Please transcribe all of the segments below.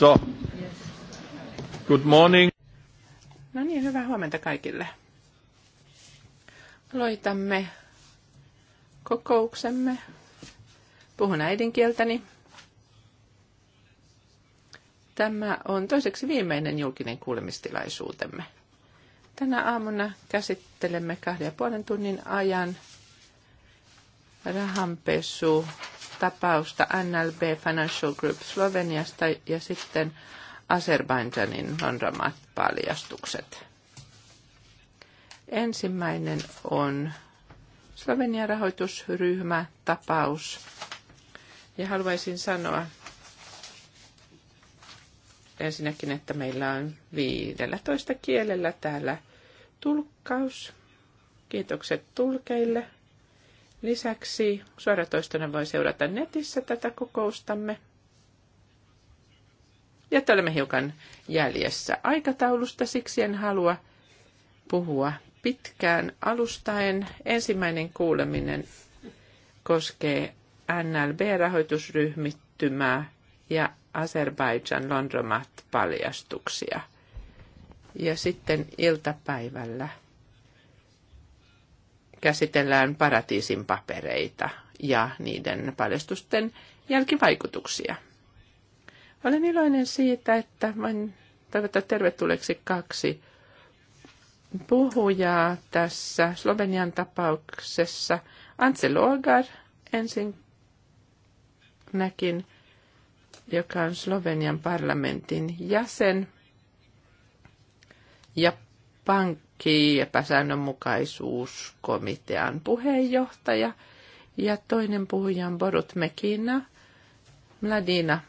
So, good morning. No niin, hyvää huomenta kaikille. Aloitamme kokouksemme. Puhun äidinkieltäni. Tämä on toiseksi viimeinen julkinen kuulemistilaisuutemme. Tänä aamuna käsittelemme kahden ja puolen tunnin ajan rahanpesu tapausta NLB Financial Group Sloveniasta ja sitten Azerbaidžanin honramat paljastukset. Ensimmäinen on Slovenian rahoitusryhmä tapaus. Ja haluaisin sanoa ensinnäkin, että meillä on 15 kielellä täällä tulkkaus. Kiitokset tulkeille. Lisäksi suoratoistona voi seurata netissä tätä kokoustamme. Ja että olemme hiukan jäljessä aikataulusta, siksi en halua puhua pitkään alustaen. Ensimmäinen kuuleminen koskee NLB-rahoitusryhmittymää ja Azerbaidžan Londromat paljastuksia. Ja sitten iltapäivällä käsitellään paratiisin papereita ja niiden paljastusten jälkivaikutuksia. Olen iloinen siitä, että voin toivottaa tervetulleeksi kaksi puhujaa tässä Slovenian tapauksessa. Ansel Olgar, ensin näkin, joka on Slovenian parlamentin jäsen ja pank- epäsäännönmukaisuuskomitean puheenjohtaja ja toinen puhuja on Borut Mekina, Mladina,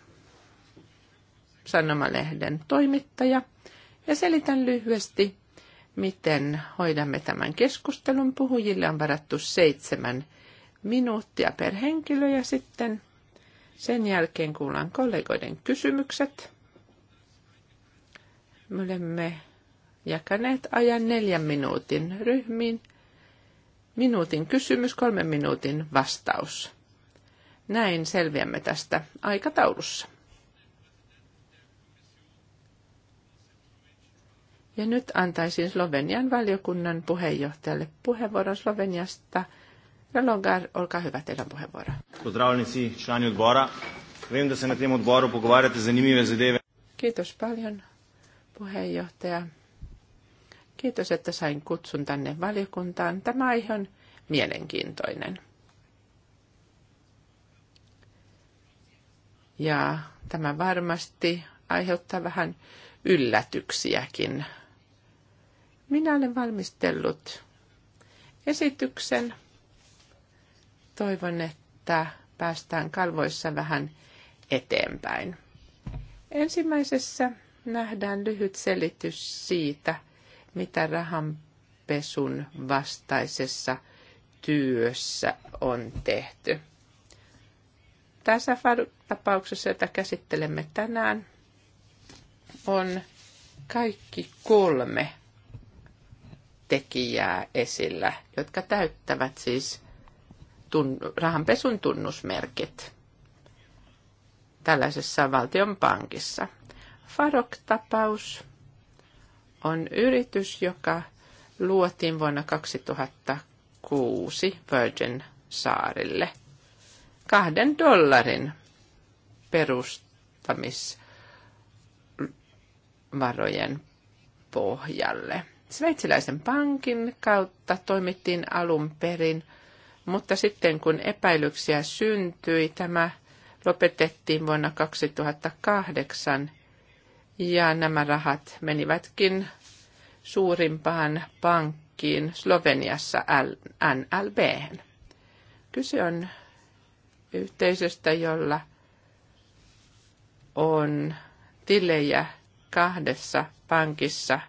sanomalehden toimittaja. Ja selitän lyhyesti, miten hoidamme tämän keskustelun. Puhujille on varattu seitsemän minuuttia per henkilö ja sitten sen jälkeen kuullaan kollegoiden kysymykset. Me olemme jakaneet ajan neljän minuutin ryhmiin. Minuutin kysymys, kolmen minuutin vastaus. Näin selviämme tästä aikataulussa. Ja nyt antaisin Slovenian valiokunnan puheenjohtajalle puheenvuoron Sloveniasta. Relongar, olkaa hyvä, teidän puheenvuoro. Kiitos paljon, puheenjohtaja. Kiitos, että sain kutsun tänne valiokuntaan. Tämä aihe on mielenkiintoinen. Ja tämä varmasti aiheuttaa vähän yllätyksiäkin. Minä olen valmistellut esityksen. Toivon, että päästään kalvoissa vähän eteenpäin. Ensimmäisessä nähdään lyhyt selitys siitä, mitä rahanpesun vastaisessa työssä on tehty. Tässä tapauksessa, jota käsittelemme tänään, on kaikki kolme tekijää esillä, jotka täyttävät siis tun- rahanpesun tunnusmerkit tällaisessa valtionpankissa. Farok-tapaus on yritys, joka luotiin vuonna 2006 Virgin-saarille kahden dollarin perustamisvarojen pohjalle. Sveitsiläisen pankin kautta toimittiin alun perin, mutta sitten kun epäilyksiä syntyi, tämä lopetettiin vuonna 2008 ja nämä rahat menivätkin suurimpaan pankkiin Sloveniassa NLB. Kyse on yhteisöstä, jolla on tilejä kahdessa pankissa,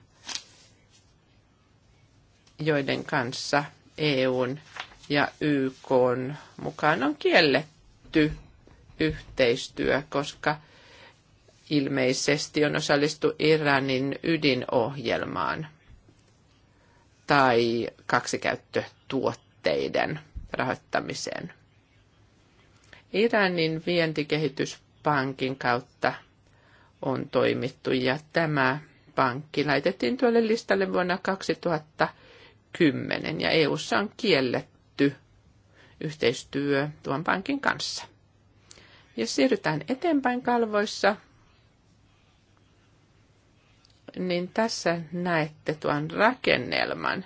joiden kanssa EUn ja YK mukaan on kielletty yhteistyö, koska – ilmeisesti on osallistu Iranin ydinohjelmaan tai kaksikäyttötuotteiden rahoittamiseen. Iranin vientikehityspankin kautta on toimittu ja tämä pankki laitettiin tuolle listalle vuonna 2010 ja EU:ssa on kielletty yhteistyö tuon pankin kanssa. Ja siirrytään eteenpäin kalvoissa, niin tässä näette tuon rakennelman,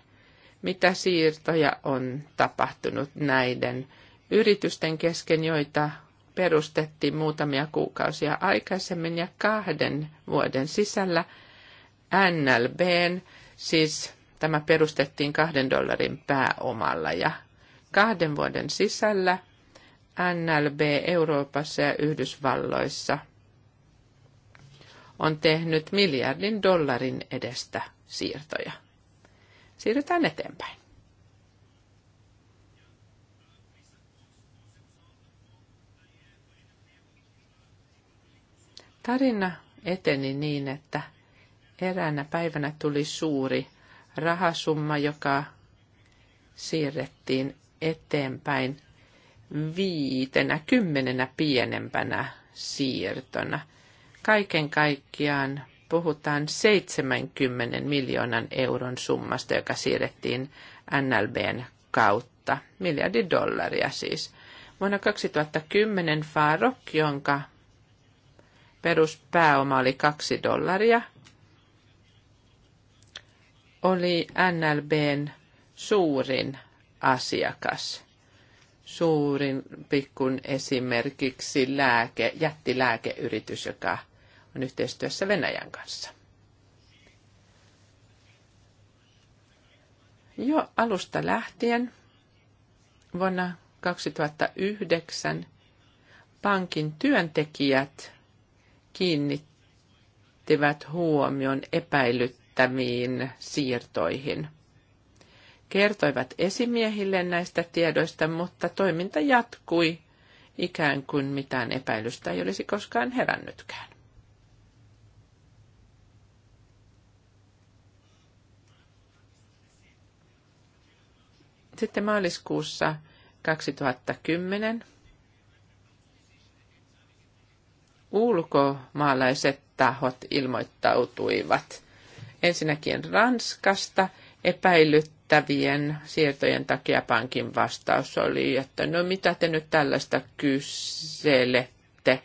mitä siirtoja on tapahtunut näiden yritysten kesken, joita perustettiin muutamia kuukausia aikaisemmin ja kahden vuoden sisällä NLBn, siis tämä perustettiin kahden dollarin pääomalla ja kahden vuoden sisällä NLB Euroopassa ja Yhdysvalloissa – on tehnyt miljardin dollarin edestä siirtoja. Siirrytään eteenpäin. Tarina eteni niin, että eräänä päivänä tuli suuri rahasumma, joka siirrettiin eteenpäin viitenä, kymmenenä pienempänä siirtona – Kaiken kaikkiaan puhutaan 70 miljoonan euron summasta, joka siirrettiin NLBn kautta. Miljardi dollaria siis. Vuonna 2010 Faarok, jonka peruspääoma oli 2 dollaria, oli NLBn suurin asiakas. Suurin pikkun esimerkiksi lääke, jättilääkeyritys, joka on yhteistyössä Venäjän kanssa. Jo alusta lähtien vuonna 2009 pankin työntekijät kiinnittivät huomion epäilyttämiin siirtoihin. Kertoivat esimiehille näistä tiedoista, mutta toiminta jatkui ikään kuin mitään epäilystä ei olisi koskaan herännytkään. Sitten maaliskuussa 2010 ulkomaalaiset tahot ilmoittautuivat ensinnäkin Ranskasta epäilyttävien siirtojen takia pankin vastaus oli, että no mitä te nyt tällaista kyselette?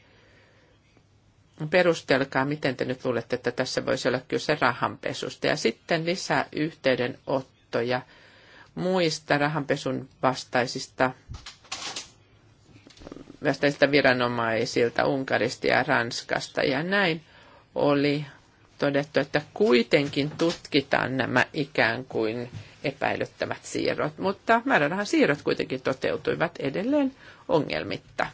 Perustelkaa, miten te nyt luulette, että tässä voisi olla kyse rahanpesusta. Ja sitten lisää yhteydenottoja muista rahanpesun vastaisista vastaisista viranomaisilta Unkarista ja Ranskasta. Ja näin oli todettu, että kuitenkin tutkitaan nämä ikään kuin epäilyttävät siirrot, mutta määrärahan siirrot kuitenkin toteutuivat edelleen ongelmitta.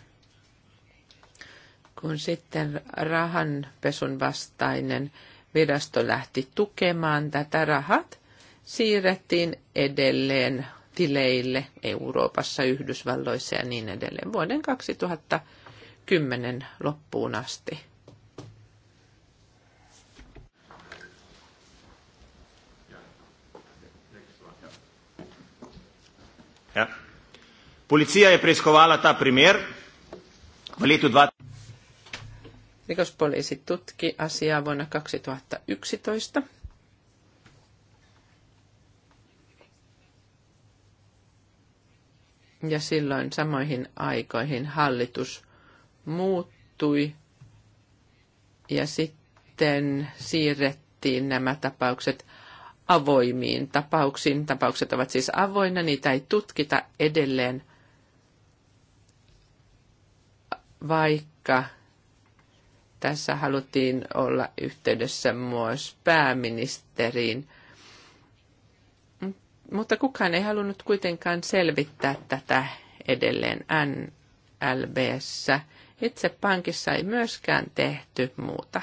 Kun sitten rahanpesun vastainen virasto lähti tukemaan tätä, rahat siirrettiin edelleen tileille Euroopassa, Yhdysvalloissa ja niin edelleen vuoden 2010 loppuun asti. Ja. Policija je preiskovala ta primer v letu 2000. Rikospoliisi tutki asiaa vuonna 2011. Ja silloin samoihin aikoihin hallitus muuttui ja sitten siirrettiin nämä tapaukset avoimiin tapauksiin. Tapaukset ovat siis avoinna, niitä ei tutkita edelleen, vaikka tässä haluttiin olla yhteydessä myös pääministeriin mutta kukaan ei halunnut kuitenkaan selvittää tätä edelleen NLBssä. Itse pankissa ei myöskään tehty muuta.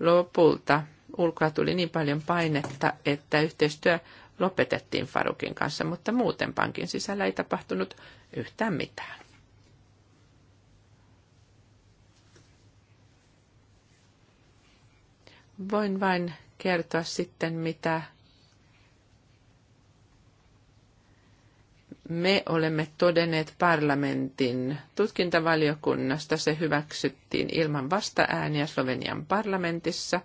Lopulta ulkoa tuli niin paljon painetta, että yhteistyö lopetettiin Farukin kanssa, mutta muuten pankin sisällä ei tapahtunut yhtään mitään. Voin vain kertoa sitten, mitä me olemme todenneet parlamentin tutkintavaliokunnasta, se hyväksyttiin ilman vastaääniä Slovenian parlamentissa.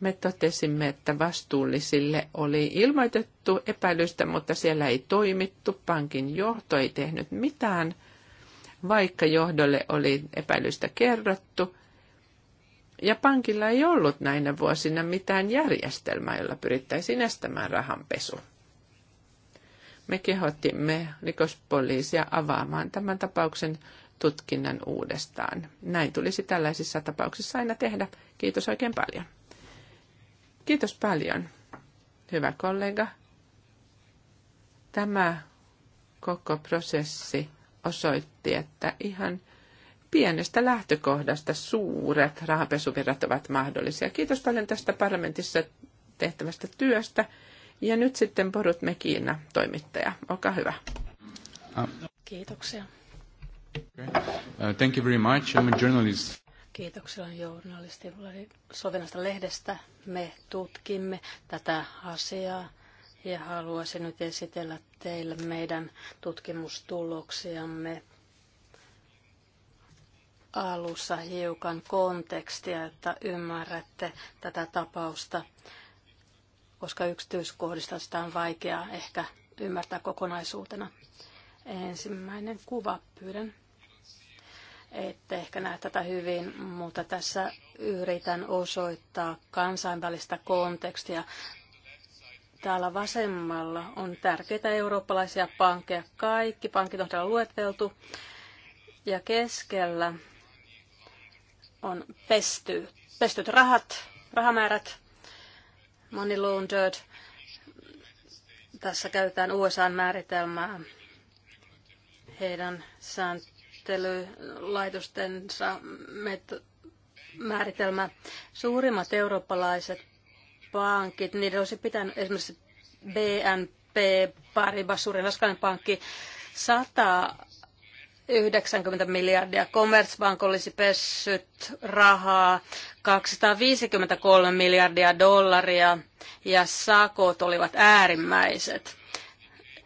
Me totesimme, että vastuullisille oli ilmoitettu epäilystä, mutta siellä ei toimittu, pankin johto ei tehnyt mitään, vaikka johdolle oli epäilystä kerrottu. Ja pankilla ei ollut näinä vuosina mitään järjestelmää, jolla pyrittäisiin estämään rahanpesu. Me kehottimme rikospoliisia avaamaan tämän tapauksen tutkinnan uudestaan. Näin tulisi tällaisissa tapauksissa aina tehdä. Kiitos oikein paljon. Kiitos paljon, hyvä kollega. Tämä koko prosessi osoitti, että ihan pienestä lähtökohdasta suuret rahapesuvirrat ovat mahdollisia. Kiitos paljon tästä parlamentissa tehtävästä työstä. Ja nyt sitten Porut Mekiina, toimittaja. Olkaa hyvä. Ah. Kiitoksia. Okay. Uh, thank you very much. I'm a journalist. Kiitoksia journalisti Sovinasta lehdestä. Me tutkimme tätä asiaa ja haluaisin nyt esitellä teille meidän tutkimustuloksiamme alussa hiukan kontekstia, että ymmärrätte tätä tapausta koska yksityiskohdista sitä on vaikea ehkä ymmärtää kokonaisuutena. Ensimmäinen kuva pyydän. Ette ehkä näe tätä hyvin, mutta tässä yritän osoittaa kansainvälistä kontekstia. Täällä vasemmalla on tärkeitä eurooppalaisia pankkeja. Kaikki pankit on täällä lueteltu. Ja keskellä on pesty, pestyt rahat, rahamäärät, Money laundered. Tässä käytetään USAn määritelmää heidän sääntelylaitostensa met- määritelmä. Suurimmat eurooppalaiset pankit, niiden olisi pitänyt esimerkiksi BNP, Paribas, suurin raskainen pankki, sataa 90 miljardia. Commerzbank olisi pessyt rahaa 253 miljardia dollaria ja sakot olivat äärimmäiset.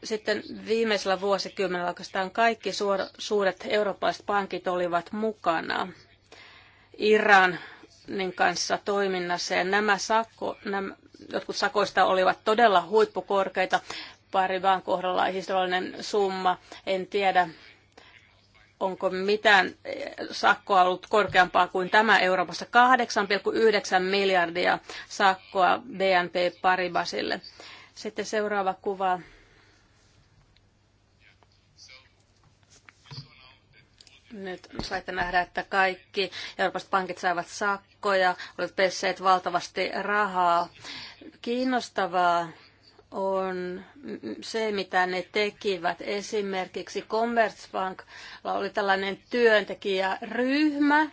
Sitten viimeisellä vuosikymmenellä oikeastaan kaikki suuret eurooppalaiset pankit olivat mukana Iran kanssa toiminnassa ja nämä, sakko, nämä jotkut sakoista olivat todella huippukorkeita. Pari vaan kohdalla historiallinen summa, en tiedä onko mitään eh, sakkoa ollut korkeampaa kuin tämä Euroopassa. 8,9 miljardia sakkoa BNP Paribasille. Sitten seuraava kuva. Nyt saitte nähdä, että kaikki Euroopan pankit saivat sakkoja, olet pesseet valtavasti rahaa. Kiinnostavaa on mm, se, mitä ne tekivät. Esimerkiksi Commerzbank oli tällainen työntekijäryhmä,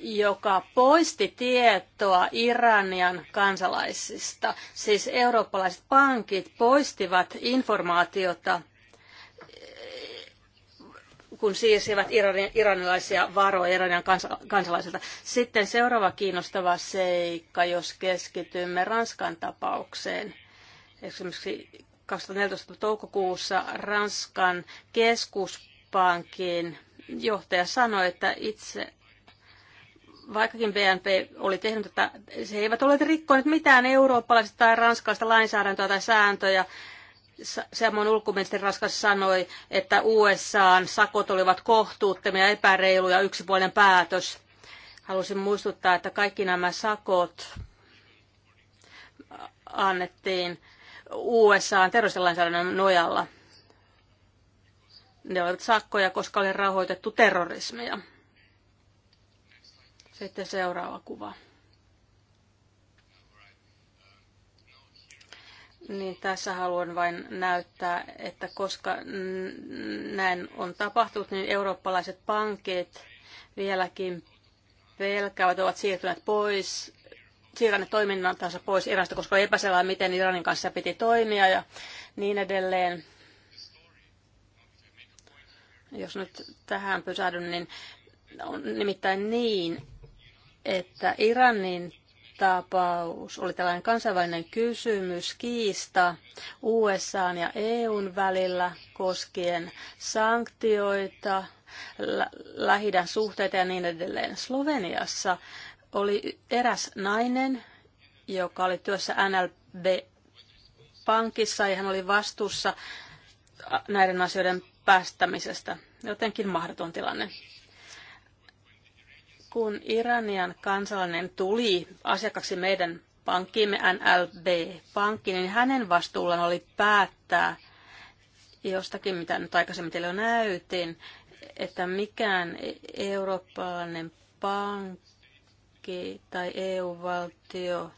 joka poisti tietoa Iranian kansalaisista. Siis eurooppalaiset pankit poistivat informaatiota, kun siirsivät iranilaisia varoja Iranian kansalaisilta. Sitten seuraava kiinnostava seikka, jos keskitymme Ranskan tapaukseen esimerkiksi 2014 toukokuussa Ranskan keskuspankin johtaja sanoi, että itse vaikkakin BNP oli tehnyt että se eivät ole rikkoneet mitään eurooppalaista tai ranskalaista lainsäädäntöä tai sääntöjä. Samoin ulkoministeri Raskas sanoi, että USAn sakot olivat kohtuuttomia, epäreiluja, yksipuolinen päätös. Halusin muistuttaa, että kaikki nämä sakot annettiin usa terroristilainsäädännön nojalla. Ne olivat sakkoja, koska oli rahoitettu terrorismia. Sitten seuraava kuva. Niin, tässä haluan vain näyttää, että koska näin on tapahtunut, niin eurooppalaiset pankit vieläkin pelkäävät, ovat siirtyneet pois siirrä ne toiminnantansa pois Iranista, koska oli epäselvää, miten Iranin kanssa piti toimia ja niin edelleen. Jos nyt tähän pysähdyn, niin on nimittäin niin, että Iranin tapaus oli tällainen kansainvälinen kysymys, kiista USA ja EUn välillä koskien sanktioita, lähidän suhteita ja niin edelleen. Sloveniassa oli eräs nainen, joka oli työssä NLB-pankissa ja hän oli vastuussa näiden asioiden päästämisestä. Jotenkin mahdoton tilanne. Kun Iranian kansalainen tuli asiakkaaksi meidän pankkiimme NLB-pankki, niin hänen vastuullaan oli päättää jostakin, mitä nyt aikaisemmin teille jo näytin, että mikään e- eurooppalainen pankki pankki tai EU-valtio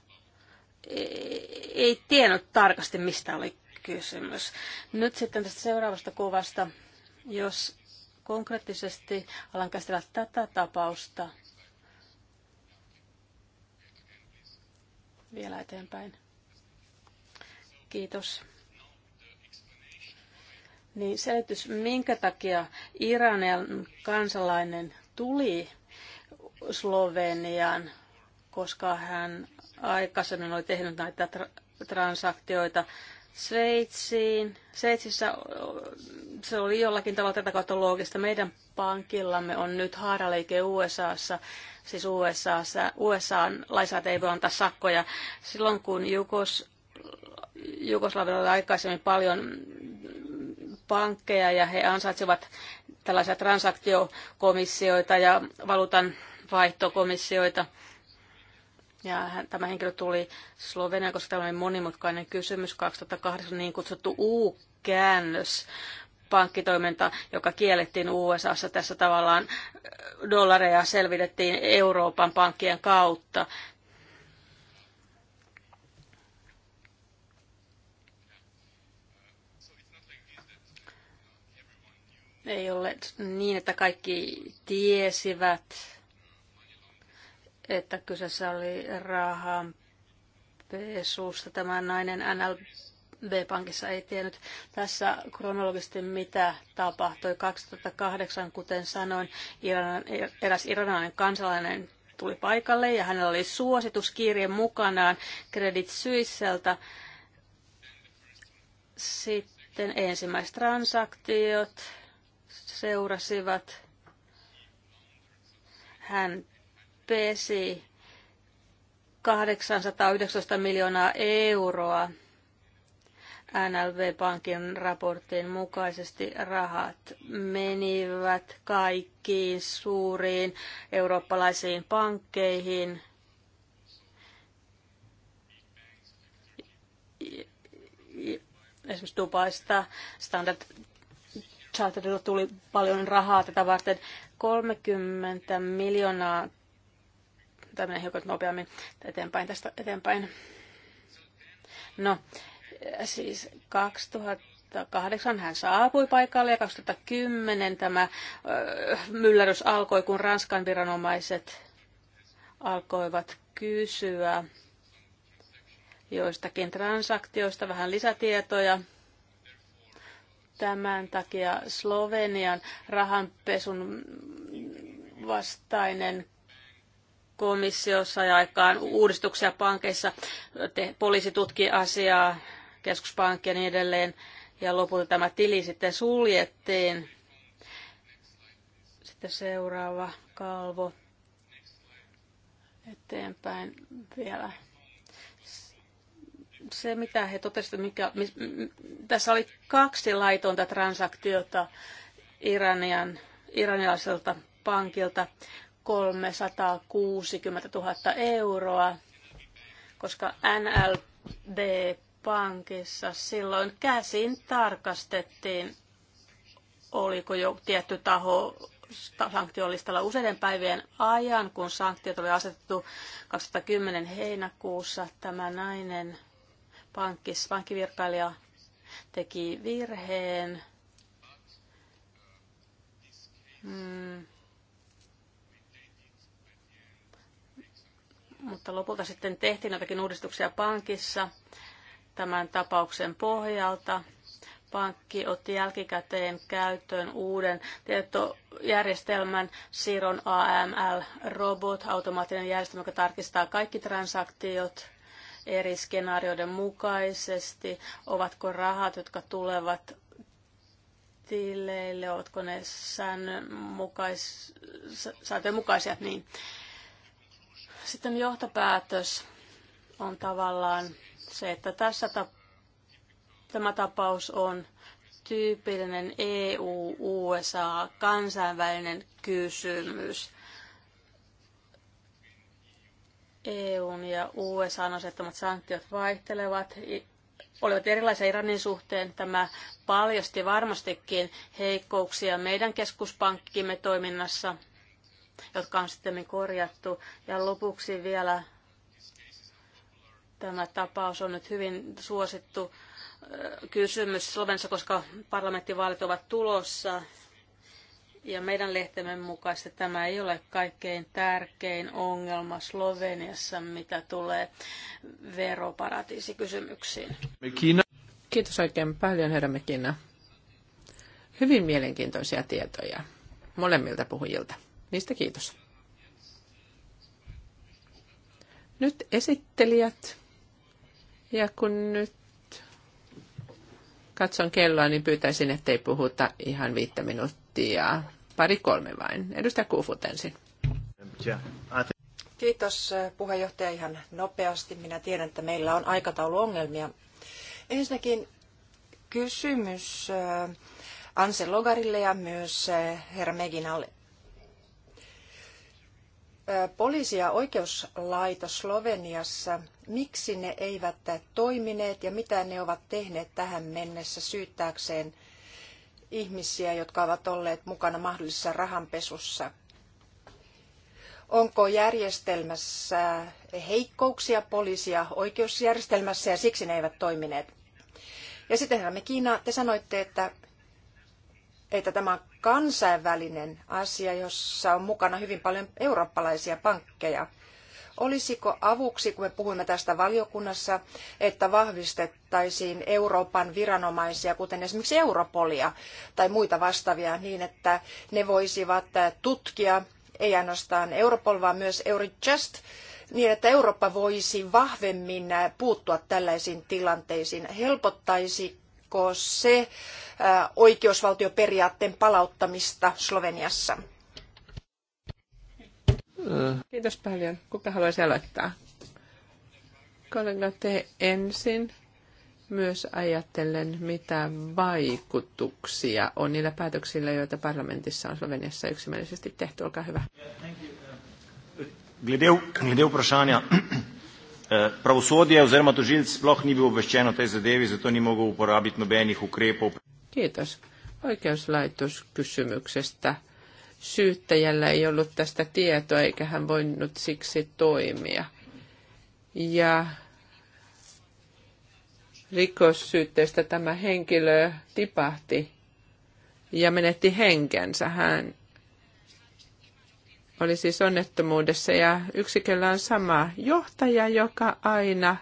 ei, ei tiennyt tarkasti, mistä oli kysymys. Nyt sitten tästä seuraavasta kuvasta, jos konkreettisesti alan käsitellä tätä tapausta vielä eteenpäin. Kiitos. Niin selitys, minkä takia Iranian kansalainen tuli Sloveniaan, koska hän aikaisemmin oli tehnyt näitä tra- transaktioita Sveitsiin. Sveitsissä se oli jollakin tavalla tätä kautta loogista. Meidän pankillamme on nyt haaraliike USAssa, siis USAssa, USAn laisaat ei voi antaa sakkoja. Silloin kun Jukos Jugoslavilla oli aikaisemmin paljon pankkeja ja he ansaitsevat tällaisia transaktiokomissioita ja valuutan vaihtokomissioita. Ja hän, tämä henkilö tuli Sloveniaan, koska tämä oli monimutkainen kysymys. 2008 niin kutsuttu U-käännös pankkitoiminta, joka kiellettiin USAssa. Tässä tavallaan äh, dollareja selvitettiin Euroopan pankkien kautta. Ei ole niin, että kaikki tiesivät että kyseessä oli pesusta. Tämä nainen NLB-pankissa ei tiennyt tässä kronologisesti, mitä tapahtui. 2008, kuten sanoin, eräs iranilainen kansalainen tuli paikalle ja hänellä oli suosituskirje mukanaan Credit Suisseltä. Sitten ensimmäiset transaktiot seurasivat. Hän pesi 819 miljoonaa euroa NLV-pankin raportin mukaisesti rahat menivät kaikkiin suuriin eurooppalaisiin pankkeihin, esimerkiksi Dubaista Standard Charteredilla tuli paljon rahaa tätä varten. 30 miljoonaa tai menee hiukan nopeammin eteenpäin tästä eteenpäin. No, siis 2008 hän saapui paikalle ja 2010 tämä myllärys alkoi, kun Ranskan viranomaiset alkoivat kysyä joistakin transaktioista vähän lisätietoja. Tämän takia Slovenian rahanpesun vastainen komissio sai aikaan uudistuksia pankeissa, poliisi tutki asiaa, keskuspankki ja niin edelleen, ja lopulta tämä tili sitten suljettiin. Sitten seuraava kalvo eteenpäin vielä. Se, mitä he totesivat, mikä, mis, tässä oli kaksi laitonta transaktiota Iranian, iranilaiselta pankilta 360 000 euroa, koska NLD-pankissa silloin käsin tarkastettiin, oliko jo tietty taho sanktiolistalla useiden päivien ajan, kun sanktiot oli asetettu 2010 heinäkuussa. Tämä nainen pankkis, pankkivirkailija teki virheen. Mm Mutta lopulta sitten tehtiin jotakin uudistuksia pankissa tämän tapauksen pohjalta. Pankki otti jälkikäteen käyttöön uuden tietojärjestelmän Siron AML-robot, automaattinen järjestelmä, joka tarkistaa kaikki transaktiot eri skenaarioiden mukaisesti, ovatko rahat, jotka tulevat tileille, ovatko ne mukais säännönmukaisia, mukaisia, niin sitten johtopäätös on tavallaan se, että tässä ta- tämä tapaus on tyypillinen EU-USA kansainvälinen kysymys. EUn ja USAn asettamat sanktiot vaihtelevat, olivat erilaisia Iranin suhteen. Tämä paljasti varmastikin heikkouksia meidän keskuspankkimme toiminnassa – jotka on sitten korjattu. Ja lopuksi vielä tämä tapaus on nyt hyvin suosittu kysymys Slovenissa, koska parlamenttivaalit ovat tulossa. Ja meidän lehtemme mukaista tämä ei ole kaikkein tärkein ongelma Sloveniassa, mitä tulee veroparatiisikysymyksiin. Kiina. Kiitos oikein paljon, herra Mekina. Hyvin mielenkiintoisia tietoja molemmilta puhujilta. Niistä kiitos. Nyt esittelijät. Ja kun nyt katson kelloa, niin pyytäisin, ettei puhuta ihan viittä minuuttia. Pari kolme vain. Edustaja Kuufut ensin. Kiitos puheenjohtaja ihan nopeasti. Minä tiedän, että meillä on aikatauluongelmia. Ensinnäkin kysymys äh, Anse Logarille ja myös äh, herra Meginalle poliisi- ja oikeuslaitos Sloveniassa, miksi ne eivät toimineet ja mitä ne ovat tehneet tähän mennessä syyttääkseen ihmisiä, jotka ovat olleet mukana mahdollisessa rahanpesussa. Onko järjestelmässä heikkouksia ja oikeusjärjestelmässä ja siksi ne eivät toimineet? Ja sitten herra Kiina, te sanoitte, että, että tämä on kansainvälinen asia, jossa on mukana hyvin paljon eurooppalaisia pankkeja. Olisiko avuksi, kun me puhuimme tästä valiokunnassa, että vahvistettaisiin Euroopan viranomaisia, kuten esimerkiksi Europolia tai muita vastaavia, niin että ne voisivat tutkia ei ainoastaan Europol, vaan myös Eurojust, niin että Eurooppa voisi vahvemmin puuttua tällaisiin tilanteisiin. Helpottaisi vastaako se oikeusvaltioperiaatteen palauttamista Sloveniassa? Kiitos paljon. Kuka haluaisi aloittaa? Kollega, te ensin myös ajatellen, mitä vaikutuksia on niillä päätöksillä, joita parlamentissa on Sloveniassa yksimielisesti tehty. Olkaa hyvä. Thank you. Glede vprašanja Eh, pravosodje oziroma tožilc sploh ni bil obveščen o tej zadevi, zato ni mogel uporabiti nobenih ukrepov. Kiitos. kysymyksestä. Syyttäjällä ei ollut tästä tietoa, eikä hän voinut siksi toimia. Ja rikossyytteestä tämä henkilö tipahti ja menetti henkensä. Hän oli siis onnettomuudessa ja yksiköllä on sama johtaja, joka aina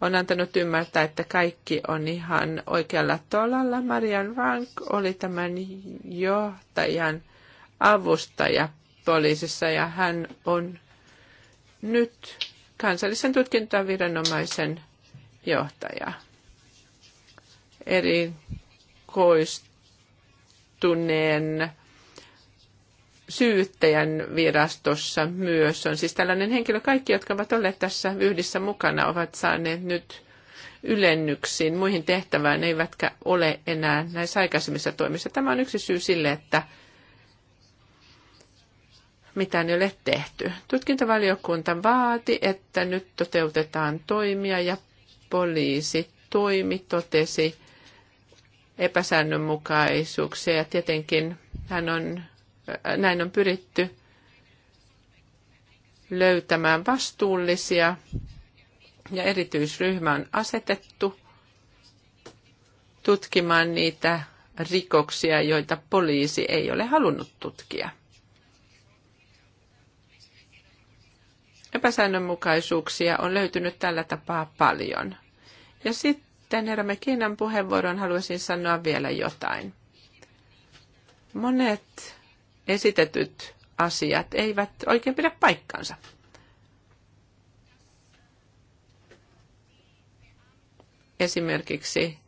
on antanut ymmärtää, että kaikki on ihan oikealla tolalla. Marian Rank oli tämän johtajan avustaja poliisissa ja hän on nyt kansallisen tutkintaviranomaisen johtaja. Erikoistuneen syyttäjän virastossa myös on siis tällainen henkilö. Kaikki, jotka ovat olleet tässä yhdessä mukana, ovat saaneet nyt ylennyksiin muihin tehtävään, eivätkä ole enää näissä aikaisemmissa toimissa. Tämä on yksi syy sille, että mitä ei ole tehty. Tutkintavaliokunta vaati, että nyt toteutetaan toimia ja poliisi toimi, totesi epäsäännönmukaisuuksia ja tietenkin hän on näin on pyritty löytämään vastuullisia ja erityisryhmä on asetettu tutkimaan niitä rikoksia, joita poliisi ei ole halunnut tutkia. Epäsäännönmukaisuuksia on löytynyt tällä tapaa paljon. Ja sitten herra Mekinan puheenvuoron haluaisin sanoa vielä jotain. Monet esitetyt asiat eivät oikein pidä paikkansa. Esimerkiksi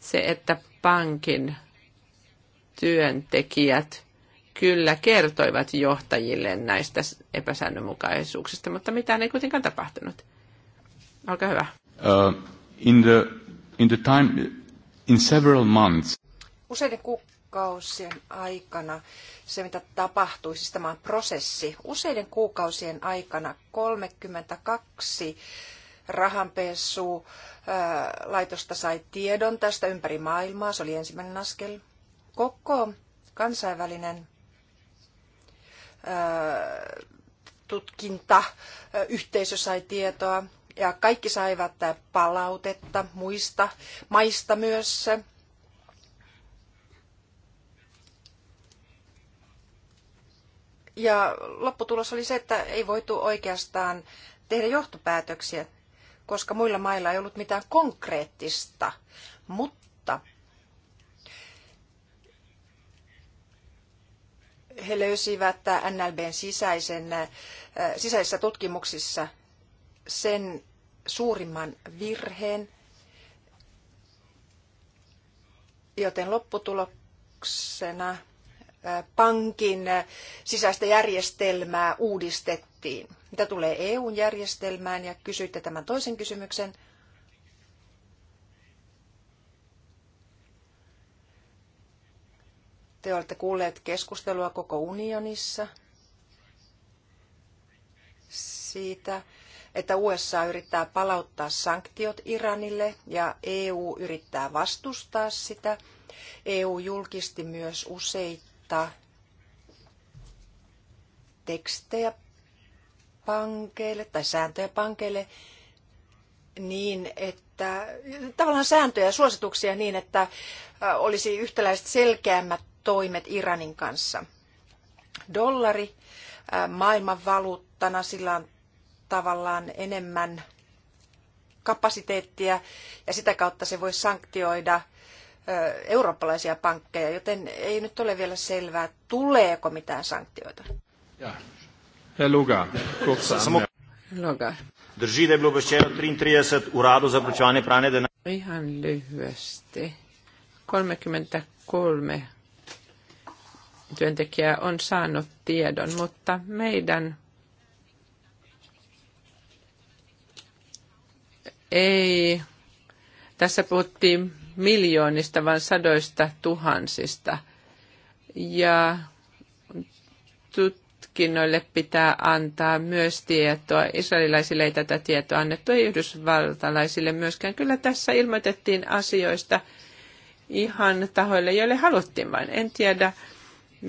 se, että pankin työntekijät kyllä kertoivat johtajille näistä epäsäännönmukaisuuksista, mutta mitään ei kuitenkaan tapahtunut. Olkaa hyvä. Uh, in the, in the time, in several months. Useiden ku- kuukausien aikana se, mitä tapahtui, siis tämä on prosessi, useiden kuukausien aikana 32 rahanpesu laitosta sai tiedon tästä ympäri maailmaa, se oli ensimmäinen askel. Koko kansainvälinen tutkinta, yhteisö sai tietoa ja kaikki saivat palautetta muista maista myös Ja lopputulos oli se, että ei voitu oikeastaan tehdä johtopäätöksiä, koska muilla mailla ei ollut mitään konkreettista. Mutta he löysivät NLBn sisäisen, äh, sisäisissä tutkimuksissa sen suurimman virheen, joten lopputuloksena pankin sisäistä järjestelmää uudistettiin. Mitä tulee EUn järjestelmään ja kysyitte tämän toisen kysymyksen. Te olette kuulleet keskustelua koko unionissa siitä, että USA yrittää palauttaa sanktiot Iranille ja EU yrittää vastustaa sitä. EU julkisti myös useita antaa tekstejä pankeille tai sääntöjä pankeille niin, että tavallaan sääntöjä ja suosituksia niin, että äh, olisi yhtäläiset selkeämmät toimet Iranin kanssa. Dollari äh, maailmanvaluuttana, sillä on tavallaan enemmän kapasiteettia ja sitä kautta se voi sanktioida – eurooppalaisia pankkeja, joten ei nyt ole vielä selvää, tuleeko mitään sanktioita. Ja. Ihan lyhyesti. 33 työntekijää on saanut tiedon, mutta meidän ei. Tässä puhuttiin miljoonista, vaan sadoista tuhansista. Ja tutkinnoille pitää antaa myös tietoa. Israelilaisille ei tätä tietoa annettu, ei yhdysvaltalaisille myöskään. Kyllä tässä ilmoitettiin asioista ihan tahoille, joille haluttiin vain. En tiedä,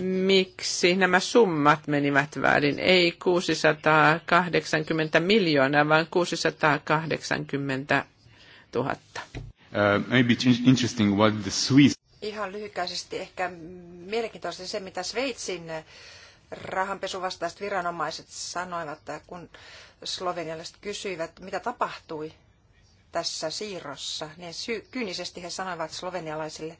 miksi nämä summat menivät väärin. Ei 680 miljoonaa, vaan 680 000. Uh, maybe it's interesting what the Swiss... Ihan lyhykäisesti ehkä mielenkiintoista se, mitä Sveitsin uh, rahanpesuvastaiset viranomaiset sanoivat, uh, kun slovenialaiset kysyivät, mitä tapahtui tässä siirrossa, niin sy- kyynisesti he sanoivat slovenialaisille,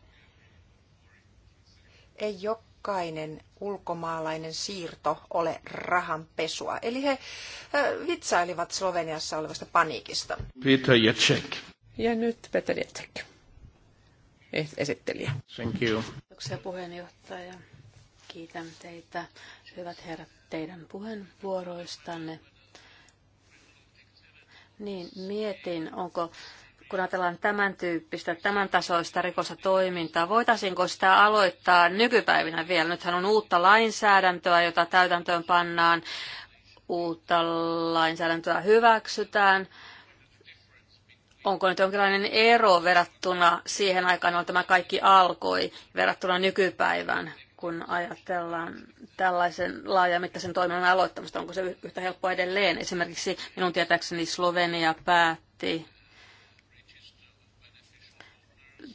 ei jokainen ulkomaalainen siirto ole rahanpesua. Eli he vitsailivat Sloveniassa olevasta paniikista. Peter Jacek. Ja nyt Peter Jetsek, esittelijä. Thank you. Kiitoksia puheenjohtaja. Kiitän teitä, hyvät herrat, teidän puheenvuoroistanne. Niin, mietin, onko kun ajatellaan tämän tyyppistä, tämän tasoista rikosta toimintaa, voitaisiinko sitä aloittaa nykypäivinä vielä? Nythän on uutta lainsäädäntöä, jota täytäntöön pannaan, uutta lainsäädäntöä hyväksytään onko nyt jonkinlainen ero verrattuna siihen aikaan, kun tämä kaikki alkoi, verrattuna nykypäivään, kun ajatellaan tällaisen laajamittaisen toiminnan aloittamista, onko se yhtä helppoa edelleen? Esimerkiksi minun tietääkseni Slovenia päätti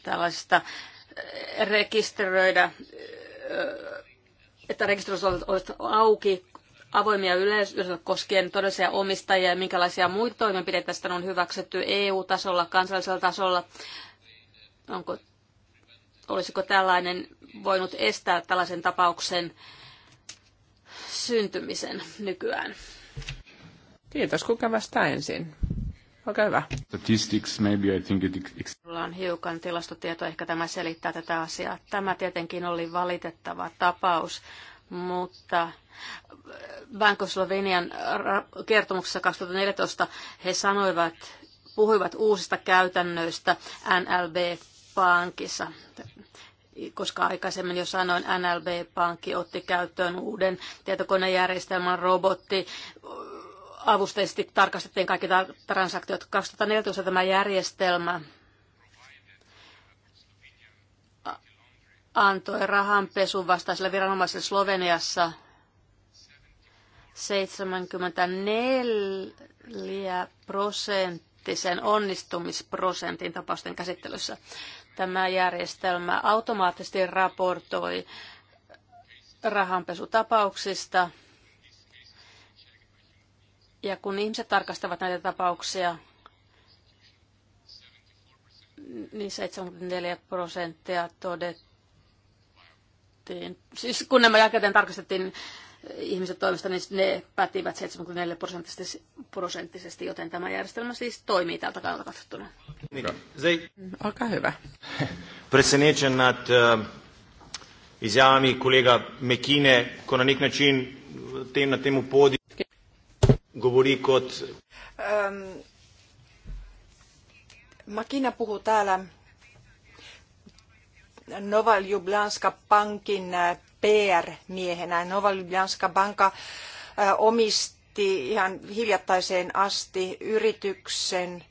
tällaisesta eh, rekisteröidä, eh, että rekisteröidä olisi auki avoimia yleisöä koskien todellisia omistajia ja minkälaisia muita toimenpiteitä tästä on hyväksytty EU-tasolla, kansallisella tasolla. Onko, olisiko tällainen voinut estää tällaisen tapauksen syntymisen nykyään? Kiitos, kuka vastaa ensin? Olkaa hyvä. Statistics, maybe I think it... Mulla on hiukan tilastotietoa, ehkä tämä selittää tätä asiaa. Tämä tietenkin oli valitettava tapaus, mutta Bank of Slovenian kertomuksessa 2014 he sanoivat, puhuivat uusista käytännöistä NLB-pankissa koska aikaisemmin jo sanoin, NLB-pankki otti käyttöön uuden tietokonejärjestelmän robotti, avusteisesti tarkastettiin kaikki transaktiot. 2014 tämä järjestelmä antoi rahanpesun vastaiselle viranomaiselle Sloveniassa 74 prosenttisen onnistumisprosentin tapausten käsittelyssä. Tämä järjestelmä automaattisesti raportoi rahanpesutapauksista. Ja kun ihmiset tarkastavat näitä tapauksia, niin 74 prosenttia todettiin, siis kun nämä jälkeen tarkastettiin, ihmisten toimesta, niin ne pätivät 74 prosenttisesti, prosenttisesti, joten tämä järjestelmä siis toimii tältä kannalta katsottuna. Niin. Mm, olkaa hyvä. Presenečen nad eh, izjavami Mekine, ko na nek način eh, tem, na temu podi govori kot... Ehm, Makina puhuu täällä Nova Ljubljanska Pankin äh, PR-miehenä. Nova Ljubljanska Banka äh, omisti ihan hiljattaiseen asti yrityksen,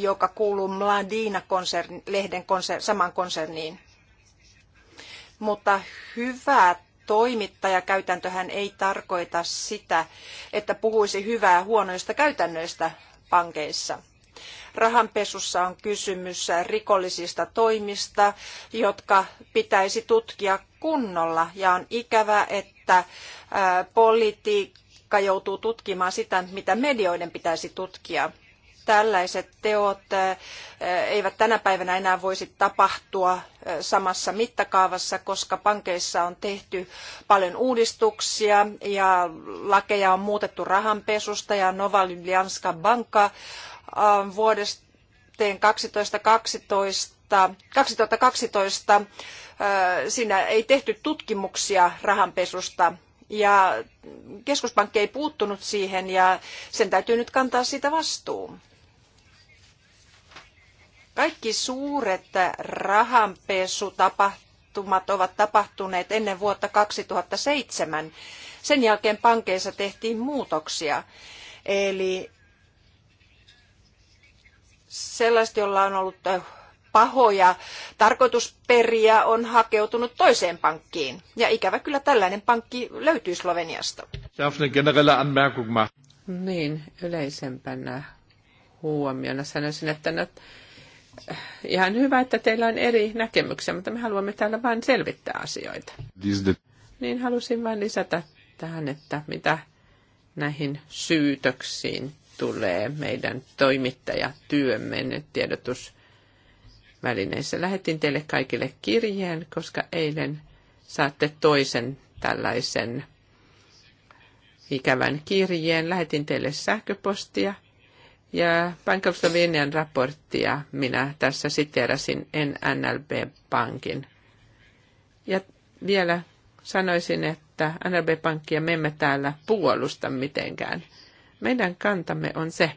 joka kuuluu Mladina-lehden konser, konserniin. Mutta hyvä toimittajakäytäntöhän ei tarkoita sitä, että puhuisi hyvää huonoista käytännöistä pankeissa – Rahanpesussa on kysymys rikollisista toimista, jotka pitäisi tutkia kunnolla ja on ikävää, että politiikka joutuu tutkimaan sitä, mitä medioiden pitäisi tutkia tällaiset teot eivät tänä päivänä enää voisi tapahtua samassa mittakaavassa, koska pankeissa on tehty paljon uudistuksia ja lakeja on muutettu rahanpesusta ja Novaljanska Banka Ähm, vuodesteen 2012, 2012 äh, siinä ei tehty tutkimuksia rahanpesusta ja keskuspankki ei puuttunut siihen ja sen täytyy nyt kantaa siitä vastuu. Kaikki suuret rahanpesutapahtumat ovat tapahtuneet ennen vuotta 2007. Sen jälkeen pankeissa tehtiin muutoksia. Eli sellaiset, joilla on ollut eh, pahoja tarkoitusperiä, on hakeutunut toiseen pankkiin. Ja ikävä kyllä tällainen pankki löytyy Sloveniasta. Niin, yleisempänä huomiona sanoisin, että no, eh, ihan hyvä, että teillä on eri näkemyksiä, mutta me haluamme täällä vain selvittää asioita. Niin halusin vain lisätä tähän, että mitä näihin syytöksiin tulee meidän toimittajatyömme nyt tiedotusvälineissä. Lähetin teille kaikille kirjeen, koska eilen saatte toisen tällaisen ikävän kirjeen. Lähetin teille sähköpostia ja Bank of Slovenian raporttia minä tässä siteerasin NLB-pankin. Ja vielä sanoisin, että NLB-pankkia me emme täällä puolusta mitenkään – meidän kantamme on se,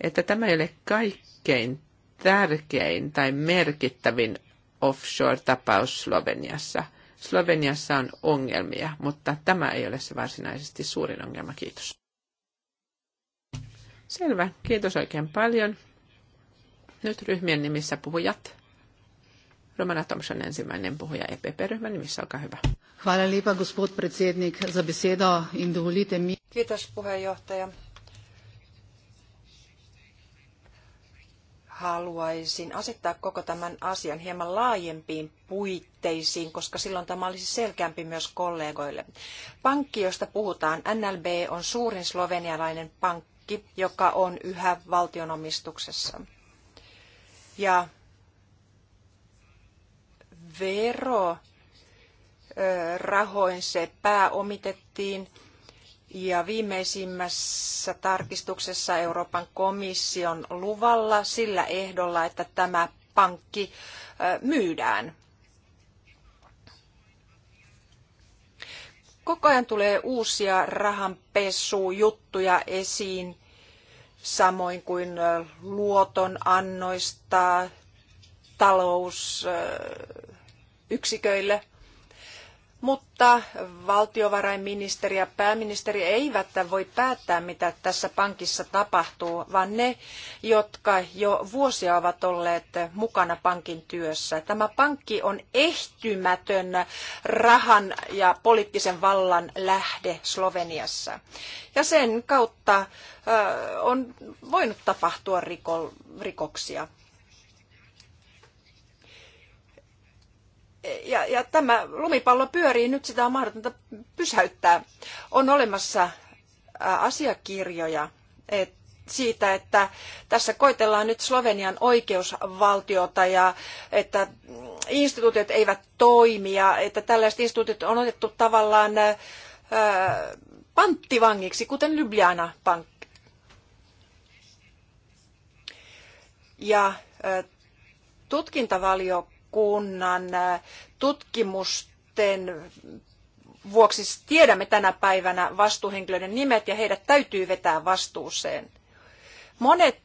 että tämä ei ole kaikkein tärkein tai merkittävin offshore-tapaus Sloveniassa. Sloveniassa on ongelmia, mutta tämä ei ole se varsinaisesti suurin ongelma. Kiitos. Selvä. Kiitos oikein paljon. Nyt ryhmien nimissä puhujat. Romana Thompson ensimmäinen puhuja EPP-ryhmän nimissä, olkaa hyvä. Hvala lepa, gospod predsednik, za besedo in dovolite mi. Kiitos puheenjohtaja. Haluaisin asettaa koko tämän asian hieman laajempiin puitteisiin, koska silloin tämä olisi selkeämpi myös kollegoille. Pankki, josta puhutaan, NLB on suurin slovenialainen pankki, joka on yhä valtionomistuksessa. Ja vero rahoin se pääomitettiin ja viimeisimmässä tarkistuksessa Euroopan komission luvalla sillä ehdolla, että tämä pankki myydään. Koko ajan tulee uusia rahanpesujuttuja esiin, samoin kuin luoton annoista talousyksiköille – mutta valtiovarainministeri ja pääministeri eivät voi päättää, mitä tässä pankissa tapahtuu, vaan ne, jotka jo vuosia ovat olleet mukana pankin työssä. Tämä pankki on ehtymätön rahan ja poliittisen vallan lähde Sloveniassa. Ja sen kautta on voinut tapahtua rikoksia. ja, ja tämä lumipallo pyörii, nyt sitä on mahdotonta pysäyttää. On olemassa asiakirjoja et, siitä, että tässä koitellaan nyt Slovenian oikeusvaltiota ja että instituutiot eivät toimi ja että tällaiset instituutiot on otettu tavallaan ää, panttivangiksi, kuten Ljubljana pankki Ja ää, valiokunnan tutkimusten vuoksi tiedämme tänä päivänä vastuuhenkilöiden nimet ja heidät täytyy vetää vastuuseen. Monet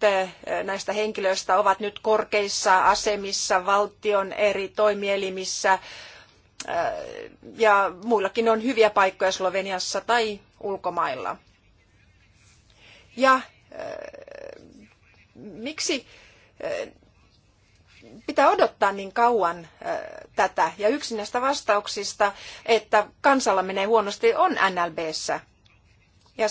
näistä henkilöistä ovat nyt korkeissa asemissa valtion eri toimielimissä ja muillakin on hyviä paikkoja Sloveniassa tai ulkomailla. Ja miksi pitää odottaa niin kauan tätä. Ja yksi näistä vastauksista, että kansalla menee huonosti, on NLBssä. Ja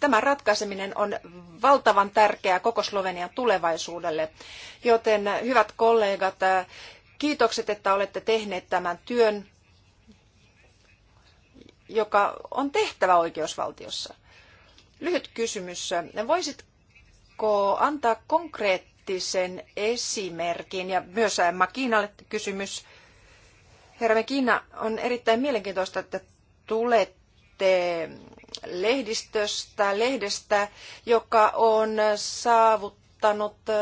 tämän ratkaiseminen on valtavan tärkeää koko Slovenian tulevaisuudelle. Joten hyvät kollegat, kiitokset, että olette tehneet tämän työn, joka on tehtävä oikeusvaltiossa. Lyhyt kysymys. Voisitko antaa konkreettisia poliittisen esimerkin ja myös äh, Makiinalle kysymys. Herra Makina, on erittäin mielenkiintoista, että tulette lehdistöstä, lehdestä, joka on saavuttanut äh,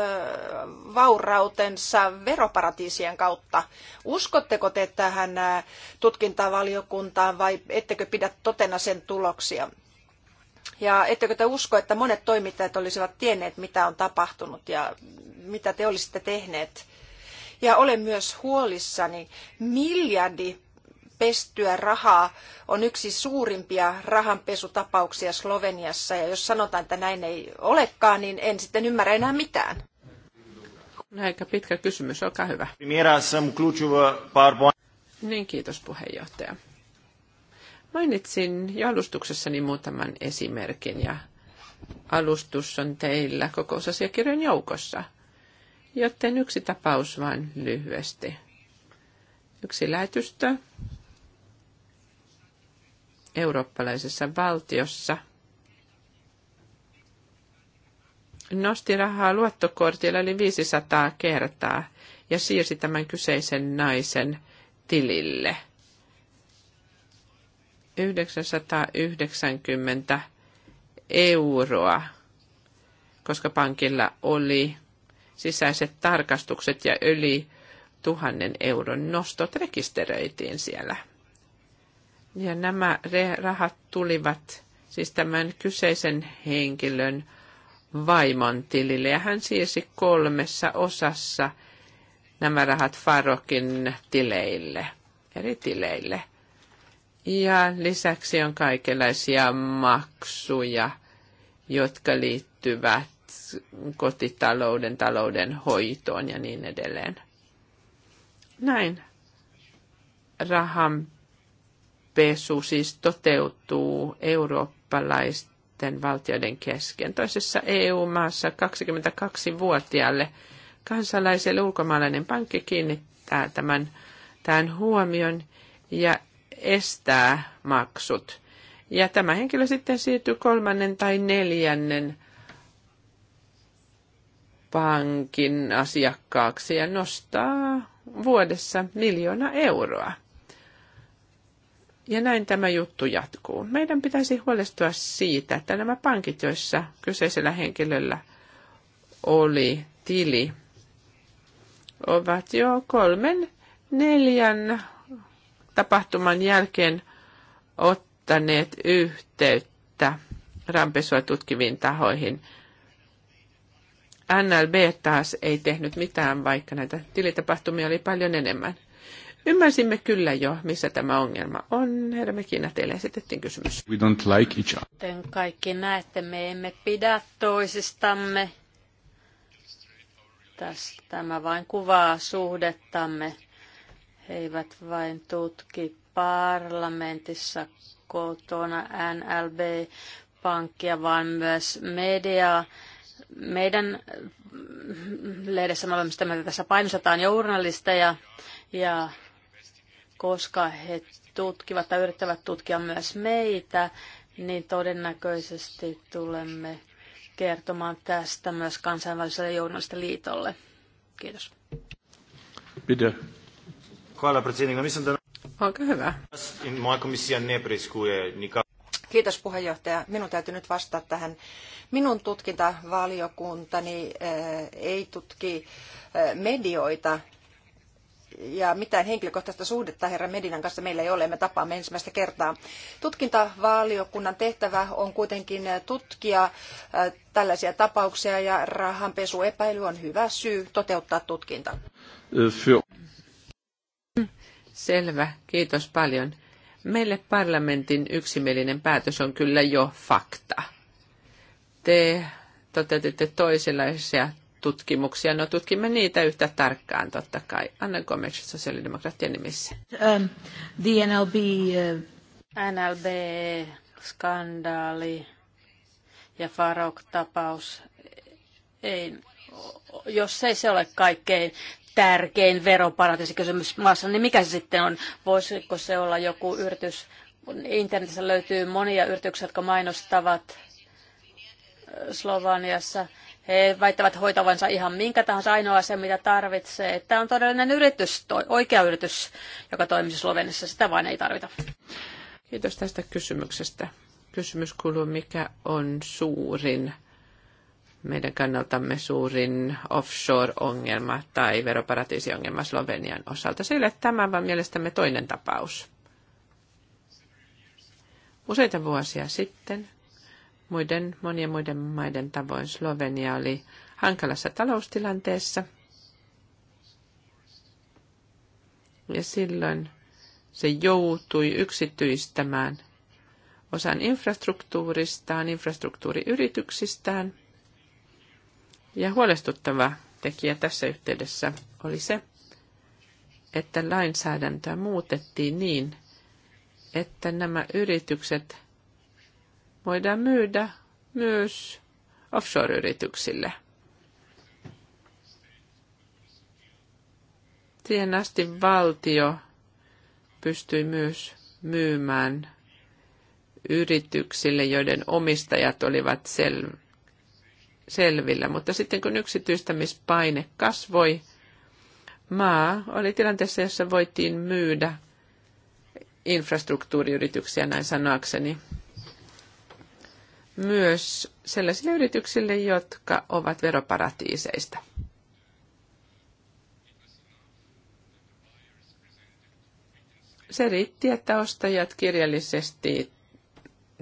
vaurautensa veroparatiisien kautta. Uskotteko te tähän äh, tutkintavaliokuntaan vai ettekö pidä totena sen tuloksia? Ja ettekö te usko, että monet toimittajat olisivat tienneet, mitä on tapahtunut ja mitä te olisitte tehneet? Ja olen myös huolissani, miljardi pestyä rahaa on yksi suurimpia rahanpesutapauksia Sloveniassa. Ja jos sanotaan, että näin ei olekaan, niin en sitten ymmärrä enää mitään. No, aika pitkä kysymys, olkaa hyvä. Niin, kiitos puheenjohtaja. Mainitsin jo muutaman esimerkin ja alustus on teillä kokousasiakirjan joukossa, joten yksi tapaus vain lyhyesti. Yksi lähetystö eurooppalaisessa valtiossa nosti rahaa luottokortilla yli 500 kertaa ja siirsi tämän kyseisen naisen tilille – 990 euroa, koska pankilla oli sisäiset tarkastukset ja yli tuhannen euron nostot rekisteröitiin siellä. Ja nämä rahat tulivat siis tämän kyseisen henkilön vaimon tilille ja hän siirsi kolmessa osassa nämä rahat Farokin tileille, eri tileille – ja lisäksi on kaikenlaisia maksuja, jotka liittyvät kotitalouden, talouden hoitoon ja niin edelleen. Näin rahanpesu siis toteutuu eurooppalaisten valtioiden kesken. Toisessa EU-maassa 22-vuotiaalle kansalaiselle ulkomaalainen pankki kiinnittää tämän, tämän huomion ja estää maksut. Ja tämä henkilö sitten siirtyy kolmannen tai neljännen pankin asiakkaaksi ja nostaa vuodessa miljoona euroa. Ja näin tämä juttu jatkuu. Meidän pitäisi huolestua siitä, että nämä pankit, joissa kyseisellä henkilöllä oli tili, ovat jo kolmen, neljän tapahtuman jälkeen ottaneet yhteyttä rampesua tutkiviin tahoihin. NLB taas ei tehnyt mitään, vaikka näitä tilitapahtumia oli paljon enemmän. Ymmärsimme kyllä jo, missä tämä ongelma on. Herra Mekina, teille esitettiin kysymys. We don't like each other. Kuten kaikki näette, me emme pidä toisistamme. tämä vain kuvaa suhdettamme he eivät vain tutki parlamentissa kotona NLB-pankkia, vaan myös mediaa. Meidän lehdessä me olemme sitä mieltä, tässä painostetaan journalisteja ja koska he tutkivat tai yrittävät tutkia myös meitä, niin todennäköisesti tulemme kertomaan tästä myös kansainväliselle journalistiliitolle. Kiitos. Bitte. Hvala predsjednik. Mislim da... Olkaa hyvä. Moja komissio ne preiskuje Kiitos puheenjohtaja. Minun täytyy nyt vastata tähän. Minun tutkintavaliokuntani eh, ei tutki eh, medioita ja mitään henkilökohtaista suhdetta herra Medinan kanssa meillä ei ole, me tapaamme ensimmäistä kertaa. Tutkintavaliokunnan tehtävä on kuitenkin eh, tutkia tällaisia tapauksia ja rahanpesuepäily on hyvä syy toteuttaa tutkinta. Selvä, kiitos paljon. Meille parlamentin yksimielinen päätös on kyllä jo fakta. Te toteutitte toisenlaisia tutkimuksia. No tutkimme niitä yhtä tarkkaan totta kai. Anna Gomes, sosiaalidemokraattien nimissä. Um, ähm, the NLB, uh... Äh, NLB, skandaali ja Farok-tapaus. Ei, jos ei se ole kaikkein tärkein veroparatiisikysymys maassa, niin mikä se sitten on? Voisiko se olla joku yritys? Internetissä löytyy monia yrityksiä, jotka mainostavat Slovaniassa. He väittävät hoitavansa ihan minkä tahansa ainoa se, mitä tarvitsee. Että on todellinen yritys, oikea yritys, joka toimisi Sloveniassa. Sitä vain ei tarvita. Kiitos tästä kysymyksestä. Kysymys kuuluu, mikä on suurin meidän kannaltamme suurin offshore-ongelma tai veroparatiisiongelma Slovenian osalta. Se ei ole tämä, vaan mielestämme toinen tapaus. Useita vuosia sitten muiden, monien muiden maiden tavoin Slovenia oli hankalassa taloustilanteessa. Ja silloin se joutui yksityistämään osan infrastruktuuristaan, infrastruktuuriyrityksistään – ja huolestuttava tekijä tässä yhteydessä oli se, että lainsäädäntöä muutettiin niin, että nämä yritykset voidaan myydä myös offshore-yrityksille. Siihen asti valtio pystyi myös myymään yrityksille, joiden omistajat olivat sel- selvillä, mutta sitten kun yksityistämispaine kasvoi, maa oli tilanteessa, jossa voitiin myydä infrastruktuuriyrityksiä, näin sanakseni. myös sellaisille yrityksille, jotka ovat veroparatiiseista. Se riitti, että ostajat kirjallisesti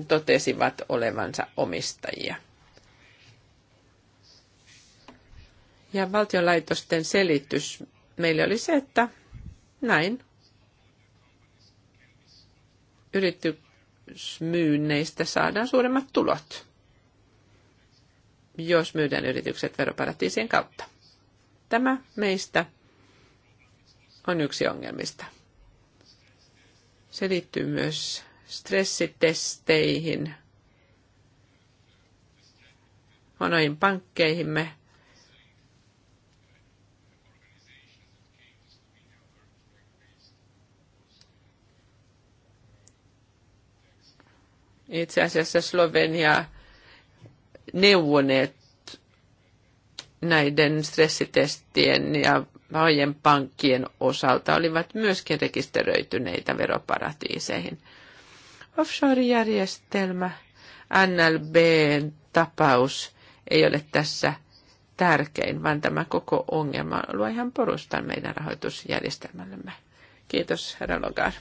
totesivat olevansa omistajia. Ja valtionlaitosten selitys meille oli se, että näin yritysmyynneistä saadaan suuremmat tulot, jos myydään yritykset veroparatiisien kautta. Tämä meistä on yksi ongelmista. Se liittyy myös stressitesteihin, monoihin pankkeihimme – itse asiassa Slovenia neuvoneet näiden stressitestien ja pahojen pankkien osalta olivat myöskin rekisteröityneitä veroparatiiseihin. Offshore-järjestelmä, NLB-tapaus ei ole tässä tärkein, vaan tämä koko ongelma luo ihan porustan meidän rahoitusjärjestelmällemme. Kiitos, herra Logar.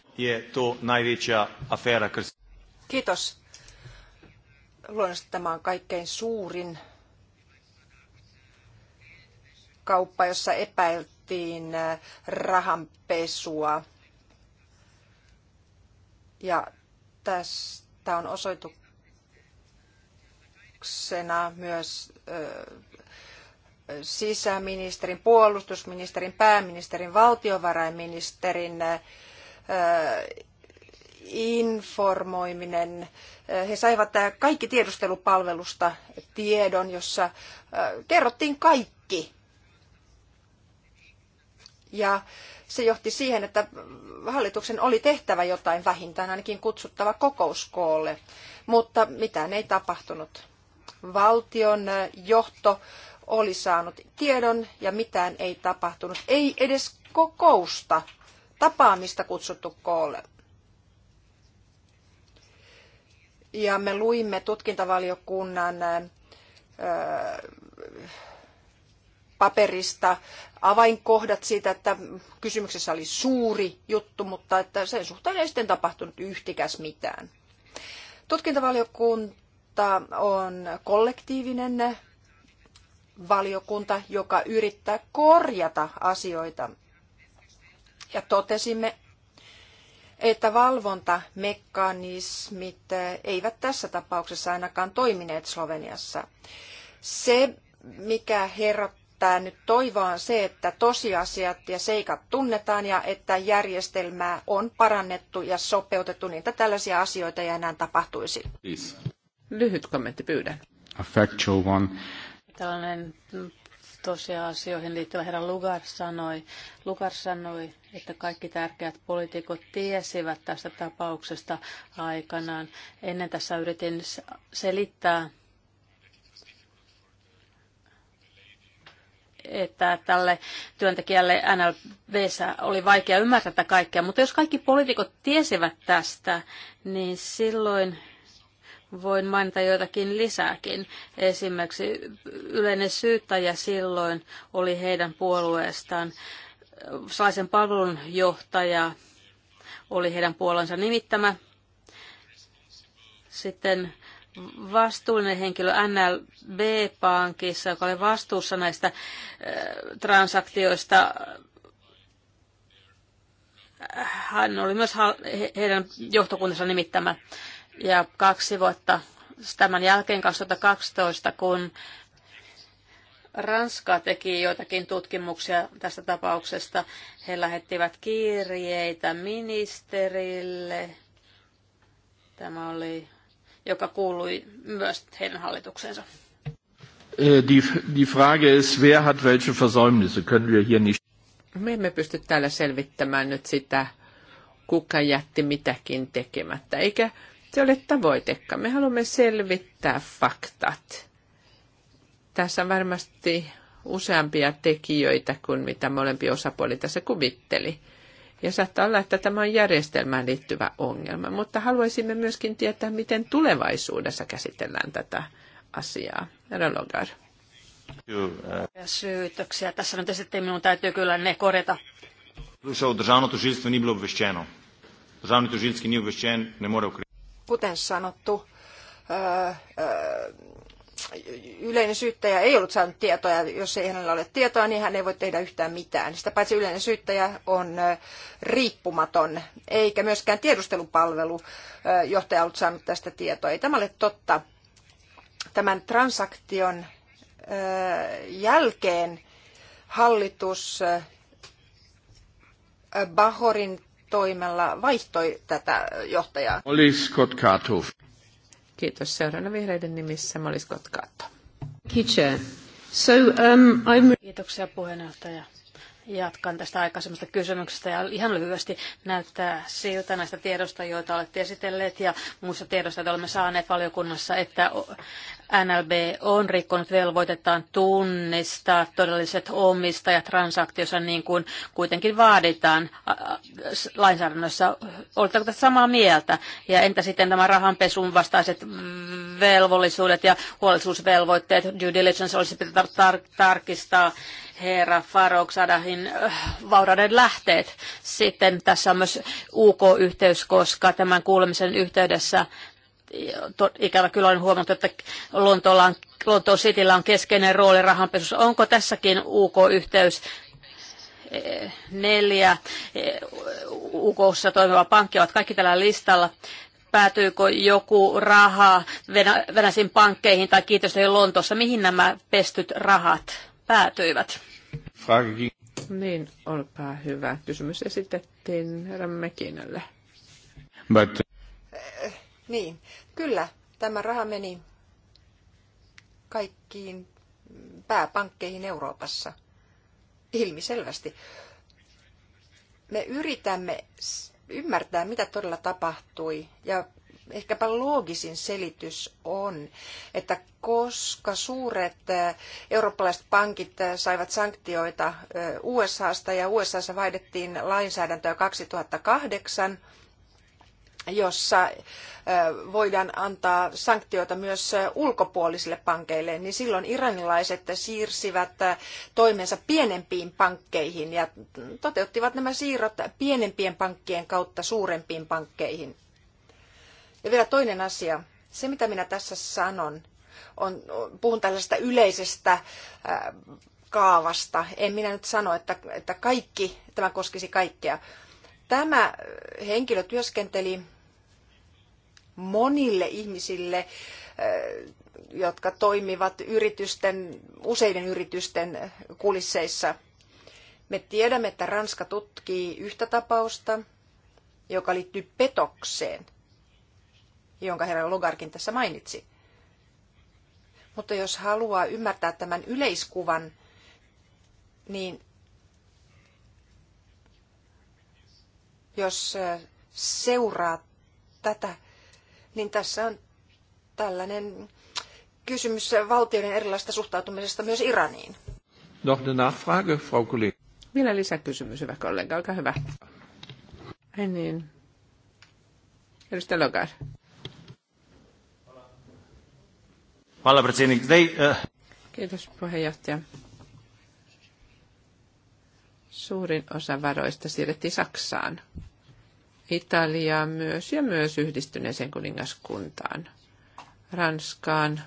Kiitos. Luonnollisesti tämä on kaikkein suurin kauppa, jossa epäiltiin äh, rahanpesua. Ja tästä on osoituksena myös äh, sisäministerin, puolustusministerin, pääministerin, valtiovarainministerin äh, informoiminen. He saivat kaikki tiedustelupalvelusta tiedon, jossa äh, kerrottiin kaikki. Ja se johti siihen, että hallituksen oli tehtävä jotain vähintään, ainakin kutsuttava kokouskoolle. Mutta mitään ei tapahtunut. Valtion äh, johto oli saanut tiedon ja mitään ei tapahtunut. Ei edes kokousta, tapaamista kutsuttu koolle. Ja me luimme tutkintavaliokunnan paperista avainkohdat siitä, että kysymyksessä oli suuri juttu, mutta että sen suhteen ei sitten tapahtunut yhtikäs mitään. Tutkintavaliokunta on kollektiivinen valiokunta, joka yrittää korjata asioita. Ja totesimme, että valvontamekanismit eh, eivät tässä tapauksessa ainakaan toimineet Sloveniassa. Se, mikä herättää nyt toivoa, on se, että tosiasiat ja seikat tunnetaan ja että järjestelmää on parannettu ja sopeutettu niin, että tällaisia asioita ei enää tapahtuisi. Lyhyt kommentti pyydän. A factual one. Tällainen tosiasioihin liittyvä herra Lugar sanoi, Lugar sanoi, että kaikki tärkeät poliitikot tiesivät tästä tapauksesta aikanaan. Ennen tässä yritin selittää, että tälle työntekijälle NLVssä oli vaikea ymmärtää tätä kaikkea, mutta jos kaikki poliitikot tiesivät tästä, niin silloin Voin mainita joitakin lisääkin. Esimerkiksi yleinen syyttäjä silloin oli heidän puolueestaan. Salaisen palvelun johtaja oli heidän puolensa nimittämä. Sitten vastuullinen henkilö NLB-pankissa, joka oli vastuussa näistä eh, transaktioista, hän oli myös heidän johtokuntansa nimittämä. Ja kaksi vuotta tämän jälkeen 2012, kun Ranska teki joitakin tutkimuksia tästä tapauksesta. He lähettivät kirjeitä ministerille. Tämä oli, joka kuului myös heidän hallituksensa. Äh, die, die Frage ist, wer hat welche Versäumnisse? Können wir hier nicht... Me emme pysty täällä selvittämään nyt sitä, kuka jätti mitäkin tekemättä. Eikä se ole tavoitekaan. Me haluamme selvittää faktat. Tässä on varmasti useampia tekijöitä kuin mitä molempi osapuoli tässä kuvitteli. Ja saattaa olla, että tämä on järjestelmään liittyvä ongelma, mutta haluaisimme myöskin tietää, miten tulevaisuudessa käsitellään tätä asiaa. Rologar. Syytöksiä. Tässä nyt sitten minun täytyy kyllä ne korjata. Državno on, ni bilo obveščeno. ne kuten sanottu, yleinen syyttäjä ei ollut saanut tietoa, ja jos ei hänellä ole tietoa, niin hän ei voi tehdä yhtään mitään. Sitä paitsi yleinen syyttäjä on riippumaton, eikä myöskään tiedustelupalvelu johtaja ollut saanut tästä tietoa. Ei tämä ole totta. Tämän transaktion jälkeen hallitus Bahorin toimella vaihtoi tätä johtajaa. Oli Scott Cato. Kiitos. Seuraavana vihreiden nimissä oli Scott Cato. So, um, I'm... Kiitoksia puheenjohtaja. Jatkan tästä aikaisemmasta kysymyksestä ja ihan lyhyesti näyttää siltä näistä tiedosta, joita olette esitelleet ja muista tiedosta, joita olemme saaneet valiokunnassa, että NLB on rikkonut velvoitettaan tunnistaa todelliset omistajat transaktiossa niin kuin kuitenkin vaaditaan lainsäädännössä. Oletteko tässä samaa mieltä? Ja entä sitten nämä rahanpesun vastaiset velvollisuudet ja huolellisuusvelvoitteet, due diligence olisi pitää tar- tar- tarkistaa herra Farouk Sadahin äh, vaurauden lähteet. Sitten tässä on myös UK-yhteys, koska tämän kuulemisen yhteydessä ikävä kyllä olen huomannut, että Lontoolla on, Lontoon Cityllä on keskeinen rooli rahanpesussa. Onko tässäkin UK-yhteys e, neljä e, UKssa toimiva pankki ovat kaikki tällä listalla? Päätyykö joku raha Venä, pankkeihin tai kiinteistöihin Lontoossa? Mihin nämä pestyt rahat päätyivät? Frage. Niin, olkaa hyvä. Kysymys esitettiin herran Mekinälle. But... Eh, niin, kyllä, tämä raha meni kaikkiin pääpankkeihin Euroopassa. Ilmiselvästi. Me yritämme ymmärtää, mitä todella tapahtui. Ja ehkäpä loogisin selitys on, että koska suuret eurooppalaiset pankit saivat sanktioita USAsta ja USAssa vaihdettiin lainsäädäntöä 2008, jossa voidaan antaa sanktioita myös ulkopuolisille pankeille, niin silloin iranilaiset siirsivät toimensa pienempiin pankkeihin ja toteuttivat nämä siirrot pienempien pankkien kautta suurempiin pankkeihin. Ja vielä toinen asia. Se, mitä minä tässä sanon, on, puhun tällaisesta yleisestä kaavasta. En minä nyt sano, että, että kaikki, tämä koskisi kaikkea. Tämä henkilö työskenteli monille ihmisille, jotka toimivat yritysten, useiden yritysten kulisseissa. Me tiedämme, että Ranska tutkii yhtä tapausta, joka liittyy petokseen, jonka herra Logarkin tässä mainitsi. Mutta jos haluaa ymmärtää tämän yleiskuvan, niin jos seuraa tätä niin tässä on tällainen kysymys valtioiden erilaisesta suhtautumisesta myös Iraniin. Noch eine Nachfrage, Frau Kollegin. Vielä lisäkysymys, hyvä kollega, olkaa hyvä. Ai niin. Edustaja Logar. Eh, Kiitos, puheenjohtaja. Suurin osa varoista siirrettiin Saksaan. Italiaan myös ja myös yhdistyneeseen kuningaskuntaan, Ranskaan.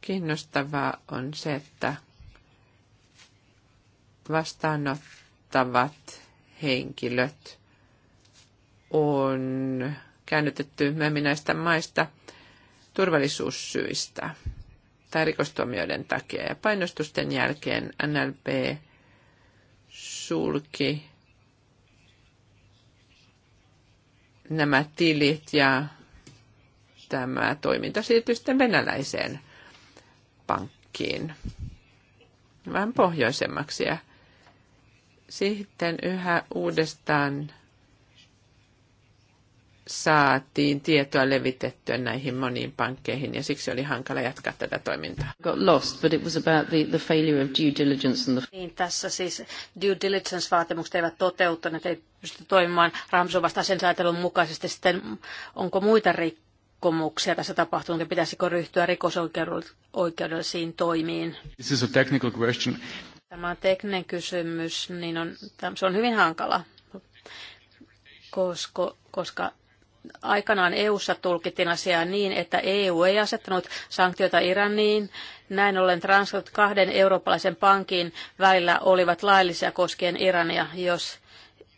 Kiinnostavaa on se, että vastaanottavat henkilöt on käännytetty myöhemmin näistä maista turvallisuussyistä tai rikostuomioiden takia. Ja painostusten jälkeen NLP sulki nämä tilit ja tämä toiminta siirtyi sitten venäläiseen pankkiin vähän pohjoisemmaksi ja sitten yhä uudestaan saatiin tietoa levitettyä näihin moniin pankkeihin ja siksi oli hankala jatkaa tätä toimintaa. Got lost, but it was about the, the failure of due diligence and the... Niin, tässä siis due diligence-vaatimukset eivät toteutuneet, ei pysty toimimaan Ramson vastaisen säätelyn mukaisesti. Sitten onko muita rikkomuksia tässä tapahtunut ja pitäisikö ryhtyä rikosoikeudellisiin toimiin? This is a technical question. Tämä on tekninen kysymys, niin on, se on hyvin hankala, koska, koska aikanaan EU-ssa tulkittiin asiaa niin, että EU ei asettanut sanktioita Iraniin. Näin ollen transferit kahden eurooppalaisen pankin välillä olivat laillisia koskien Irania. Jos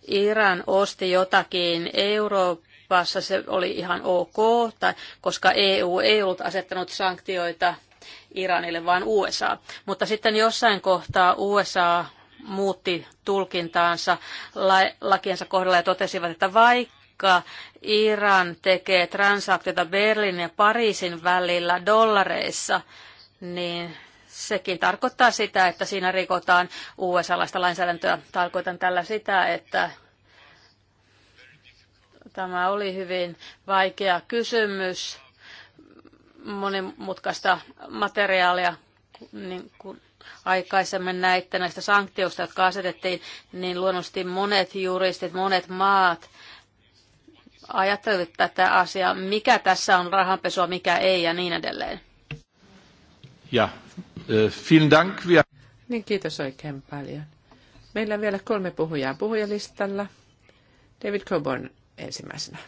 Iran osti jotakin Euroopassa, se oli ihan ok, tai, koska EU ei ollut asettanut sanktioita Iranille, vaan USA. Mutta sitten jossain kohtaa USA muutti tulkintaansa lakiensa kohdalla ja totesivat, että vaikka Iran tekee transaktiota Berliin ja Pariisin välillä dollareissa, niin sekin tarkoittaa sitä, että siinä rikotaan USA-laista lainsäädäntöä. Tarkoitan tällä sitä, että tämä oli hyvin vaikea kysymys, monimutkaista materiaalia, niin kuin aikaisemmin näitte näistä sanktioista, jotka asetettiin, niin luonnollisesti monet juristit, monet maat – ajatellut tätä asiaa, mikä tässä on rahanpesua, mikä ei ja niin edelleen. Ja, vielen dank. Niin kiitos oikein paljon. Meillä on vielä kolme puhujaa puhujalistalla. David Coburn ensimmäisenä.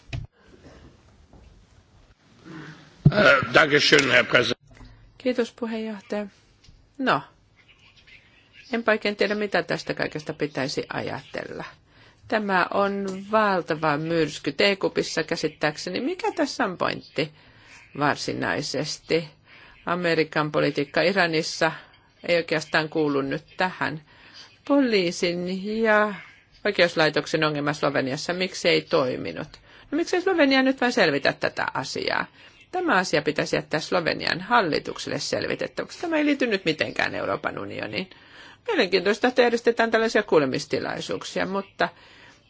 Kiitos puheenjohtaja. No, en oikein tiedä mitä tästä kaikesta pitäisi ajatella Tämä on valtava myrsky T-kupissa käsittääkseni. Mikä tässä on pointti varsinaisesti? Amerikan politiikka Iranissa ei oikeastaan kuulu nyt tähän. Poliisin ja oikeuslaitoksen ongelma Sloveniassa, miksi ei toiminut? No ei Slovenia nyt vain selvitä tätä asiaa? Tämä asia pitäisi jättää Slovenian hallitukselle selvitettäväksi. Tämä ei liity nyt mitenkään Euroopan unioniin. Mielenkiintoista, että järjestetään tällaisia kuulemistilaisuuksia, mutta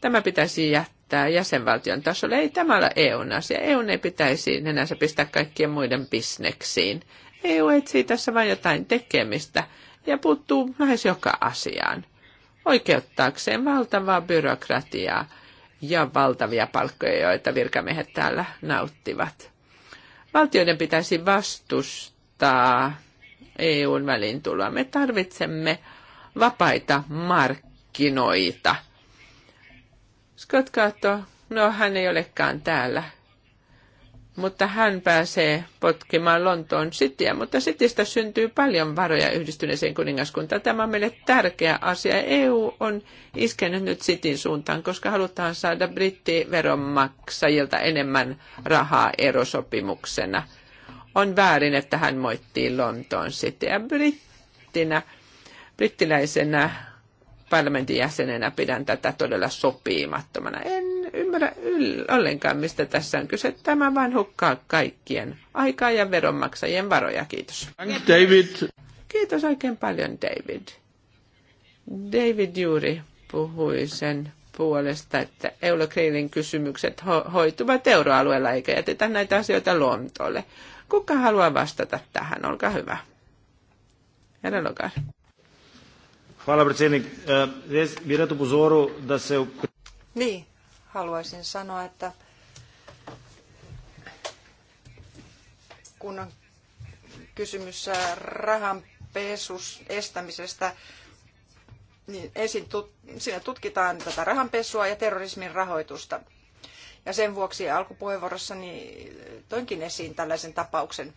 Tämä pitäisi jättää jäsenvaltion tasolle. Ei tämä ole EUn asia. EUn ei pitäisi enää pistää kaikkien muiden bisneksiin. EU etsii tässä vain jotain tekemistä ja puuttuu lähes joka asiaan oikeuttaakseen valtavaa byrokratiaa ja valtavia palkkoja, joita virkamiehet täällä nauttivat. Valtioiden pitäisi vastustaa EUn välintuloa. Me tarvitsemme vapaita markkinoita Scott katsoo, no hän ei olekaan täällä. Mutta hän pääsee potkimaan Lontoon sitiä, mutta sitistä syntyy paljon varoja yhdistyneeseen kuningaskuntaan. Tämä on meille tärkeä asia. EU on iskenyt nyt sitin suuntaan, koska halutaan saada brittiveronmaksajilta enemmän rahaa erosopimuksena. On väärin, että hän moittii Lontoon sitiä brittinä. Brittiläisenä parlamentin jäsenenä pidän tätä todella sopimattomana. En ymmärrä ollenkaan, mistä tässä on kyse. Tämä vain hukkaa kaikkien aikaa ja veronmaksajien varoja. Kiitos. David. Kiitos oikein paljon, David. David juuri puhui sen puolesta, että Eulokriilin kysymykset ho- hoituvat euroalueella eikä jätetä näitä asioita Lontolle. Kuka haluaa vastata tähän? Olkaa hyvä. Herra Logar. Hvala, predsjednik. Vjerat upozoru da se... Niin, haluaisin sanoa, että kun on kysymys äh, rahan pesus estämisestä, niin ensin tut, siinä tutkitaan tätä rahanpesua ja terrorismin rahoitusta. Ja sen vuoksi alkupuheenvuorossani toinkin esiin tällaisen tapauksen.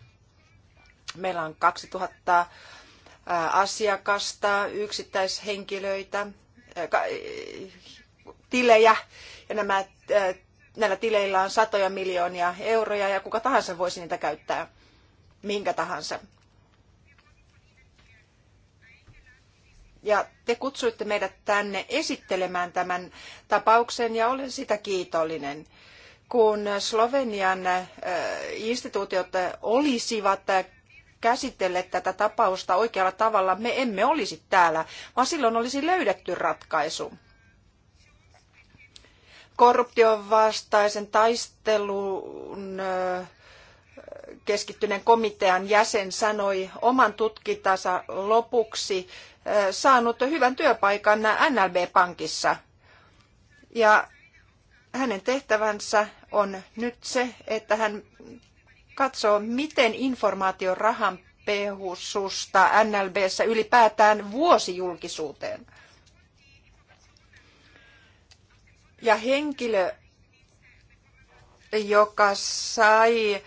Meillä on 2000 asiakasta, yksittäishenkilöitä, tilejä ja nämä, näillä tileillä on satoja miljoonia euroja ja kuka tahansa voisi niitä käyttää minkä tahansa. Ja te kutsuitte meidät tänne esittelemään tämän tapauksen ja olen sitä kiitollinen. Kun Slovenian instituutiot olisivat käsitelleet tätä tapausta oikealla tavalla, me emme olisi täällä, vaan silloin olisi löydetty ratkaisu. Korruption vastaisen taistelun keskittyneen komitean jäsen sanoi oman tutkintansa lopuksi saanut hyvän työpaikan NLB-pankissa. Ja hänen tehtävänsä on nyt se, että hän katsoo, miten informaatio rahanpehususta NLBssä ylipäätään vuosi julkisuuteen. Ja henkilö, joka sai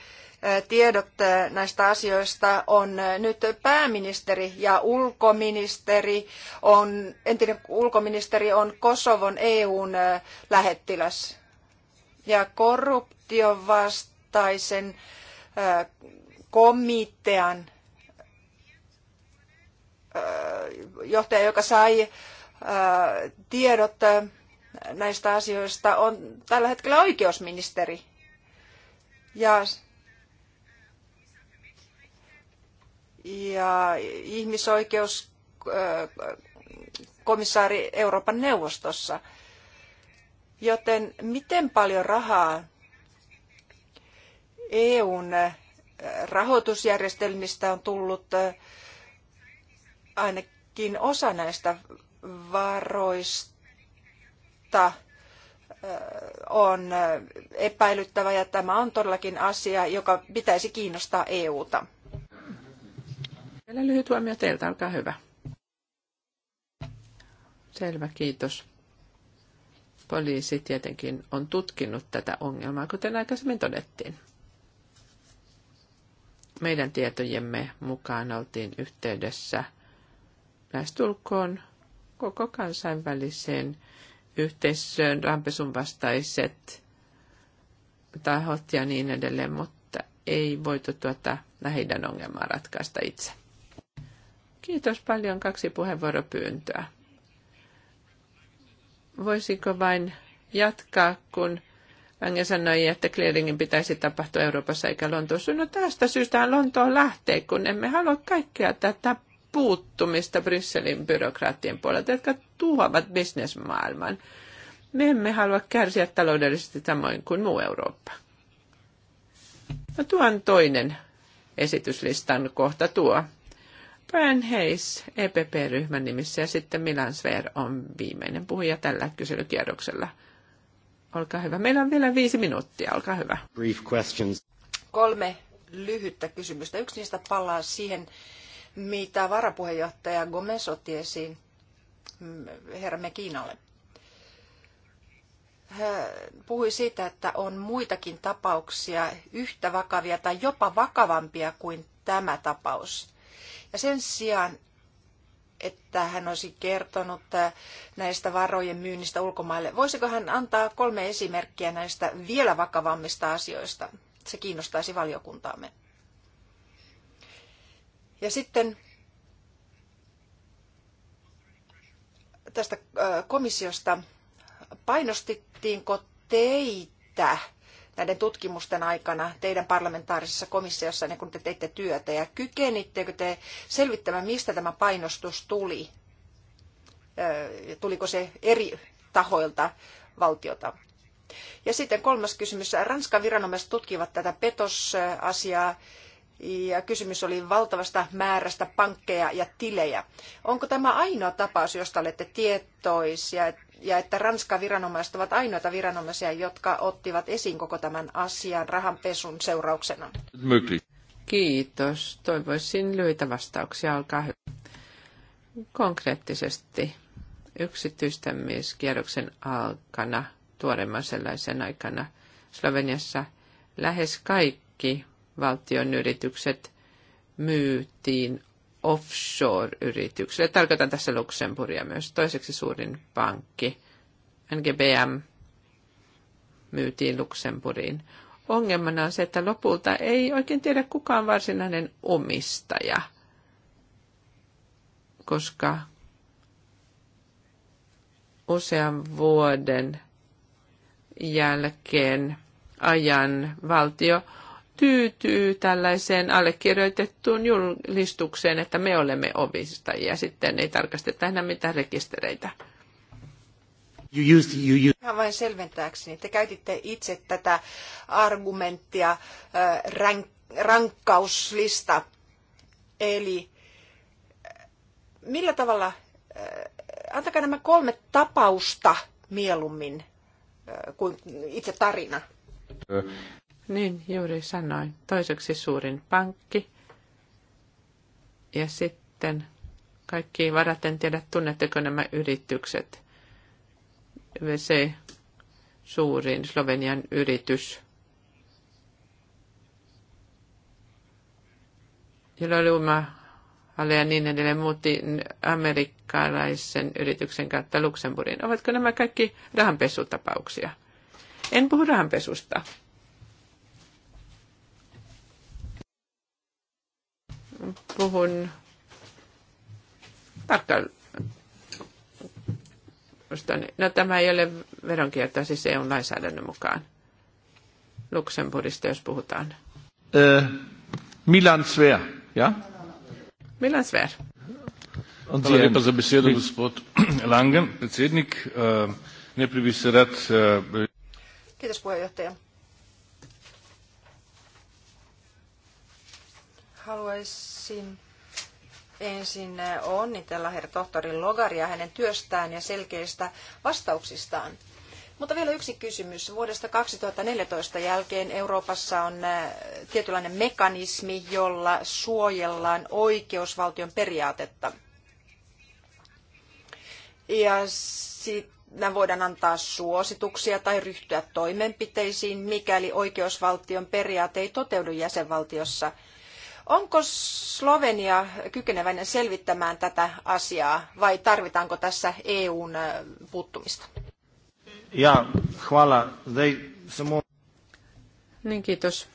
tiedot näistä asioista on nyt pääministeri ja ulkoministeri on, entinen ulkoministeri on Kosovon EUn lähettiläs. Ja korruptiovastaisen vastaisen komitean johtaja, joka sai tiedot näistä asioista, on tällä hetkellä oikeusministeri. Ja, ja ihmisoikeuskomissaari Euroopan neuvostossa. Joten miten paljon rahaa EUn äh, rahoitusjärjestelmistä on tullut äh, ainakin osa näistä varoista äh, on epäilyttävä ja tämä on todellakin asia, joka pitäisi kiinnostaa EUta. Vielä lyhyt huomio teiltä, olkaa hyvä. Selvä, kiitos. Poliisi tietenkin on tutkinut tätä ongelmaa, kuten aikaisemmin todettiin meidän tietojemme mukaan oltiin yhteydessä lähestulkoon koko kansainväliseen yhteisöön, rampesun vastaiset tahot ja niin edelleen, mutta ei voitu tuota lähidän ongelmaa ratkaista itse. Kiitos paljon, kaksi puheenvuoropyyntöä. Voisiko vain jatkaa, kun Lange sanoi, että clearingin pitäisi tapahtua Euroopassa eikä Lontoossa. No tästä syystä Lontoon lähtee, kun emme halua kaikkea tätä puuttumista Brysselin byrokraattien puolelta, jotka tuhoavat bisnesmaailman. Me emme halua kärsiä taloudellisesti samoin kuin muu Eurooppa. No tuon toinen esityslistan kohta tuo. Brian Hayes EPP-ryhmän nimissä ja sitten Milan Sver on viimeinen puhuja tällä kyselykierroksella. Olkaa hyvä. Meillä on vielä viisi minuuttia. Olkaa hyvä. Brief questions. Kolme lyhyttä kysymystä. Yksi niistä palaa siihen, mitä varapuheenjohtaja Gomez otti esiin mm, herramme Kiinalle. Hän puhui siitä, että on muitakin tapauksia yhtä vakavia tai jopa vakavampia kuin tämä tapaus. Ja sen sijaan, että hän olisi kertonut äh, näistä varojen myynnistä ulkomaille. Voisiko hän antaa kolme esimerkkiä näistä vielä vakavammista asioista? Se kiinnostaisi valiokuntaamme. Ja sitten äh, tästä äh, komissiosta painostittiinko teitä näiden tutkimusten aikana teidän parlamentaarisessa komissiossa, kun te teitte työtä, ja kykenittekö te selvittämään, mistä tämä painostus tuli? Tuliko se eri tahoilta valtiota? Ja sitten kolmas kysymys. Ranskan viranomaiset tutkivat tätä petosasiaa ja kysymys oli valtavasta määrästä pankkeja ja tilejä. Onko tämä ainoa tapaus, josta olette tietoisia, ja että Ranskan viranomaiset ovat ainoita viranomaisia, jotka ottivat esiin koko tämän asian rahanpesun seurauksena? Kiitos. Toivoisin lyhyitä vastauksia. Alkaa hyvä. Konkreettisesti yksityistämiskierroksen alkana, tuoreemman sellaisen aikana, Sloveniassa lähes kaikki valtion yritykset myytiin offshore-yrityksille. Tarkoitan tässä Luxemburgia myös. Toiseksi suurin pankki, NGBM, myytiin Luxemburgiin. Ongelmana on se, että lopulta ei oikein tiedä kukaan varsinainen omistaja, koska usean vuoden jälkeen ajan valtio tyytyy tällaiseen allekirjoitettuun julistukseen, että me olemme omistajia. Sitten ei tarkasteta enää mitään rekistereitä. Ihan vain selventääkseni, te käytitte itse tätä argumenttia rank, rankkauslista. Eli millä tavalla, antakaa nämä kolme tapausta mieluummin kuin itse tarina. Niin, juuri sanoin. Toiseksi suurin pankki. Ja sitten kaikki varat, en tiedä tunnetteko nämä yritykset. Se suurin Slovenian yritys. Jolloin alle ja niin edelleen muutti amerikkalaisen yrityksen kautta Luxemburgin. Ovatko nämä kaikki rahanpesutapauksia? En puhu rahanpesusta puhun tarkkaan. No tämä ei ole veronkierto, siis EUn lainsäädännön mukaan. Luxemburgista, jos puhutaan. Äh, Milan Sver, ja? Milan Sver. Hvala lepa za besedo, gospod Langen, predsednik. Äh, ne bi se rad... Äh, Kiitos puheenjohtaja. Haluaisin ensin onnitella herra tohtori Logaria hänen työstään ja selkeistä vastauksistaan. Mutta vielä yksi kysymys. Vuodesta 2014 jälkeen Euroopassa on tietynlainen mekanismi, jolla suojellaan oikeusvaltion periaatetta. Ja siinä voidaan antaa suosituksia tai ryhtyä toimenpiteisiin, mikäli oikeusvaltion periaate ei toteudu jäsenvaltiossa – Onko Slovenia kykeneväinen selvittämään tätä asiaa vai tarvitaanko tässä EUn puuttumista? Ja, hvala. samo... Niin, kiitos.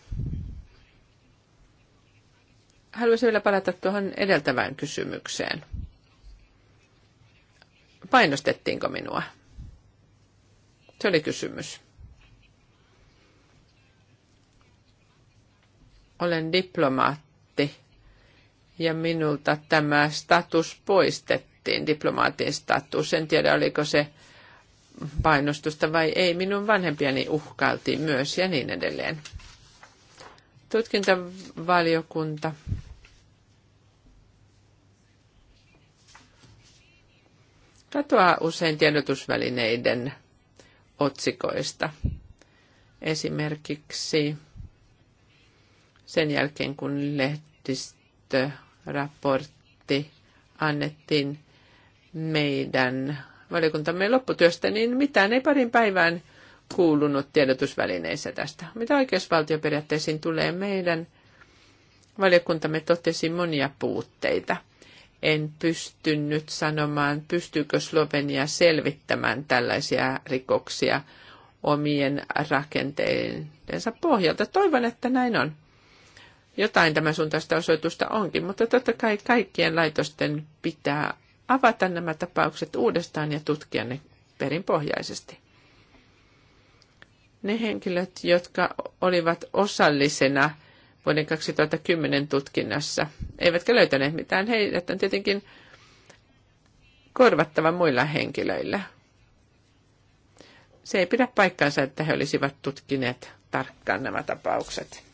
Haluaisin vielä palata tuohon edeltävään kysymykseen. Painostettiinko minua? Se oli kysymys. Olen diplomaatti kontakti ja minulta tämä status poistettiin, diplomaatin status. En tiedä, oliko se painostusta vai ei. Minun vanhempiani uhkailtiin myös ja niin edelleen. Tutkintavaliokunta. Katoaa usein tiedotusvälineiden otsikoista. Esimerkiksi sen jälkeen, kun lehti lehdistöraportti annettiin meidän valiokuntamme lopputyöstä, niin mitään ei parin päivään kuulunut tiedotusvälineissä tästä. Mitä oikeusvaltioperiaatteisiin tulee, meidän valiokuntamme totesi monia puutteita. En pystynyt nyt sanomaan, pystyykö Slovenia selvittämään tällaisia rikoksia omien rakenteidensa pohjalta. Toivon, että näin on. Jotain tämän suuntaista osoitusta onkin, mutta totta kai kaikkien laitosten pitää avata nämä tapaukset uudestaan ja tutkia ne perinpohjaisesti. Ne henkilöt, jotka olivat osallisena vuoden 2010 tutkinnassa, eivätkä löytäneet mitään, heidät on tietenkin korvattava muilla henkilöillä. Se ei pidä paikkaansa, että he olisivat tutkineet tarkkaan nämä tapaukset.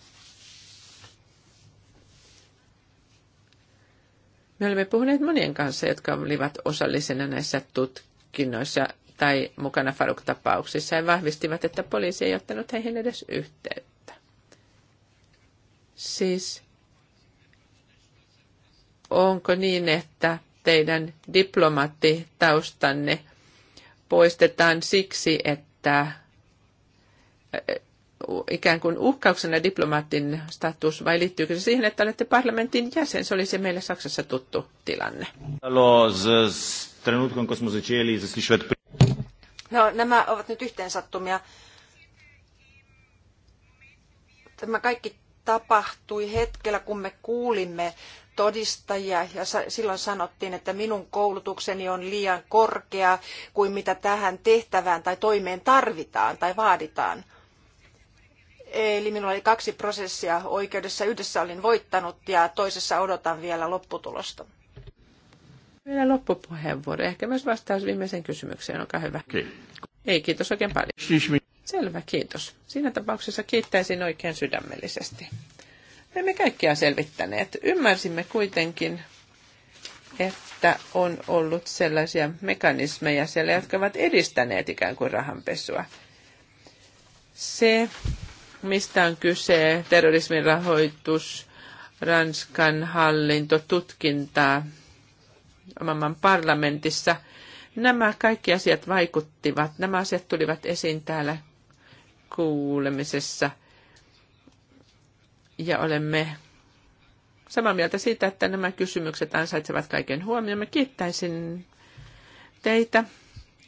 Me olemme puhuneet monien kanssa, jotka olivat osallisena näissä tutkinnoissa tai mukana Faruk-tapauksissa ja vahvistivat, että poliisi ei ottanut heihin edes yhteyttä. Siis onko niin, että teidän diplomaattitaustanne poistetaan siksi, että ikään kuin uhkauksena diplomaattin status vai liittyykö se siihen, että olette parlamentin jäsen? Se oli se meille Saksassa tuttu tilanne. No, nämä ovat nyt yhteensattumia. Tämä kaikki tapahtui hetkellä, kun me kuulimme todistajia ja silloin sanottiin, että minun koulutukseni on liian korkea kuin mitä tähän tehtävään tai toimeen tarvitaan tai vaaditaan. Eli minulla oli kaksi prosessia oikeudessa. Yhdessä olin voittanut ja toisessa odotan vielä lopputulosta. Vielä loppupuheenvuoro. Ehkä myös vastaus viimeiseen kysymykseen. Olkaa hyvä. Kiitos. Ei, kiitos oikein paljon. Selvä, kiitos. Siinä tapauksessa kiittäisin oikein sydämellisesti. Me emme kaikkia selvittäneet. Ymmärsimme kuitenkin, että on ollut sellaisia mekanismeja siellä, jotka ovat edistäneet ikään kuin rahanpesua. Se mistä on kyse, terrorismin rahoitus, Ranskan hallinto, tutkintaa maailman parlamentissa. Nämä kaikki asiat vaikuttivat, nämä asiat tulivat esiin täällä kuulemisessa. Ja olemme samaa mieltä siitä, että nämä kysymykset ansaitsevat kaiken huomioon. Mä kiittäisin teitä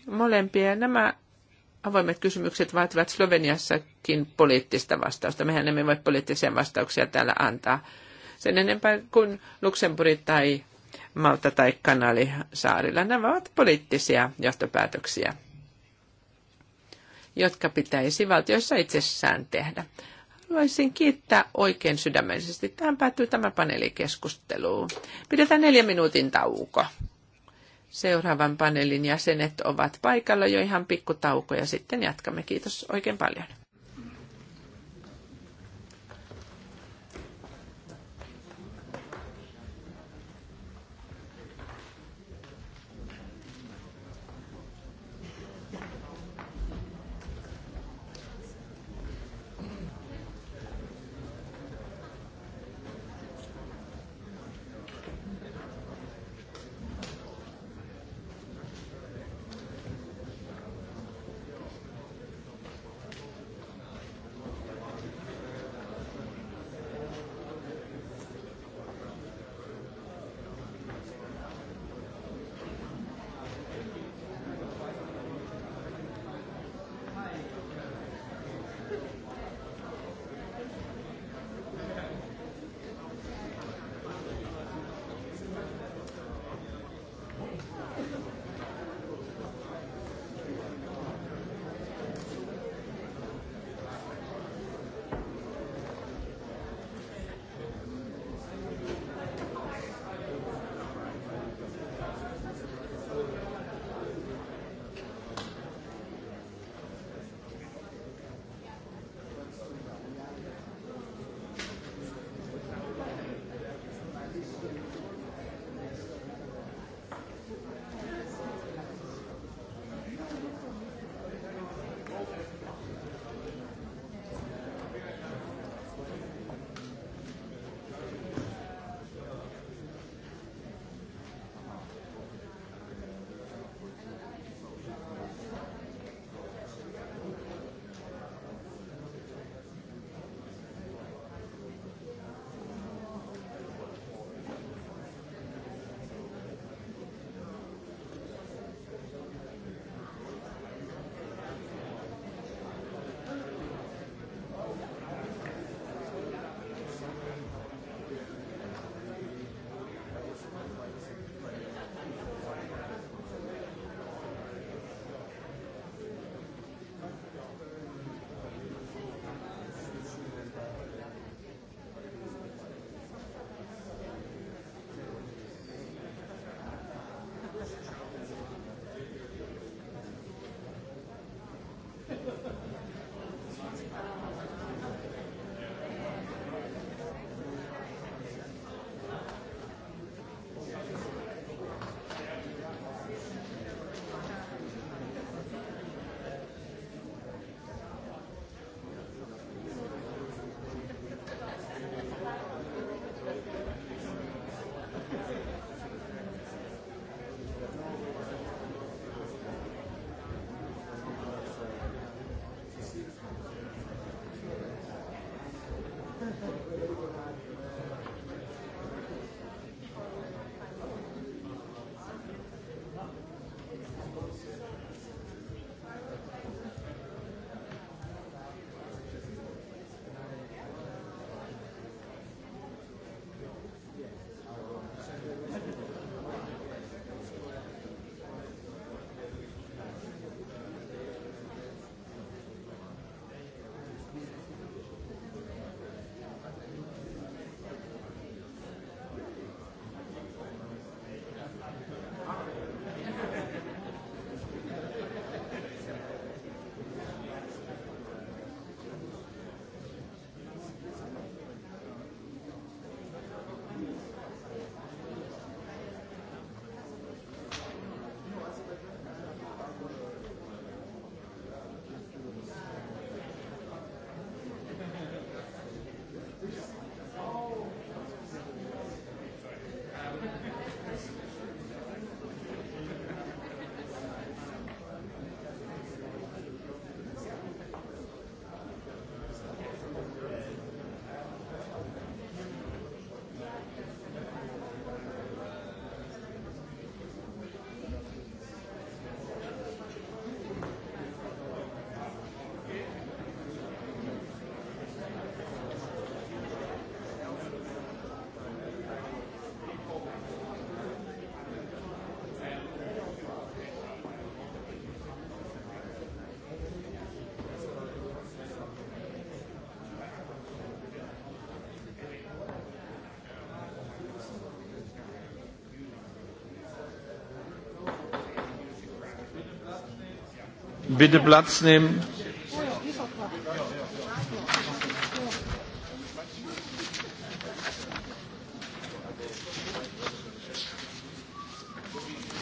molempia. Nämä avoimet kysymykset vaativat Sloveniassakin poliittista vastausta. Mehän emme voi poliittisia vastauksia täällä antaa sen enempää kuin Luxemburg tai Malta tai Kanalisaarilla. Nämä ovat poliittisia johtopäätöksiä, jotka pitäisi valtioissa itsessään tehdä. Haluaisin kiittää oikein sydämellisesti. Tähän päättyy tämä paneelikeskustelu. Pidetään neljä minuutin tauko. Seuraavan paneelin jäsenet ovat paikalla jo ihan pikkutauko ja sitten jatkamme. Kiitos oikein paljon. Bitte Platz nehmen.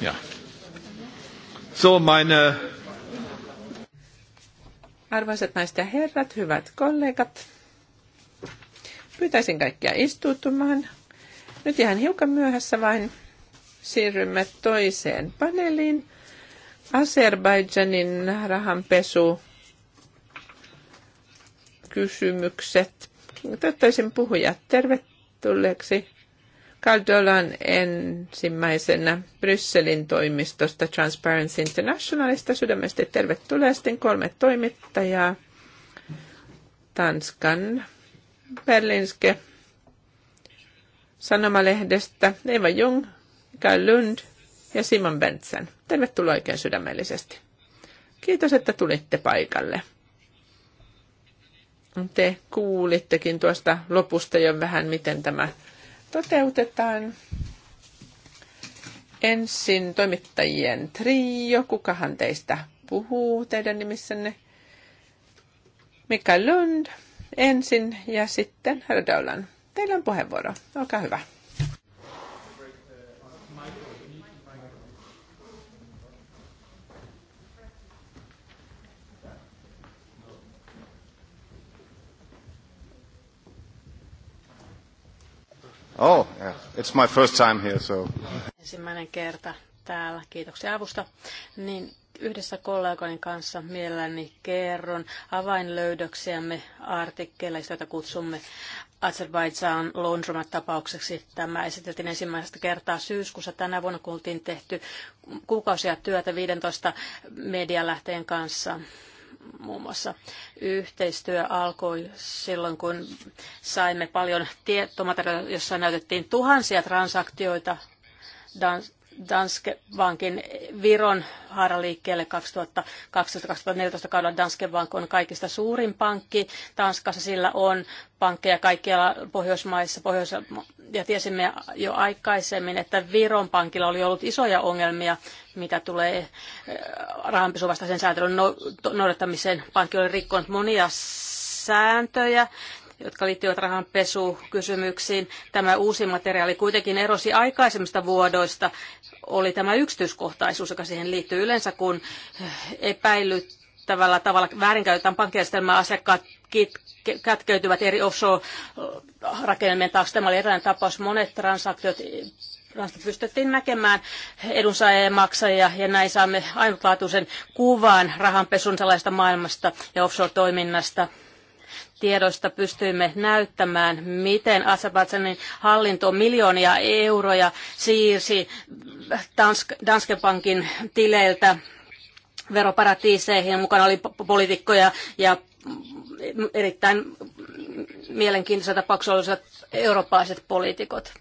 Ja. So, meine Arvoisat naiset ja herrat, hyvät kollegat, pyytäisin kaikkia istuutumaan. Nyt ihan hiukan myöhässä vain siirrymme toiseen paneeliin. Azerbaidžanin rahanpesu kysymykset. Toivottaisin puhujat tervetulleeksi. Kaldolan ensimmäisenä Brysselin toimistosta Transparency Internationalista sydämestä tervetulleen. sitten kolme toimittajaa. Tanskan Berlinske sanomalehdestä Eva Jung, Kai Lund ja Simon Bentsen. Tervetuloa oikein sydämellisesti. Kiitos, että tulitte paikalle. Te kuulittekin tuosta lopusta jo vähän, miten tämä toteutetaan. Ensin toimittajien trio. Kukahan teistä puhuu teidän nimissänne? Mika Lund ensin ja sitten Herra Teillä on puheenvuoro. Olkaa hyvä. Oh, yeah. it's my first time here, so. Ensimmäinen kerta täällä. Kiitoksia avusta. Niin, yhdessä kollegani kanssa mielelläni kerron avainlöydöksiämme artikkeleista, joita kutsumme Azerbaijan laundromat-tapaukseksi. Tämä esiteltiin ensimmäistä kertaa syyskuussa. Tänä vuonna kuultiin tehty kuukausia työtä 15 medialähteen kanssa muun muassa. Yhteistyö alkoi silloin, kun saimme paljon tietomateriaalia, jossa näytettiin tuhansia transaktioita Danske Bankin Viron haaraliikkeelle 2012-2014 kaudella Danske Bank on kaikista suurin pankki. Tanskassa sillä on pankkeja kaikkialla Pohjoismaissa. Pohjois- ja tiesimme jo aikaisemmin, että Viron pankilla oli ollut isoja ongelmia, mitä tulee eh, sen säätelyn no- noudattamiseen. Pankki oli rikkonut monia sääntöjä jotka liittyvät rahanpesukysymyksiin. Tämä uusi materiaali kuitenkin erosi aikaisemmista vuodoista. Oli tämä yksityiskohtaisuus, joka siihen liittyy yleensä, kun epäilyttävällä tavalla väärinkäytetään pankkijärjestelmää, asiakkaat kätkeytyvät eri offshore-rakennelmien taakse. Tämä oli eräinen tapaus. Monet transaktiot pystyttiin näkemään edunsaajia ja maksajia, ja näin saamme ainutlaatuisen kuvan rahanpesun sellaista maailmasta ja offshore-toiminnasta tiedoista pystyimme näyttämään, miten Azerbaijanin hallinto miljoonia euroja siirsi Danske Bankin tileiltä veroparatiiseihin. Mukana oli poliitikkoja ja erittäin mielenkiintoisia tapauksia olisivat eurooppalaiset poliitikot.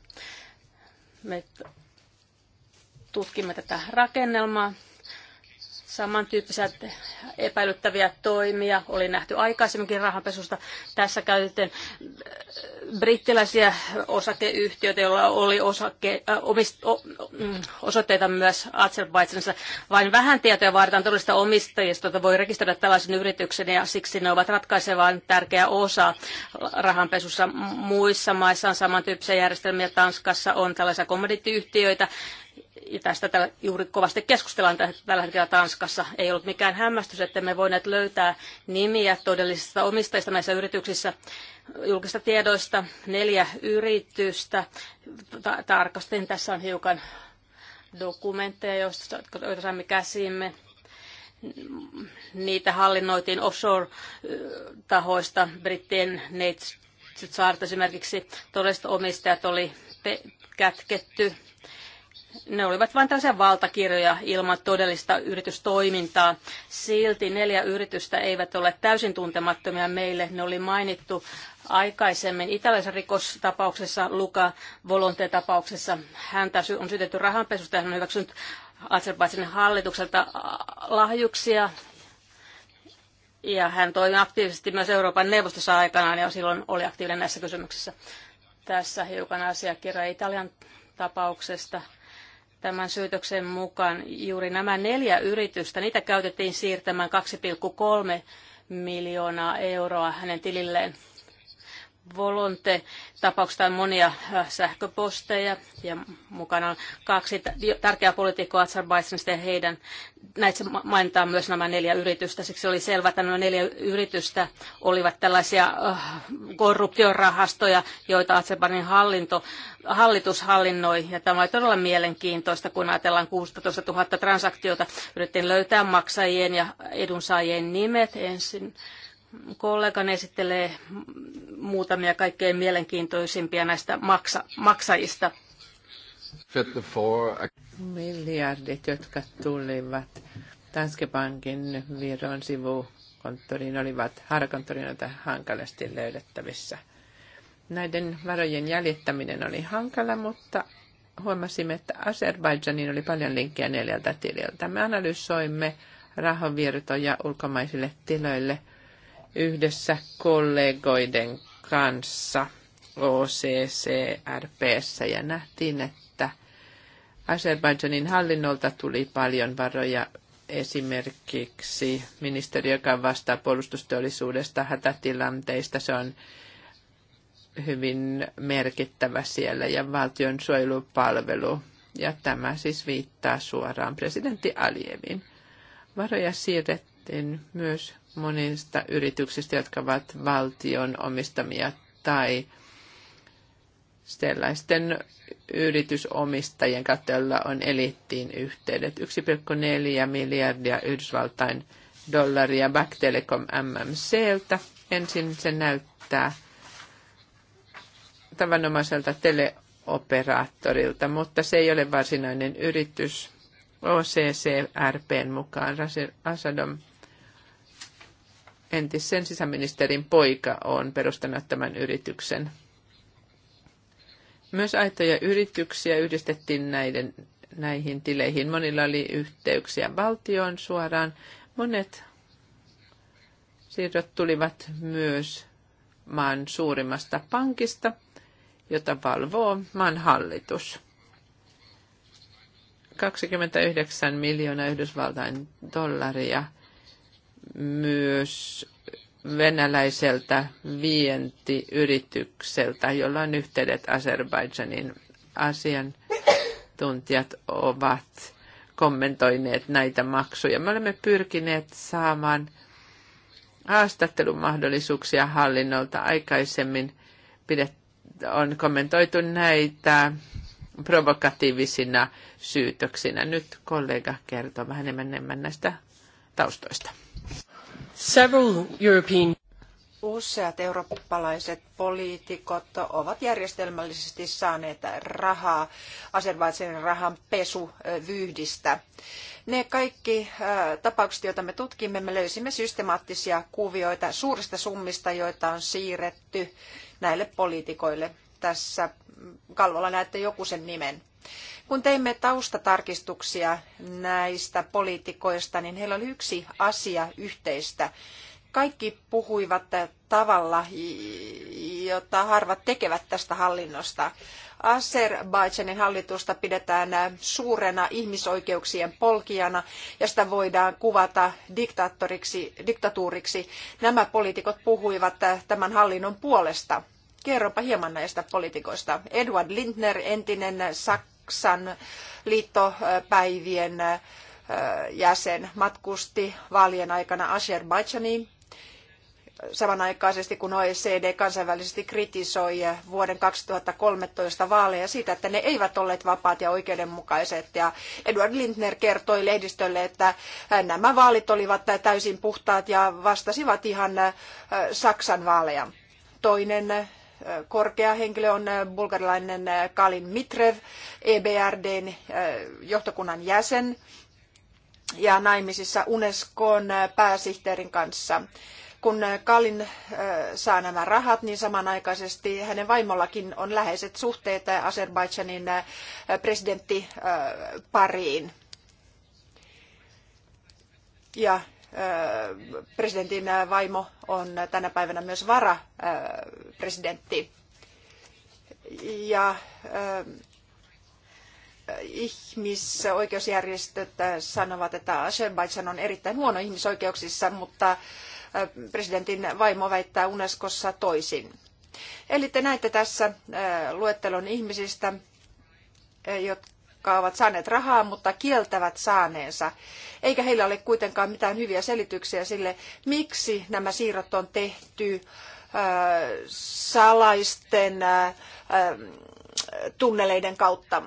Me tutkimme tätä rakennelmaa. Samantyyppisiä epäilyttäviä toimia oli nähty aikaisemminkin rahanpesusta. Tässä käytettiin äh, brittiläisiä osakeyhtiöitä, joilla oli osake, äh, omist, o, mm, osoitteita myös Azerbaidsanissa. Vain vähän tietoja vaaditaan todellista omistajista, että voi rekisteröidä tällaisen yrityksen ja siksi ne ovat ratkaisevan tärkeä osa rahanpesussa. Muissa maissa on samantyyppisiä järjestelmiä. Tanskassa on tällaisia komodittiyhtiöitä, ja tästä tällä, juuri kovasti keskustellaan tällä hetkellä Tanskassa. Ei ollut mikään hämmästys, että me voineet löytää nimiä todellisista omistajista näissä yrityksissä julkista tiedoista. Neljä yritystä. Tarkastin, tässä on hiukan dokumentteja, joista, saimme käsimme. Niitä hallinnoitiin offshore-tahoista, brittien Neitsyt saaret esimerkiksi. Todelliset omistajat oli kätketty ne olivat vain tällaisia valtakirjoja ilman todellista yritystoimintaa. Silti neljä yritystä eivät ole täysin tuntemattomia meille. Ne oli mainittu aikaisemmin italialaisessa rikostapauksessa, Luka Volonte-tapauksessa. Häntä on syytetty rahanpesusta ja hän on hyväksynyt Azerbaidsin hallitukselta lahjuksia. Ja hän toimi aktiivisesti myös Euroopan neuvostossa aikanaan ja silloin oli aktiivinen näissä kysymyksissä. Tässä hiukan asiakirja Italian tapauksesta. Tämän syytöksen mukaan juuri nämä neljä yritystä, niitä käytettiin siirtämään 2,3 miljoonaa euroa hänen tililleen. Volonte-tapauksesta on monia äh, sähköposteja ja mukana on kaksi tärkeää poliitikkoa Azerbaidsanista ja heidän, näitä mainitaan myös nämä neljä yritystä. Siksi oli selvää, että nämä neljä yritystä olivat tällaisia äh, korruptiorahastoja, joita Azerbaidin hallinto, hallitus hallinnoi. Ja tämä oli todella mielenkiintoista, kun ajatellaan 16 000 transaktiota. Yritettiin löytää maksajien ja edunsaajien nimet ensin kollegan esittelee muutamia kaikkein mielenkiintoisimpia näistä maksa- maksajista. Miljardit, jotka tulivat Danske Bankin Viron sivukonttoriin, olivat harkonttorinalta hankalasti löydettävissä. Näiden varojen jäljittäminen oli hankala, mutta huomasimme, että Azerbaidžaniin oli paljon linkkejä neljältä tililtä. Me analysoimme rahavirtoja ulkomaisille tiloille – yhdessä kollegoiden kanssa OCCRPssä ja nähtiin, että Azerbaijanin hallinnolta tuli paljon varoja esimerkiksi ministeri, joka vastaa puolustusteollisuudesta hätätilanteista. Se on hyvin merkittävä siellä ja valtion suojelupalvelu. Ja tämä siis viittaa suoraan presidentti Alievin. Varoja siirrettiin myös monista yrityksistä, jotka ovat valtion omistamia tai sellaisten yritysomistajien katteella on elittiin yhteydet. 1,4 miljardia Yhdysvaltain dollaria Back Telecom MMCltä. Ensin se näyttää tavanomaiselta teleoperaattorilta, mutta se ei ole varsinainen yritys. OCCRPn mukaan Rasadom entisen sisäministerin poika on perustanut tämän yrityksen. Myös aitoja yrityksiä yhdistettiin näiden, näihin tileihin. Monilla oli yhteyksiä valtioon suoraan. Monet siirrot tulivat myös maan suurimmasta pankista, jota valvoo maan hallitus. 29 miljoonaa Yhdysvaltain dollaria – myös venäläiseltä vientiyritykseltä, jolla on yhteydet Azerbaidžanin asiantuntijat ovat kommentoineet näitä maksuja. Me olemme pyrkineet saamaan haastattelumahdollisuuksia hallinnolta aikaisemmin pidet, on kommentoitu näitä provokatiivisina syytöksinä. Nyt kollega kertoo vähän enemmän näistä taustoista. Useat eurooppalaiset poliitikot ovat järjestelmällisesti saaneet rahaa Azerbaidsanin rahan pesuvyhdistä. Ne kaikki tapaukset, joita me tutkimme, me löysimme systemaattisia kuvioita suurista summista, joita on siirretty näille poliitikoille. Tässä kalvolla näette joku sen nimen. Kun teimme taustatarkistuksia näistä poliitikoista, niin heillä oli yksi asia yhteistä. Kaikki puhuivat tavalla, jota harvat tekevät tästä hallinnosta. Azerbaidžanin hallitusta pidetään suurena ihmisoikeuksien polkijana ja sitä voidaan kuvata diktaattoriksi, diktatuuriksi. Nämä poliitikot puhuivat tämän hallinnon puolesta. Kerropa hieman näistä poliitikoista. Edward Lindner, entinen Sak Saksan liittopäivien jäsen matkusti vaalien aikana Azerbaijaniin samanaikaisesti kun OECD kansainvälisesti kritisoi vuoden 2013 vaaleja siitä, että ne eivät olleet vapaat ja oikeudenmukaiset. Ja Edward Lindner kertoi lehdistölle, että nämä vaalit olivat täysin puhtaat ja vastasivat ihan Saksan vaaleja. Toinen korkea henkilö on eh, bulgarilainen eh, Kalin Mitrev, EBRDn eh, johtokunnan jäsen ja naimisissa Unescon pääsihteerin kanssa. Kun Kalin saa nämä rahat, niin samanaikaisesti hänen vaimollakin on läheiset suhteet Azerbaidžanin presidenttipariin. Ja presidentin vaimo on tänä päivänä myös varapresidentti. Ja ihmisoikeusjärjestöt sanovat, että Azerbaijan on erittäin huono ihmisoikeuksissa, mutta presidentin vaimo väittää Unescossa toisin. Eli te näette tässä luettelon ihmisistä, jotka ovat saaneet rahaa, mutta kieltävät saaneensa. Eikä heillä ole kuitenkaan mitään hyviä selityksiä sille, miksi nämä siirrot on tehty äh, salaisten äh, äh, tunneleiden kautta,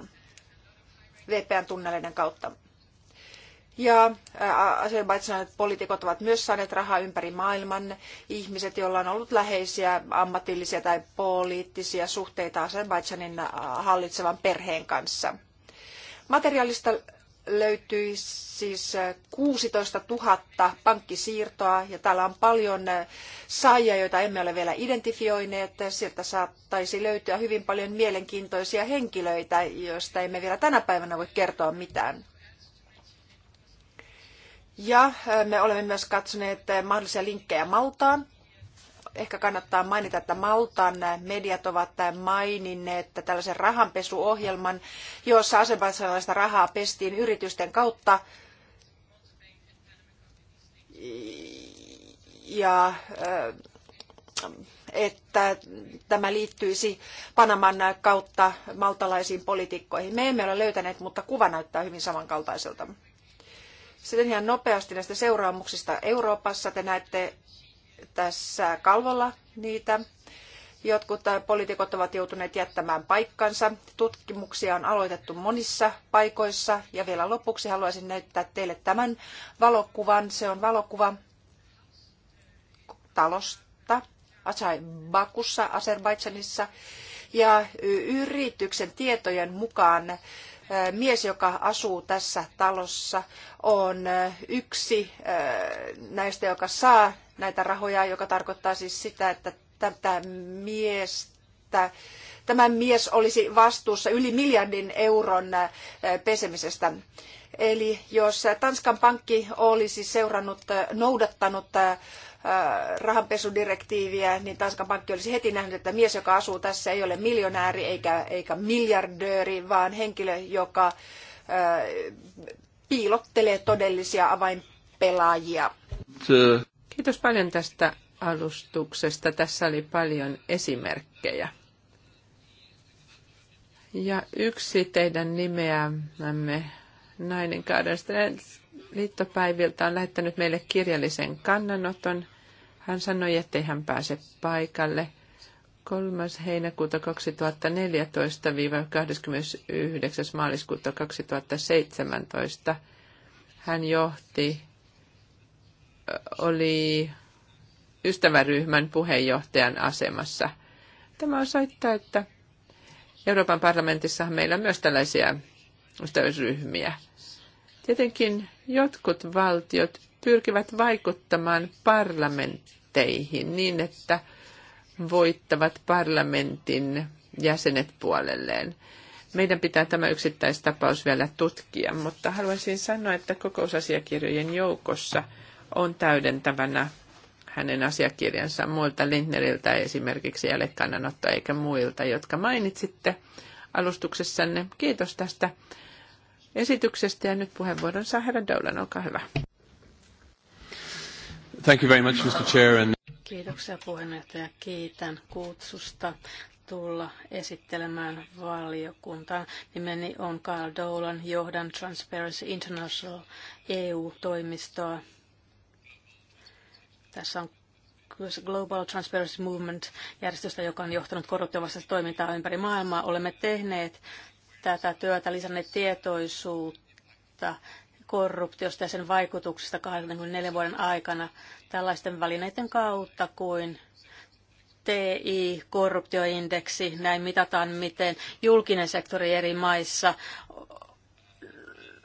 VPN-tunneleiden kautta. Ja Azerbaidsanin poliitikot ovat myös saaneet rahaa ympäri maailman. Ihmiset, joilla on ollut läheisiä ammatillisia tai poliittisia suhteita Azerbaidsanin hallitsevan perheen kanssa. Materiaalista löytyi siis 16 äh, 000 pankkisiirtoa ja täällä on paljon äh, saajia, joita emme ole vielä identifioineet. Sieltä saattaisi löytyä hyvin paljon mielenkiintoisia henkilöitä, joista emme vielä tänä päivänä voi kertoa mitään. Ja äh, me olemme myös katsoneet mahdollisia linkkejä Maltaan ehkä kannattaa mainita, että Maltan mediat ovat maininneet tällaisen rahanpesuohjelman, jossa asebaisalaista rahaa pestiin yritysten kautta. Ja että tämä liittyisi Panaman kautta maltalaisiin poliitikkoihin. Me emme ole löytäneet, mutta kuva näyttää hyvin samankaltaiselta. Sitten ihan nopeasti näistä seuraamuksista Euroopassa. Te näette tässä kalvolla niitä. Jotkut poliitikot ovat joutuneet jättämään paikkansa. Tutkimuksia on aloitettu monissa paikoissa. Ja vielä lopuksi haluaisin näyttää teille tämän valokuvan. Se on valokuva talosta Bakussa, Azerbaidžanissa. Ja yrityksen tietojen mukaan mies, joka asuu tässä talossa, on yksi näistä, joka saa näitä rahoja, joka tarkoittaa siis sitä, että tätä miestä, tämä mies olisi vastuussa yli miljardin euron pesemisestä. Eli jos Tanskan pankki olisi seurannut, noudattanut äh, rahanpesudirektiiviä, niin Tanskan pankki olisi heti nähnyt, että mies, joka asuu tässä, ei ole miljonääri eikä, eikä miljardööri, vaan henkilö, joka äh, piilottelee todellisia avainpelaajia. Kiitos paljon tästä alustuksesta. Tässä oli paljon esimerkkejä. Ja yksi teidän nimeämme nainen kaudesta liittopäiviltä on lähettänyt meille kirjallisen kannanoton. Hän sanoi, ettei hän pääse paikalle. 3. heinäkuuta 2014-29. maaliskuuta 2017 hän johti, oli ystäväryhmän puheenjohtajan asemassa. Tämä osoittaa, että Euroopan parlamentissa meillä on myös tällaisia ystävyysryhmiä. Tietenkin jotkut valtiot pyrkivät vaikuttamaan parlamentteihin niin, että voittavat parlamentin jäsenet puolelleen. Meidän pitää tämä yksittäistapaus vielä tutkia, mutta haluaisin sanoa, että kokousasiakirjojen joukossa on täydentävänä hänen asiakirjansa muilta Lindneriltä esimerkiksi ja eikä muilta, jotka mainitsitte alustuksessanne. Kiitos tästä esityksestä ja nyt puheenvuoron saa herra Dolan, olkaa hyvä. Thank you very much, Mr. Chair. And... Kiitoksia puheenjohtaja. Kiitän kutsusta tulla esittelemään valiokuntaan. Nimeni on Carl Dolan, johdan Transparency International EU-toimistoa. Tässä on Global Transparency Movement järjestöstä, joka on johtanut korruptiovastaista toimintaa ympäri maailmaa. Olemme tehneet tätä työtä, lisänneet tietoisuutta korruptiosta ja sen vaikutuksista 24 vuoden aikana tällaisten välineiden kautta kuin TI-korruptioindeksi. Näin mitataan, miten julkinen sektori eri maissa,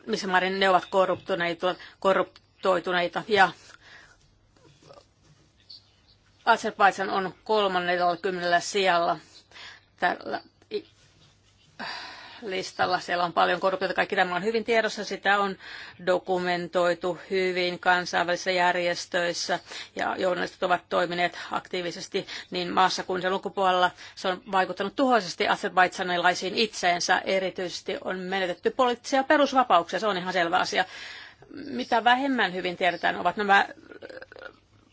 missä määrin ne ovat korruptoituneita. Ja Azerbaidsan on 30 sijalla tällä listalla. Siellä on paljon korruptiota. Kaikki tämä on hyvin tiedossa. Sitä on dokumentoitu hyvin kansainvälisissä järjestöissä ja journalistit ovat toimineet aktiivisesti niin maassa kuin sen ulkopuolella. Se on vaikuttanut tuhoisesti azerbaidsanilaisiin itseensä. Erityisesti on menetetty poliittisia perusvapauksia. Se on ihan selvä asia. Mitä vähemmän hyvin tiedetään, ovat nämä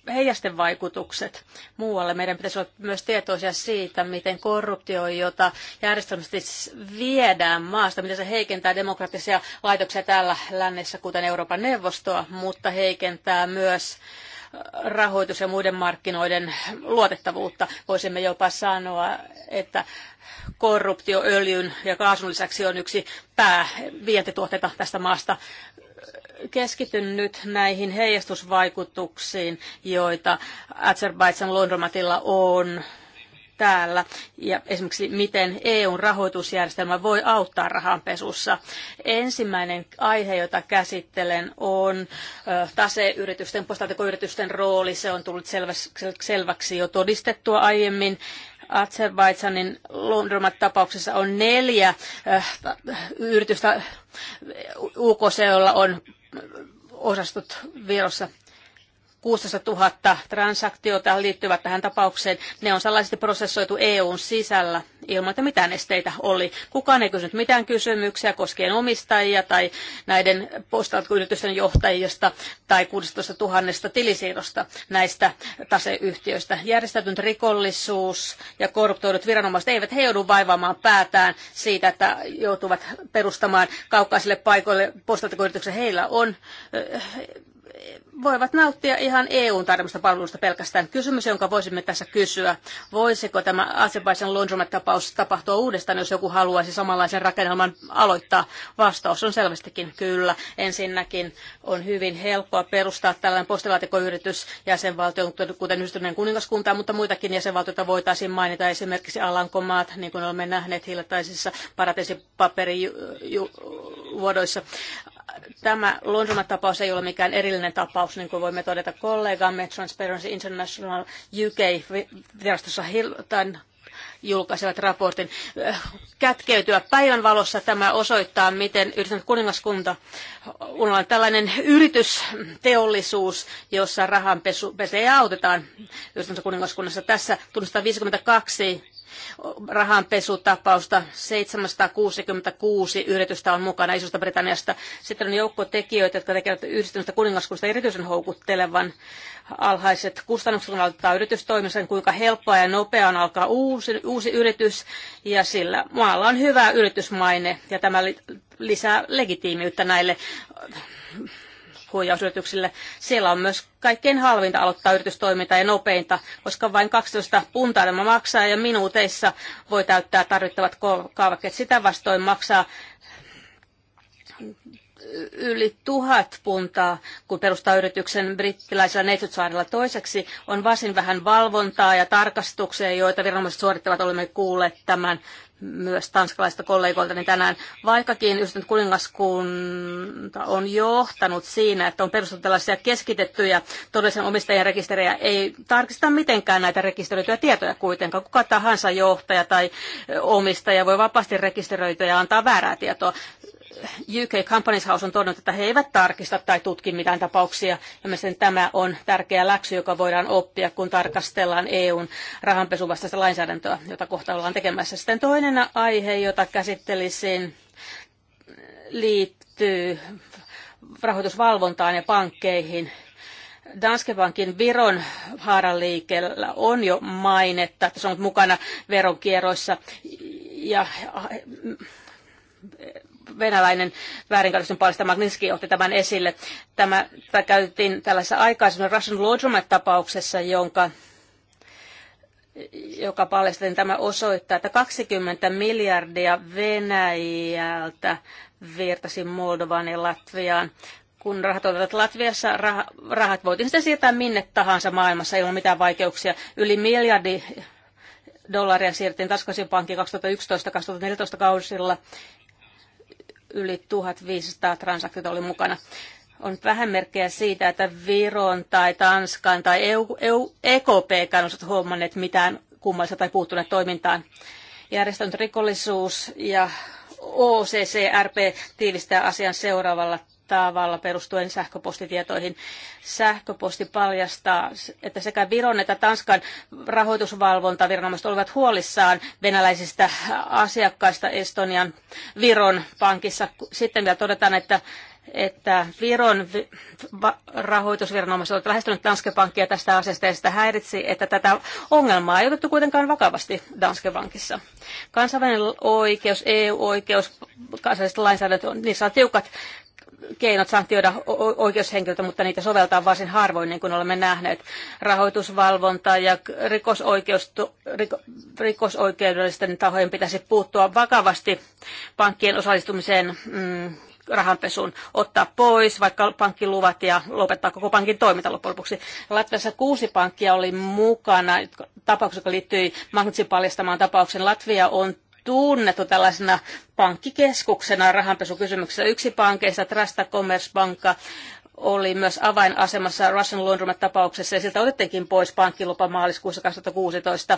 heijasten vaikutukset muualle. Meidän pitäisi olla myös tietoisia siitä, miten korruptio, jota järjestelmästi viedään maasta, miten se heikentää demokraattisia laitoksia täällä lännessä, kuten Euroopan neuvostoa, mutta heikentää myös äh, rahoitus- ja muiden markkinoiden luotettavuutta. Voisimme jopa sanoa, että korruptio öljyn ja kaasun lisäksi on yksi päävientituotteita tästä maasta keskityn nyt näihin heijastusvaikutuksiin, joita Azerbaidsan laundromatilla on täällä ja esimerkiksi miten EUn rahoitusjärjestelmä voi auttaa rahanpesussa. Ensimmäinen aihe, jota käsittelen, on taseyritysten, postaltekoyritysten rooli. Se on tullut selväksi jo todistettua aiemmin. Azerbaidsanin Londromat-tapauksessa on neljä yritystä UKC, jolla on osastot Virossa. 16 000 transaktiota liittyvät tähän tapaukseen. Ne on salaisesti prosessoitu EUn sisällä ilman, että mitään esteitä oli. Kukaan ei kysynyt mitään kysymyksiä koskien omistajia tai näiden postautkuyritysten johtajista tai 16 000 tilisiirrosta näistä taseyhtiöistä. Järjestäytynyt rikollisuus ja korruptoidut viranomaiset eivät he joudu vaivaamaan päätään siitä, että joutuvat perustamaan kaukaisille paikoille postautkuyrityksen. Heillä on voivat nauttia ihan EUn tarjoamista palveluista pelkästään. Kysymys, jonka voisimme tässä kysyä, voisiko tämä Azerbaijan laundromat-tapaus tapahtua uudestaan, jos joku haluaisi samanlaisen rakennelman aloittaa? Vastaus on selvästikin kyllä. Ensinnäkin on hyvin helppoa perustaa tällainen postilaatikoyritys jäsenvaltion, kuten yhdistyneen kuningaskuntaa, mutta muitakin jäsenvaltioita voitaisiin mainita, esimerkiksi Alankomaat, niin kuin olemme nähneet hiljattaisissa paratesipaperiju vuodoissa tämä Lonsumat-tapaus ei ole mikään erillinen tapaus, niin kuin voimme todeta kollegamme Transparency International UK-virastossa hiljattain julkaisemat raportin. Kätkeytyä päivän valossa tämä osoittaa, miten yhdistynyt kuningaskunta on tällainen yritysteollisuus, jossa rahanpesu pesee autetaan yhdistynyt kuningaskunnassa. Tässä tunnustetaan 52 rahanpesutapausta. 766 yritystä on mukana Isosta Britanniasta. Sitten on joukko tekijöitä, jotka tekevät yhdistyneestä kuningaskunnasta erityisen houkuttelevan alhaiset kustannukset, kun aloittaa yritystoimisen, niin kuinka helppoa ja nopeaa on alkaa uusi, uusi yritys, ja sillä maalla on hyvä yritysmaine, ja tämä lisää legitiimiyttä näille huijausyrityksille. Siellä on myös kaikkein halvinta aloittaa yritystoiminta ja nopeinta, koska vain 12 puntaa tämä maksaa ja minuuteissa voi täyttää tarvittavat kaavakkeet. Sitä vastoin maksaa yli tuhat puntaa, kun perustaa yrityksen brittiläisellä Neitsytsaarella toiseksi. On varsin vähän valvontaa ja tarkastuksia, joita viranomaiset suorittavat. Olemme kuulleet tämän myös kollegoilta, niin tänään, vaikkakin nyt kuningaskunta on johtanut siinä, että on perustettu tällaisia keskitettyjä todellisen omistajan rekisterejä, ei tarkista mitenkään näitä rekisteröityjä tietoja kuitenkaan. Kuka tahansa johtaja tai omistaja voi vapaasti rekisteröityä ja antaa väärää tietoa. UK Companies House on todennut, että he eivät tarkista tai tutki mitään tapauksia. Ja mielestäni tämä on tärkeä läksy, joka voidaan oppia, kun tarkastellaan EUn rahanpesuvastaista lainsäädäntöä, jota kohta ollaan tekemässä. Sitten toinen aihe, jota käsittelisin, liittyy rahoitusvalvontaan ja pankkeihin. Danske Bankin Viron haaraliikellä on jo mainetta, että se on mukana veronkierroissa ja venäläinen väärinkäytösten paljasta Magnitsky otti tämän esille. Tämä, tämä käytettiin tällaisessa aikaisemmassa Russian Laundromat-tapauksessa, jonka joka paljastettiin, tämä osoittaa, että 20 miljardia Venäjältä virtasi Moldovaan ja Latviaan. Kun rahat olivat Latviassa, rah, rahat voitiin sitten siirtää minne tahansa maailmassa ilman mitään vaikeuksia. Yli miljardi dollaria siirrettiin Tanskasin pankkiin 2011-2014 kausilla yli 1500 transaktiota oli mukana. On vähän merkkejä siitä, että Viron tai Tanskan tai EU, EU, EKP-kään huomanneet mitään kummallista tai puuttuneet toimintaan. Järjestönyt rikollisuus ja OCCRP tiivistää asian seuraavalla tavalla perustuen sähköpostitietoihin. Sähköposti paljastaa, että sekä Viron että Tanskan rahoitusvalvontaviranomaiset olivat huolissaan venäläisistä asiakkaista Estonian Viron pankissa. Sitten vielä todetaan, että että Viron rahoitusviranomaiset ovat lähestyneet Danske Bankia tästä asiasta ja sitä häiritsi, että tätä ongelmaa ei otettu kuitenkaan vakavasti Danske Bankissa. Kansainvälinen oikeus, EU-oikeus, kansalliset lainsäädäntö, niissä on tiukat keinot sanktioida oikeushenkilöitä, mutta niitä soveltaa varsin harvoin, niin kuin olemme nähneet. Rahoitusvalvonta ja rikosoikeus, rikosoikeudellisten tahojen pitäisi puuttua vakavasti pankkien osallistumiseen mm, rahanpesuun, ottaa pois vaikka pankkiluvat ja lopettaa koko pankin toiminta loppujen lopuksi. Latviassa kuusi pankkia oli mukana tapauksessa, joka liittyi Magnitsin paljastamaan tapauksen. Latvia on tunnettu tällaisena pankkikeskuksena rahanpesukysymyksessä. Yksi pankeista, Trasta Commerce Banka, oli myös avainasemassa Russian Laundromat-tapauksessa ja siltä otettiinkin pois pankkilupa maaliskuussa 2016.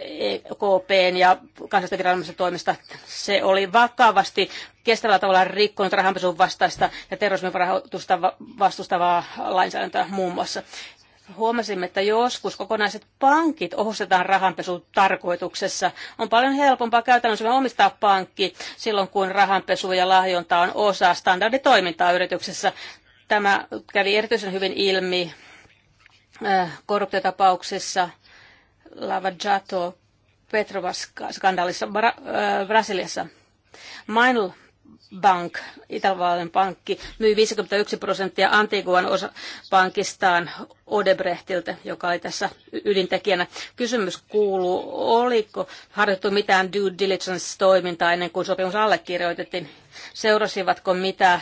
EKPn ja kansallisten toimesta. Se oli vakavasti kestävällä tavalla rikkonut rahanpesun vastaista ja terrorismin vastustavaa lainsäädäntöä muun muassa huomasimme, että joskus kokonaiset pankit ohustetaan rahanpesun tarkoituksessa. On paljon helpompaa käytännössä omistaa pankki silloin, kun rahanpesu ja lahjonta on osa standarditoimintaa yrityksessä. Tämä kävi erityisen hyvin ilmi äh, korruptiotapauksessa Lava Jato Petrovas-skandaalissa Bra- äh, Brasiliassa. Mainl Bank, Itävallan pankki, myi 51 prosenttia Antiguan osa- pankistaan Odebrechtiltä, joka oli tässä ydintekijänä. Kysymys kuuluu, oliko harjoittu mitään due diligence-toimintaa ennen kuin sopimus allekirjoitettiin? Seurasivatko mitä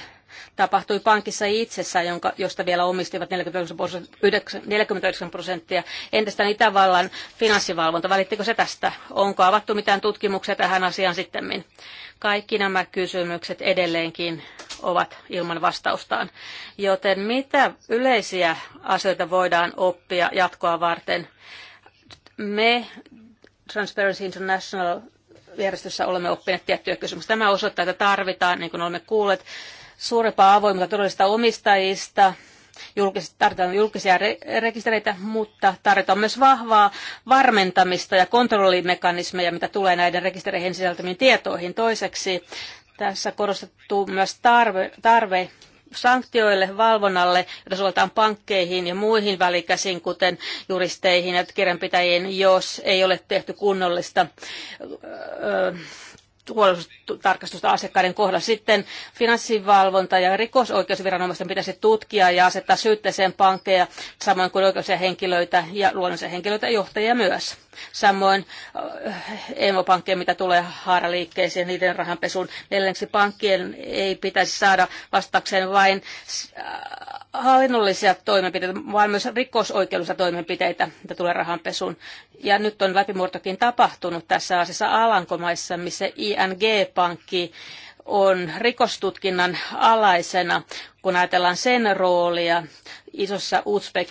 tapahtui pankissa itsessään, jonka, josta vielä omistivat 49 prosenttia. Entäs Itävallan finanssivalvonta, välittikö se tästä? Onko avattu mitään tutkimuksia tähän asiaan sitten? Kaikki nämä kysymykset edelleenkin ovat ilman vastaustaan. Joten mitä yleisiä asioita voidaan oppia jatkoa varten? Me Transparency International järjestössä olemme oppineet tiettyjä kysymyksiä. Tämä osoittaa, että tarvitaan, niin kuin olemme kuulleet, suurempaa avoimuutta todellisista omistajista, julkis, tarvitaan julkisia re, rekistereitä, mutta tarvitaan myös vahvaa varmentamista ja kontrollimekanismeja, mitä tulee näiden rekistereihin sisältämiin tietoihin. Toiseksi tässä korostettu myös tarve, tarve sanktioille, valvonnalle, jota sovelletaan pankkeihin ja muihin välikäsiin, kuten juristeihin ja kirjanpitäjiin, jos ei ole tehty kunnollista öö, huolellisuustarkastusta asiakkaiden kohdalla. Sitten finanssivalvonta ja rikosoikeusviranomaisten pitäisi tutkia ja asettaa syytteeseen pankkeja, samoin kuin oikeudellisia henkilöitä ja luonnollisia henkilöitä ja johtajia myös. Samoin emopankkeja, eh, mitä tulee haaraliikkeeseen, niiden rahanpesuun. Neljänneksi pankkien ei pitäisi saada vastakseen vain eh, hallinnollisia toimenpiteitä, vaan myös rikosoikeudellisia toimenpiteitä, mitä tulee rahanpesuun. Ja nyt on läpimurtokin tapahtunut tässä asiassa Alankomaissa, missä ING-pankki on rikostutkinnan alaisena, kun ajatellaan sen roolia isossa Uzbek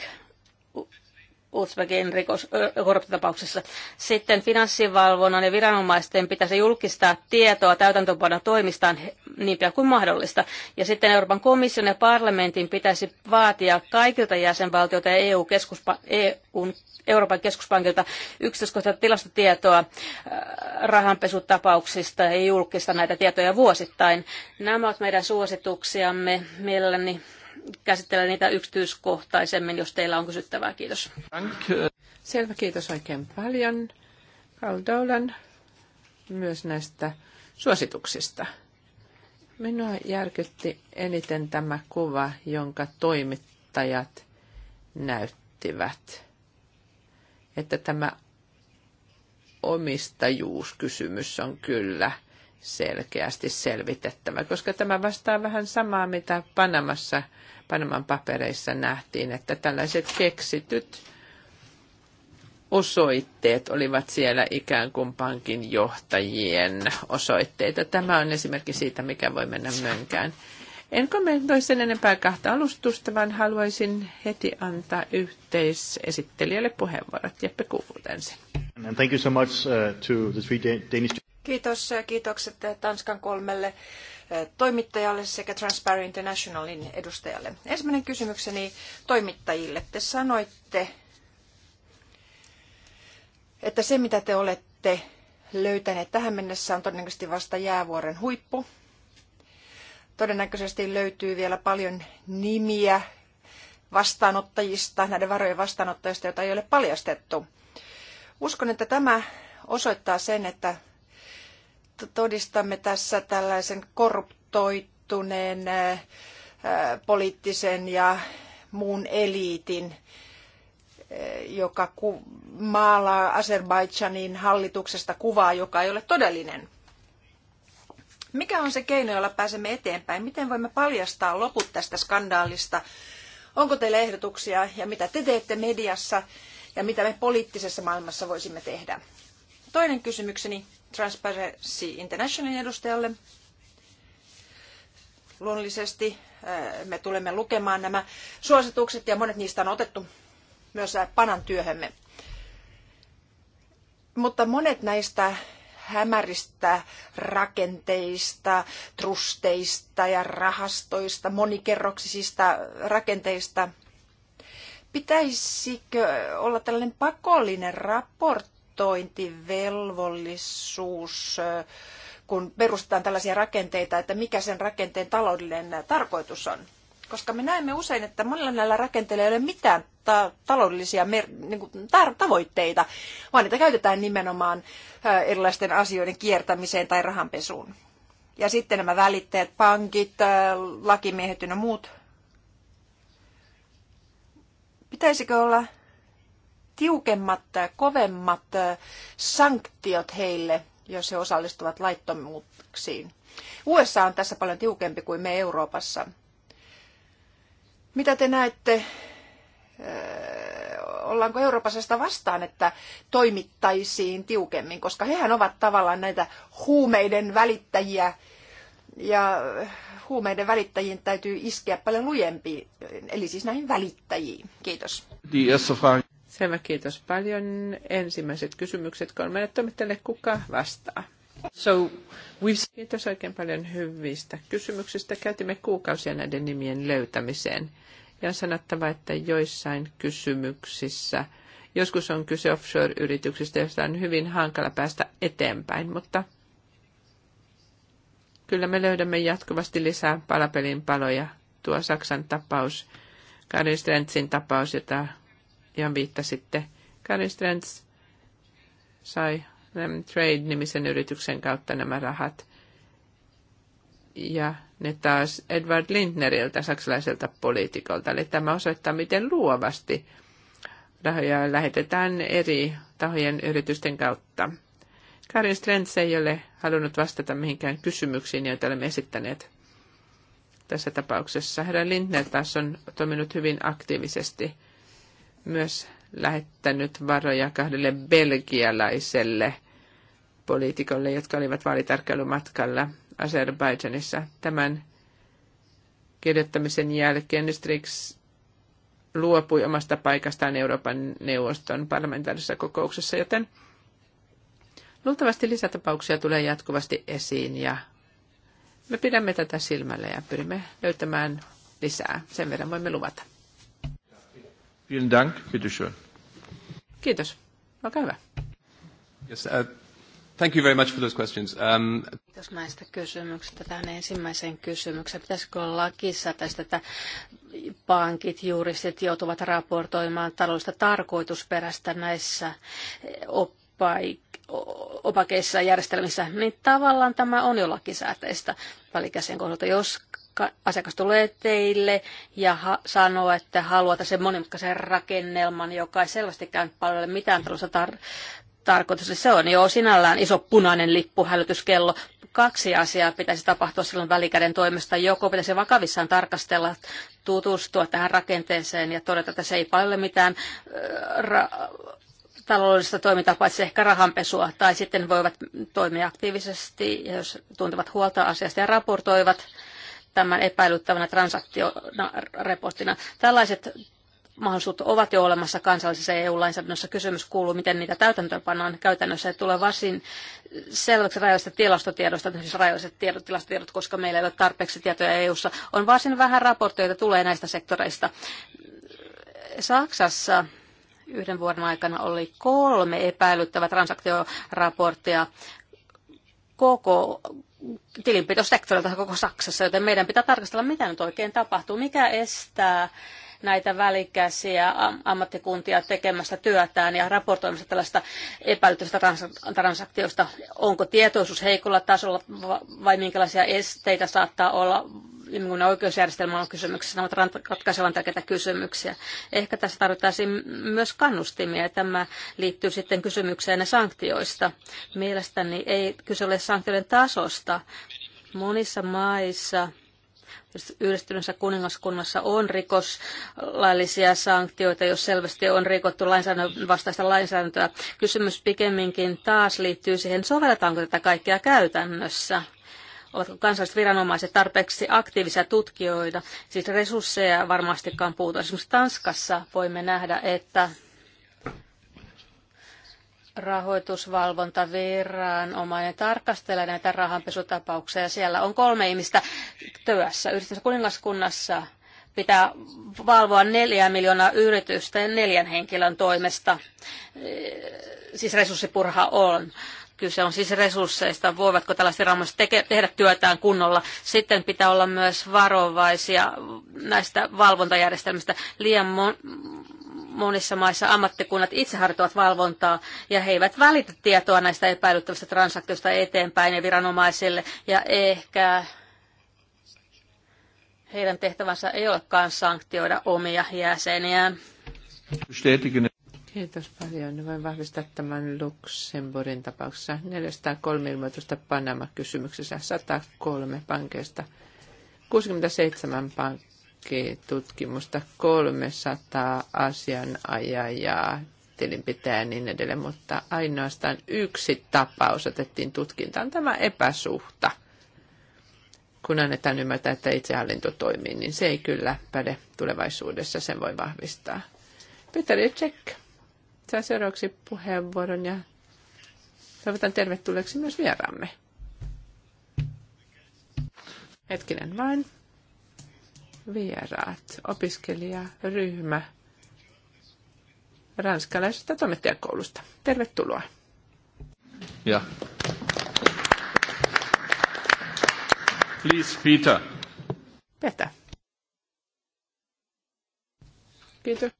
Uzbekin rikos, korruptiotapauksessa. Sitten finanssivalvonnan ja viranomaisten pitäisi julkistaa tietoa täytäntöönpano toimistaan niin pian kuin mahdollista. Ja sitten Euroopan komission ja parlamentin pitäisi vaatia kaikilta jäsenvaltioilta ja EU -keskuspa- EUn, Euroopan keskuspankilta yksityiskohtaista tilastotietoa rahanpesutapauksista ja julkista näitä tietoja vuosittain. Nämä ovat meidän suosituksiamme. Mielelläni käsittelen niitä yksityiskohtaisemmin, jos teillä on kysyttävää. Kiitos. Selvä, kiitos oikein paljon. Kaldolan myös näistä suosituksista. Minua järkytti eniten tämä kuva, jonka toimittajat näyttivät. Että tämä omistajuuskysymys on kyllä – selkeästi selvitettävä, koska tämä vastaa vähän samaa, mitä Panamassa, Panaman papereissa nähtiin, että tällaiset keksityt osoitteet olivat siellä ikään kuin pankin johtajien osoitteita. Tämä on esimerkki siitä, mikä voi mennä mönkään. En kommentoi sen enempää kahta alustusta, vaan haluaisin heti antaa yhteisesittelijälle puheenvuorot. Jeppe, kuulen ensin. And thank you so much uh, to the three Danish... Kiitos ja kiitokset Tanskan kolmelle eh, toimittajalle sekä Transparent Internationalin edustajalle. Ensimmäinen kysymykseni toimittajille. Te sanoitte, että se mitä te olette löytäneet tähän mennessä on todennäköisesti vasta jäävuoren huippu. Todennäköisesti löytyy vielä paljon nimiä vastaanottajista, näiden varojen vastaanottajista, joita ei ole paljastettu. Uskon, että tämä osoittaa sen, että todistamme tässä tällaisen korruptoituneen poliittisen ja muun eliitin, joka maalaa Azerbaidžanin hallituksesta kuvaa, joka ei ole todellinen. Mikä on se keino, jolla pääsemme eteenpäin? Miten voimme paljastaa loput tästä skandaalista? Onko teillä ehdotuksia ja mitä te teette mediassa ja mitä me poliittisessa maailmassa voisimme tehdä? Toinen kysymykseni Transparency Internationalin edustajalle. Luonnollisesti äh, me tulemme lukemaan nämä suositukset ja monet niistä on otettu myös äh, Panan työhömme. Mutta monet näistä hämäristä rakenteista, trusteista ja rahastoista, monikerroksisista rakenteista. Pitäisikö olla tällainen pakollinen raportti? raportointivelvollisuus, kun perustetaan tällaisia rakenteita, että mikä sen rakenteen taloudellinen tarkoitus on. Koska me näemme usein, että monilla näillä rakenteilla ei ole mitään ta- taloudellisia mer- niinku tavoitteita, vaan niitä käytetään nimenomaan erilaisten asioiden kiertämiseen tai rahanpesuun. Ja sitten nämä välittäjät, pankit, lakimiehet ynnä muut. Pitäisikö olla tiukemmat, kovemmat sanktiot heille, jos he osallistuvat laittomuuksiin. USA on tässä paljon tiukempi kuin me Euroopassa. Mitä te näette, ollaanko Euroopassa sitä vastaan, että toimittaisiin tiukemmin, koska hehän ovat tavallaan näitä huumeiden välittäjiä, ja huumeiden välittäjiin täytyy iskeä paljon lujempi, eli siis näihin välittäjiin. Kiitos. Selvä, kiitos paljon. Ensimmäiset kysymykset kolmelle toimittajalle, kuka vastaa? So, we've... Kiitos oikein paljon hyvistä kysymyksistä. Käytimme kuukausia näiden nimien löytämiseen. Ja on sanottava, että joissain kysymyksissä, joskus on kyse offshore-yrityksistä, joista on hyvin hankala päästä eteenpäin, mutta kyllä me löydämme jatkuvasti lisää palapelin paloja. Tuo Saksan tapaus, Karin Strentsin tapaus, jota johon viittasitte. Karin Strands sai Trade-nimisen yrityksen kautta nämä rahat. Ja ne taas Edward Lindneriltä, saksalaiselta poliitikolta. Eli tämä osoittaa, miten luovasti rahoja lähetetään eri tahojen yritysten kautta. Karin Strands ei ole halunnut vastata mihinkään kysymyksiin, joita olemme esittäneet tässä tapauksessa. Herra Lindner taas on toiminut hyvin aktiivisesti – myös lähettänyt varoja kahdelle belgialaiselle poliitikolle, jotka olivat vaalitarkkailumatkalla Azerbaidžanissa. Tämän kirjoittamisen jälkeen Strix luopui omasta paikastaan Euroopan neuvoston parlamentaarisessa kokouksessa, joten luultavasti lisätapauksia tulee jatkuvasti esiin ja me pidämme tätä silmällä ja pyrimme löytämään lisää. Sen verran voimme luvata. Vielen Dank, Kiitos. Olkaa hyvä. Yes, uh, thank you very much for those questions. Um, Kiitos näistä kysymyksistä. Tähän ensimmäiseen kysymykseen. Pitäisikö olla lakissa tästä, että pankit, juristit joutuvat raportoimaan taloudellista tarkoitusperästä näissä oppaikoissa? opakeissa järjestelmissä, niin tavallaan tämä on jo lakisääteistä välikäsien kohdalta. Jos asiakas tulee teille ja ha- sanoo, että haluaa sen monimutkaisen rakennelman, joka ei selvästi selvästikään palvele mitään tällaista tar- tarkoitus. Se on jo sinällään iso punainen lippu, hälytyskello. Kaksi asiaa pitäisi tapahtua silloin välikäden toimesta. Joko pitäisi vakavissaan tarkastella, tutustua tähän rakenteeseen ja todeta, että se ei paljon mitään äh, taloudellista toimintaa, paitsi ehkä rahanpesua, tai sitten voivat toimia aktiivisesti, jos tuntevat huolta asiasta ja raportoivat tämän epäilyttävänä transaktioreportina. Tällaiset mahdollisuudet ovat jo olemassa kansallisessa EU-lainsäädännössä. Kysymys kuuluu, miten niitä täytäntöönpannaan käytännössä. Ja tulee varsin selväksi rajallisista tilastotiedoista, siis rajalliset tiedot, tilastotiedot, koska meillä ei ole tarpeeksi tietoja EU-ssa. On varsin vähän raportteja, joita tulee näistä sektoreista. Saksassa yhden vuoden aikana oli kolme epäilyttävää transaktioraporttia koko tilinpitosektorilta koko Saksassa, joten meidän pitää tarkastella, mitä nyt oikein tapahtuu, mikä estää näitä välikäsiä ammattikuntia tekemästä työtään ja raportoimasta tällaista epäilyttävästä transaktiosta. Onko tietoisuus heikolla tasolla vai minkälaisia esteitä saattaa olla kun oikeusjärjestelmä on kysymyksessä, nämä ovat ratkaisevan tärkeitä kysymyksiä. Ehkä tässä tarvittaisiin myös kannustimia, ja tämä liittyy sitten kysymykseen sanktioista. Mielestäni ei kyse ole sanktioiden tasosta. Monissa maissa yhdistyneessä kuningaskunnassa on rikoslaillisia sanktioita, jos selvästi on rikottu lainsäädännön vastaista lainsäädäntöä. Kysymys pikemminkin taas liittyy siihen, sovelletaanko tätä kaikkea käytännössä Ovatko kansalliset viranomaiset tarpeeksi aktiivisia tutkijoita? Siis resursseja varmastikaan puutu. Esimerkiksi Tanskassa voimme nähdä, että rahoitusvalvontaviranomainen tarkastelee näitä rahanpesutapauksia. Siellä on kolme ihmistä työssä. Yhdistyneessä kuningaskunnassa pitää valvoa neljä miljoonaa yritystä neljän henkilön toimesta. Siis resurssipurha on. Kyse on siis resursseista, voivatko tällaiset viranomaiset teke- tehdä työtään kunnolla. Sitten pitää olla myös varovaisia näistä valvontajärjestelmistä. Liian monissa maissa ammattikunnat itse harjoittavat valvontaa ja he eivät välitä tietoa näistä epäilyttävistä transaktioista eteenpäin ja viranomaisille ja ehkä heidän tehtävänsä ei olekaan sanktioida omia jäseniään. Kiitos paljon. Voin vahvistaa tämän Luxemburgin tapauksessa. 403 ilmoitusta Panama-kysymyksessä, 103 pankeista, 67 pankkitutkimusta, 300 asianajajaa, tilinpitää ja niin edelleen, mutta ainoastaan yksi tapaus otettiin tutkintaan. Tämä epäsuhta, kun annetaan ymmärtää, että itsehallinto toimii, niin se ei kyllä päde tulevaisuudessa, sen voi vahvistaa. Peter check käyttää seuraavaksi puheenvuoron ja toivotan tervetulleeksi myös vieraamme. Hetkinen vain. Vieraat, opiskelijaryhmä ranskalaisesta toimittajakoulusta. Tervetuloa. Ja. Please, Peter. Peter. Kiitos.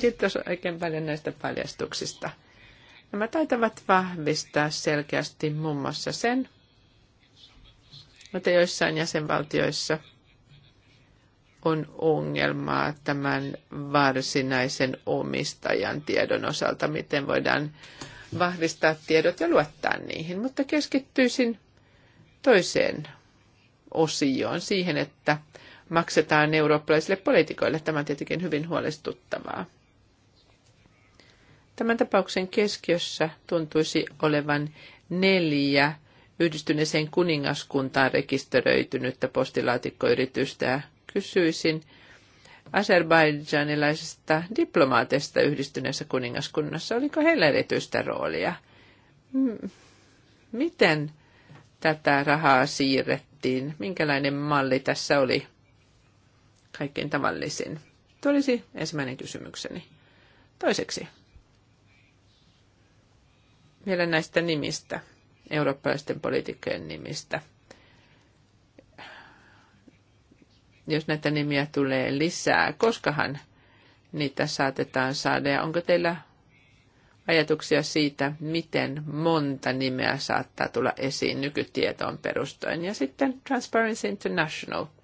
Kiitos oikein paljon näistä paljastuksista. Nämä taitavat vahvistaa selkeästi muun muassa sen, että joissain jäsenvaltioissa on ongelmaa tämän varsinaisen omistajan tiedon osalta, miten voidaan vahvistaa tiedot ja luottaa niihin, mutta keskittyisin toiseen osioon, siihen, että maksetaan eurooppalaisille poliitikoille. Tämä on tietenkin hyvin huolestuttavaa. Tämän tapauksen keskiössä tuntuisi olevan neljä yhdistyneeseen kuningaskuntaan rekisteröitynyttä postilaatikkoyritystä ja kysyisin aserbaidsanilaisesta diplomaateista yhdistyneessä kuningaskunnassa. Oliko heillä erityistä roolia? miten tätä rahaa siirrettiin? Minkälainen malli tässä oli kaikkein tavallisin? Tuo olisi ensimmäinen kysymykseni. Toiseksi, vielä näistä nimistä, eurooppalaisten poliitikkojen nimistä. Jos näitä nimiä tulee lisää, koskahan niitä saatetaan saada ja onko teillä ajatuksia siitä, miten monta nimeä saattaa tulla esiin nykytietoon perustuen. Ja sitten Transparency International –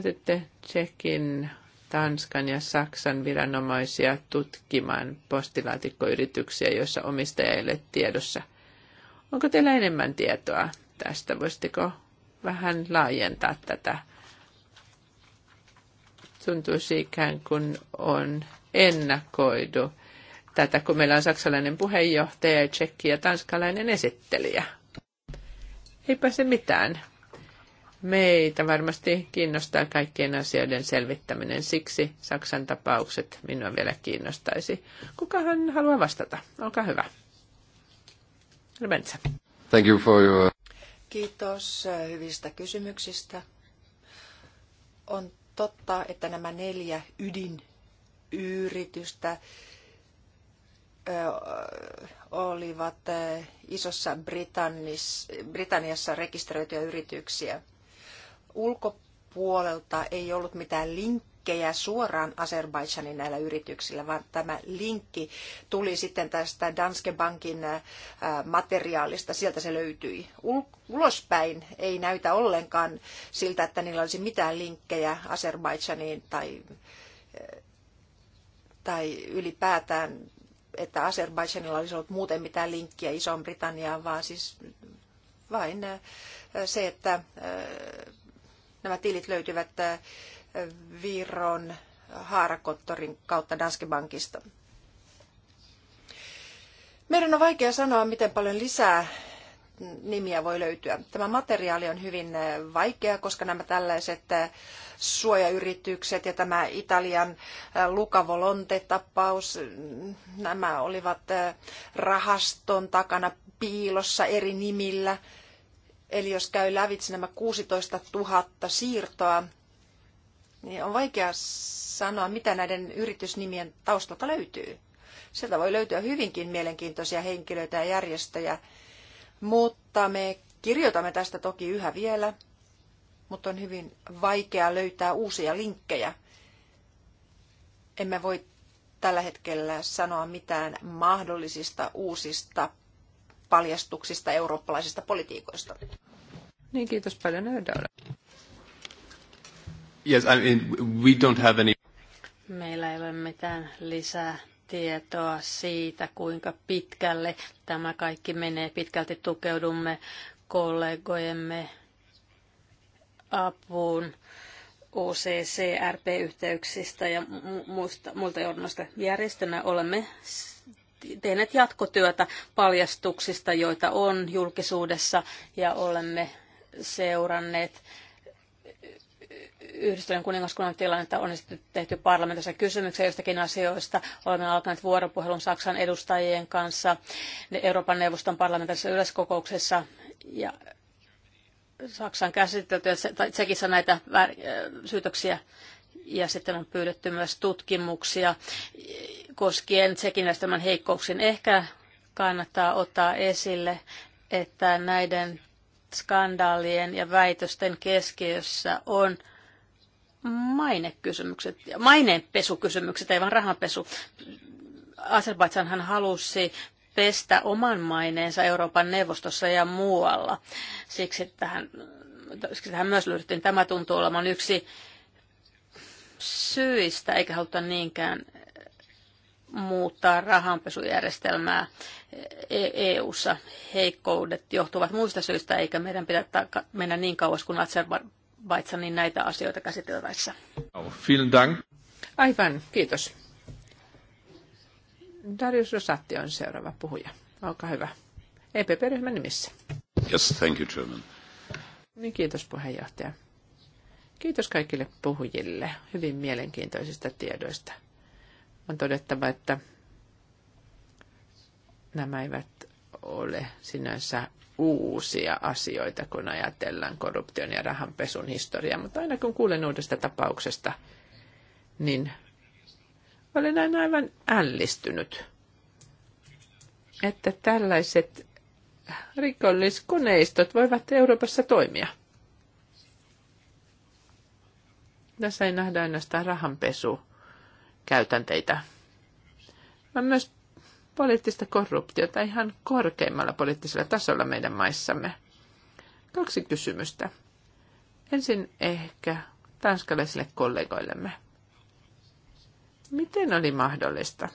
sitten Tsekin, Tanskan ja Saksan viranomaisia tutkimaan postilaatikkoyrityksiä, joissa omistaja ei ole tiedossa. Onko teillä enemmän tietoa tästä? Voisitteko vähän laajentaa tätä? Tuntuisi ikään kuin on ennakoidu tätä, kun meillä on saksalainen puheenjohtaja, tsekki ja tanskalainen esittelijä. Eipä se mitään. Meitä varmasti kiinnostaa kaikkien asioiden selvittäminen, siksi Saksan tapaukset minua vielä kiinnostaisi. Kukahan haluaa vastata? Olkaa hyvä. Rebensä. Thank you for your... Kiitos hyvistä kysymyksistä. On totta, että nämä neljä ydinyritystä olivat isossa Britanniassa rekisteröityjä yrityksiä ulkopuolelta ei ollut mitään linkkejä suoraan Azerbaidžanin näillä yrityksillä, vaan tämä linkki tuli sitten tästä Danske Bankin äh, materiaalista, sieltä se löytyi. ulospäin ei näytä ollenkaan siltä, että niillä olisi mitään linkkejä Azerbaidžaniin tai, äh, tai ylipäätään että Azerbaidžanilla olisi ollut muuten mitään linkkiä Isoon-Britanniaan, vaan siis vain äh, se, että Nämä tilit löytyvät äh, Viron haarakottorin kautta Danske Bankista. Meidän on vaikea sanoa, miten paljon lisää nimiä voi löytyä. Tämä materiaali on hyvin äh, vaikea, koska nämä tällaiset äh, suojayritykset ja tämä Italian Luca Volonte-tapaus, nämä olivat rahaston takana piilossa eri nimillä – Eli jos käy lävitse nämä 16 000 siirtoa, niin on vaikea sanoa, mitä näiden yritysnimien taustalta löytyy. Sieltä voi löytyä hyvinkin mielenkiintoisia henkilöitä ja järjestöjä, mutta me kirjoitamme tästä toki yhä vielä, mutta on hyvin vaikea löytää uusia linkkejä. Emme voi tällä hetkellä sanoa mitään mahdollisista uusista paljastuksista eurooppalaisista politiikoista. Niin, kiitos paljon. Yes, I mean, we don't have any... Meillä ei ole mitään lisää tietoa siitä, kuinka pitkälle tämä kaikki menee. Pitkälti tukeudumme kollegojemme apuun OCCRP-yhteyksistä ja muista, muilta johdonnoista järjestönä olemme tehneet jatkotyötä paljastuksista, joita on julkisuudessa ja olemme seuranneet Yhdistyneen kuningaskunnan tilannetta on tehty parlamentissa kysymyksiä jostakin asioista. Olemme alkaneet vuoropuhelun Saksan edustajien kanssa Euroopan neuvoston parlamentaarisessa yleiskokouksessa ja Saksan käsitelty ja Tsekissä näitä syytöksiä ja sitten on pyydetty myös tutkimuksia koskien sekin tämän heikkouksin. Niin ehkä kannattaa ottaa esille, että näiden skandaalien ja väitösten keskiössä on mainekysymykset, maineenpesukysymykset, ei vaan rahanpesu. Azerbaidsanhan halusi pestä oman maineensa Euroopan neuvostossa ja muualla. Siksi tähän, siksi tähän myös löydettiin. Tämä tuntuu olevan yksi syistä, eikä haluta niinkään muuttaa rahanpesujärjestelmää e- EU-ssa. Heikkoudet johtuvat muista syistä, eikä meidän pidä mennä niin kauas kuin Azerbaidsanin näitä asioita käsiteltäessä. Aivan, kiitos. Darius Rosatti on seuraava puhuja. Olkaa hyvä. EPP-ryhmän nimissä. Yes, thank you, Chairman. Niin, kiitos puheenjohtaja. Kiitos kaikille puhujille hyvin mielenkiintoisista tiedoista on todettava, että nämä eivät ole sinänsä uusia asioita, kun ajatellaan korruption ja rahanpesun historiaa, mutta aina kun kuulen uudesta tapauksesta, niin olen aina aivan ällistynyt, että tällaiset rikolliskoneistot voivat Euroopassa toimia. Tässä ei nähdä ainoastaan rahanpesu käytänteitä, vaan myös poliittista korruptiota ihan korkeimmalla poliittisella tasolla meidän maissamme. Kaksi kysymystä. Ensin ehkä tanskalaisille kollegoillemme. Miten oli mahdollista?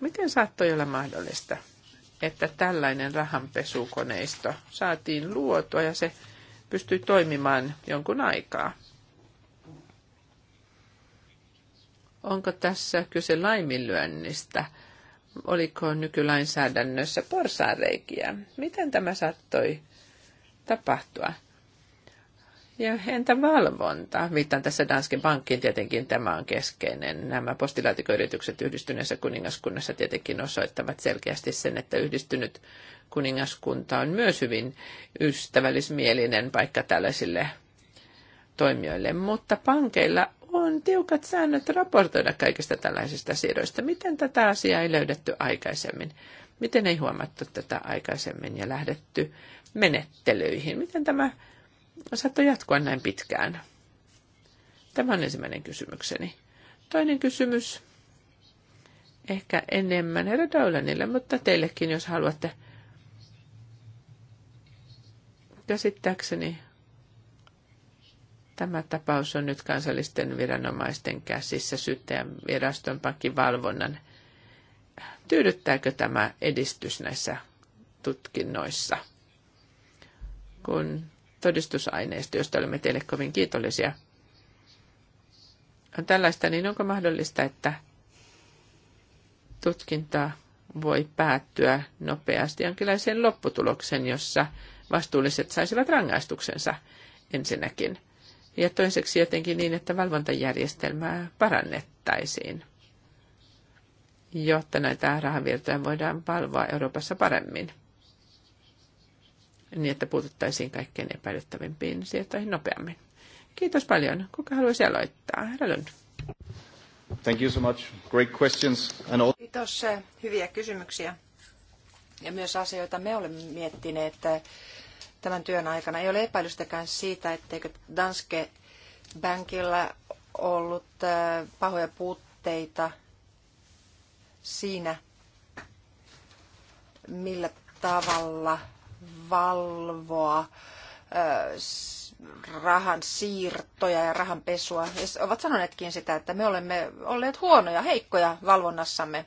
Miten saattoi olla mahdollista, että tällainen rahanpesukoneisto saatiin luotua ja se pystyi toimimaan jonkun aikaa? Onko tässä kyse laiminlyönnistä? Oliko nykylainsäädännössä porsaareikiä? Miten tämä saattoi tapahtua? Ja entä valvonta? Viittaan tässä Danskin pankkiin tietenkin tämä on keskeinen. Nämä postilaatikoyritykset yhdistyneessä kuningaskunnassa tietenkin osoittavat selkeästi sen, että yhdistynyt kuningaskunta on myös hyvin ystävällismielinen paikka tällaisille toimijoille. Mutta pankeilla on tiukat säännöt raportoida kaikista tällaisista siirroista. Miten tätä asiaa ei löydetty aikaisemmin? Miten ei huomattu tätä aikaisemmin ja lähdetty menettelyihin? Miten tämä saattoi jatkua näin pitkään? Tämä on ensimmäinen kysymykseni. Toinen kysymys, ehkä enemmän herra Dolanille, mutta teillekin, jos haluatte. Käsittääkseni Tämä tapaus on nyt kansallisten viranomaisten käsissä syyttäjän viraston pankkivalvonnan. Tyydyttääkö tämä edistys näissä tutkinnoissa? Kun todistusaineisto, josta olemme teille kovin kiitollisia, on tällaista, niin onko mahdollista, että tutkinta voi päättyä nopeasti jonkinlaiseen lopputulokseen, jossa vastuulliset saisivat rangaistuksensa ensinnäkin. Ja toiseksi jotenkin niin, että valvontajärjestelmää parannettaisiin, jotta näitä rahavirtoja voidaan valvoa Euroopassa paremmin, niin että puututtaisiin kaikkein epäilyttävimpiin siirtoihin nopeammin. Kiitos paljon. Kuka haluaisi aloittaa? Herra Lund. Thank you so much. Great questions. And all... Kiitos. Eh, hyviä kysymyksiä. Ja myös asioita me olemme miettineet eh, tämän työn aikana. Ei ole epäilystäkään siitä, etteikö Danske Bankilla ollut äh, pahoja puutteita siinä, millä tavalla valvoa äh, rahan siirtoja ja rahan pesua. He ovat sanoneetkin sitä, että me olemme olleet huonoja, heikkoja valvonnassamme.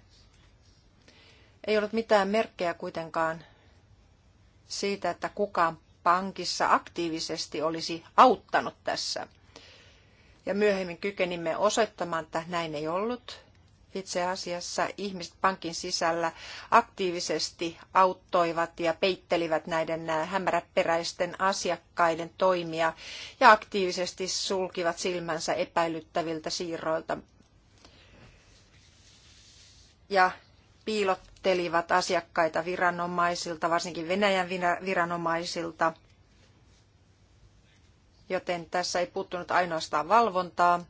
Ei ollut mitään merkkejä kuitenkaan siitä, että kukaan pankissa aktiivisesti olisi auttanut tässä. Ja myöhemmin kykenimme osoittamaan, että näin ei ollut. Itse asiassa ihmiset pankin sisällä aktiivisesti auttoivat ja peittelivät näiden äh, hämäräperäisten asiakkaiden toimia ja aktiivisesti sulkivat silmänsä epäilyttäviltä siirroilta. Ja piilottelivat asiakkaita viranomaisilta, varsinkin Venäjän viranomaisilta. Joten tässä ei puuttunut ainoastaan valvontaa,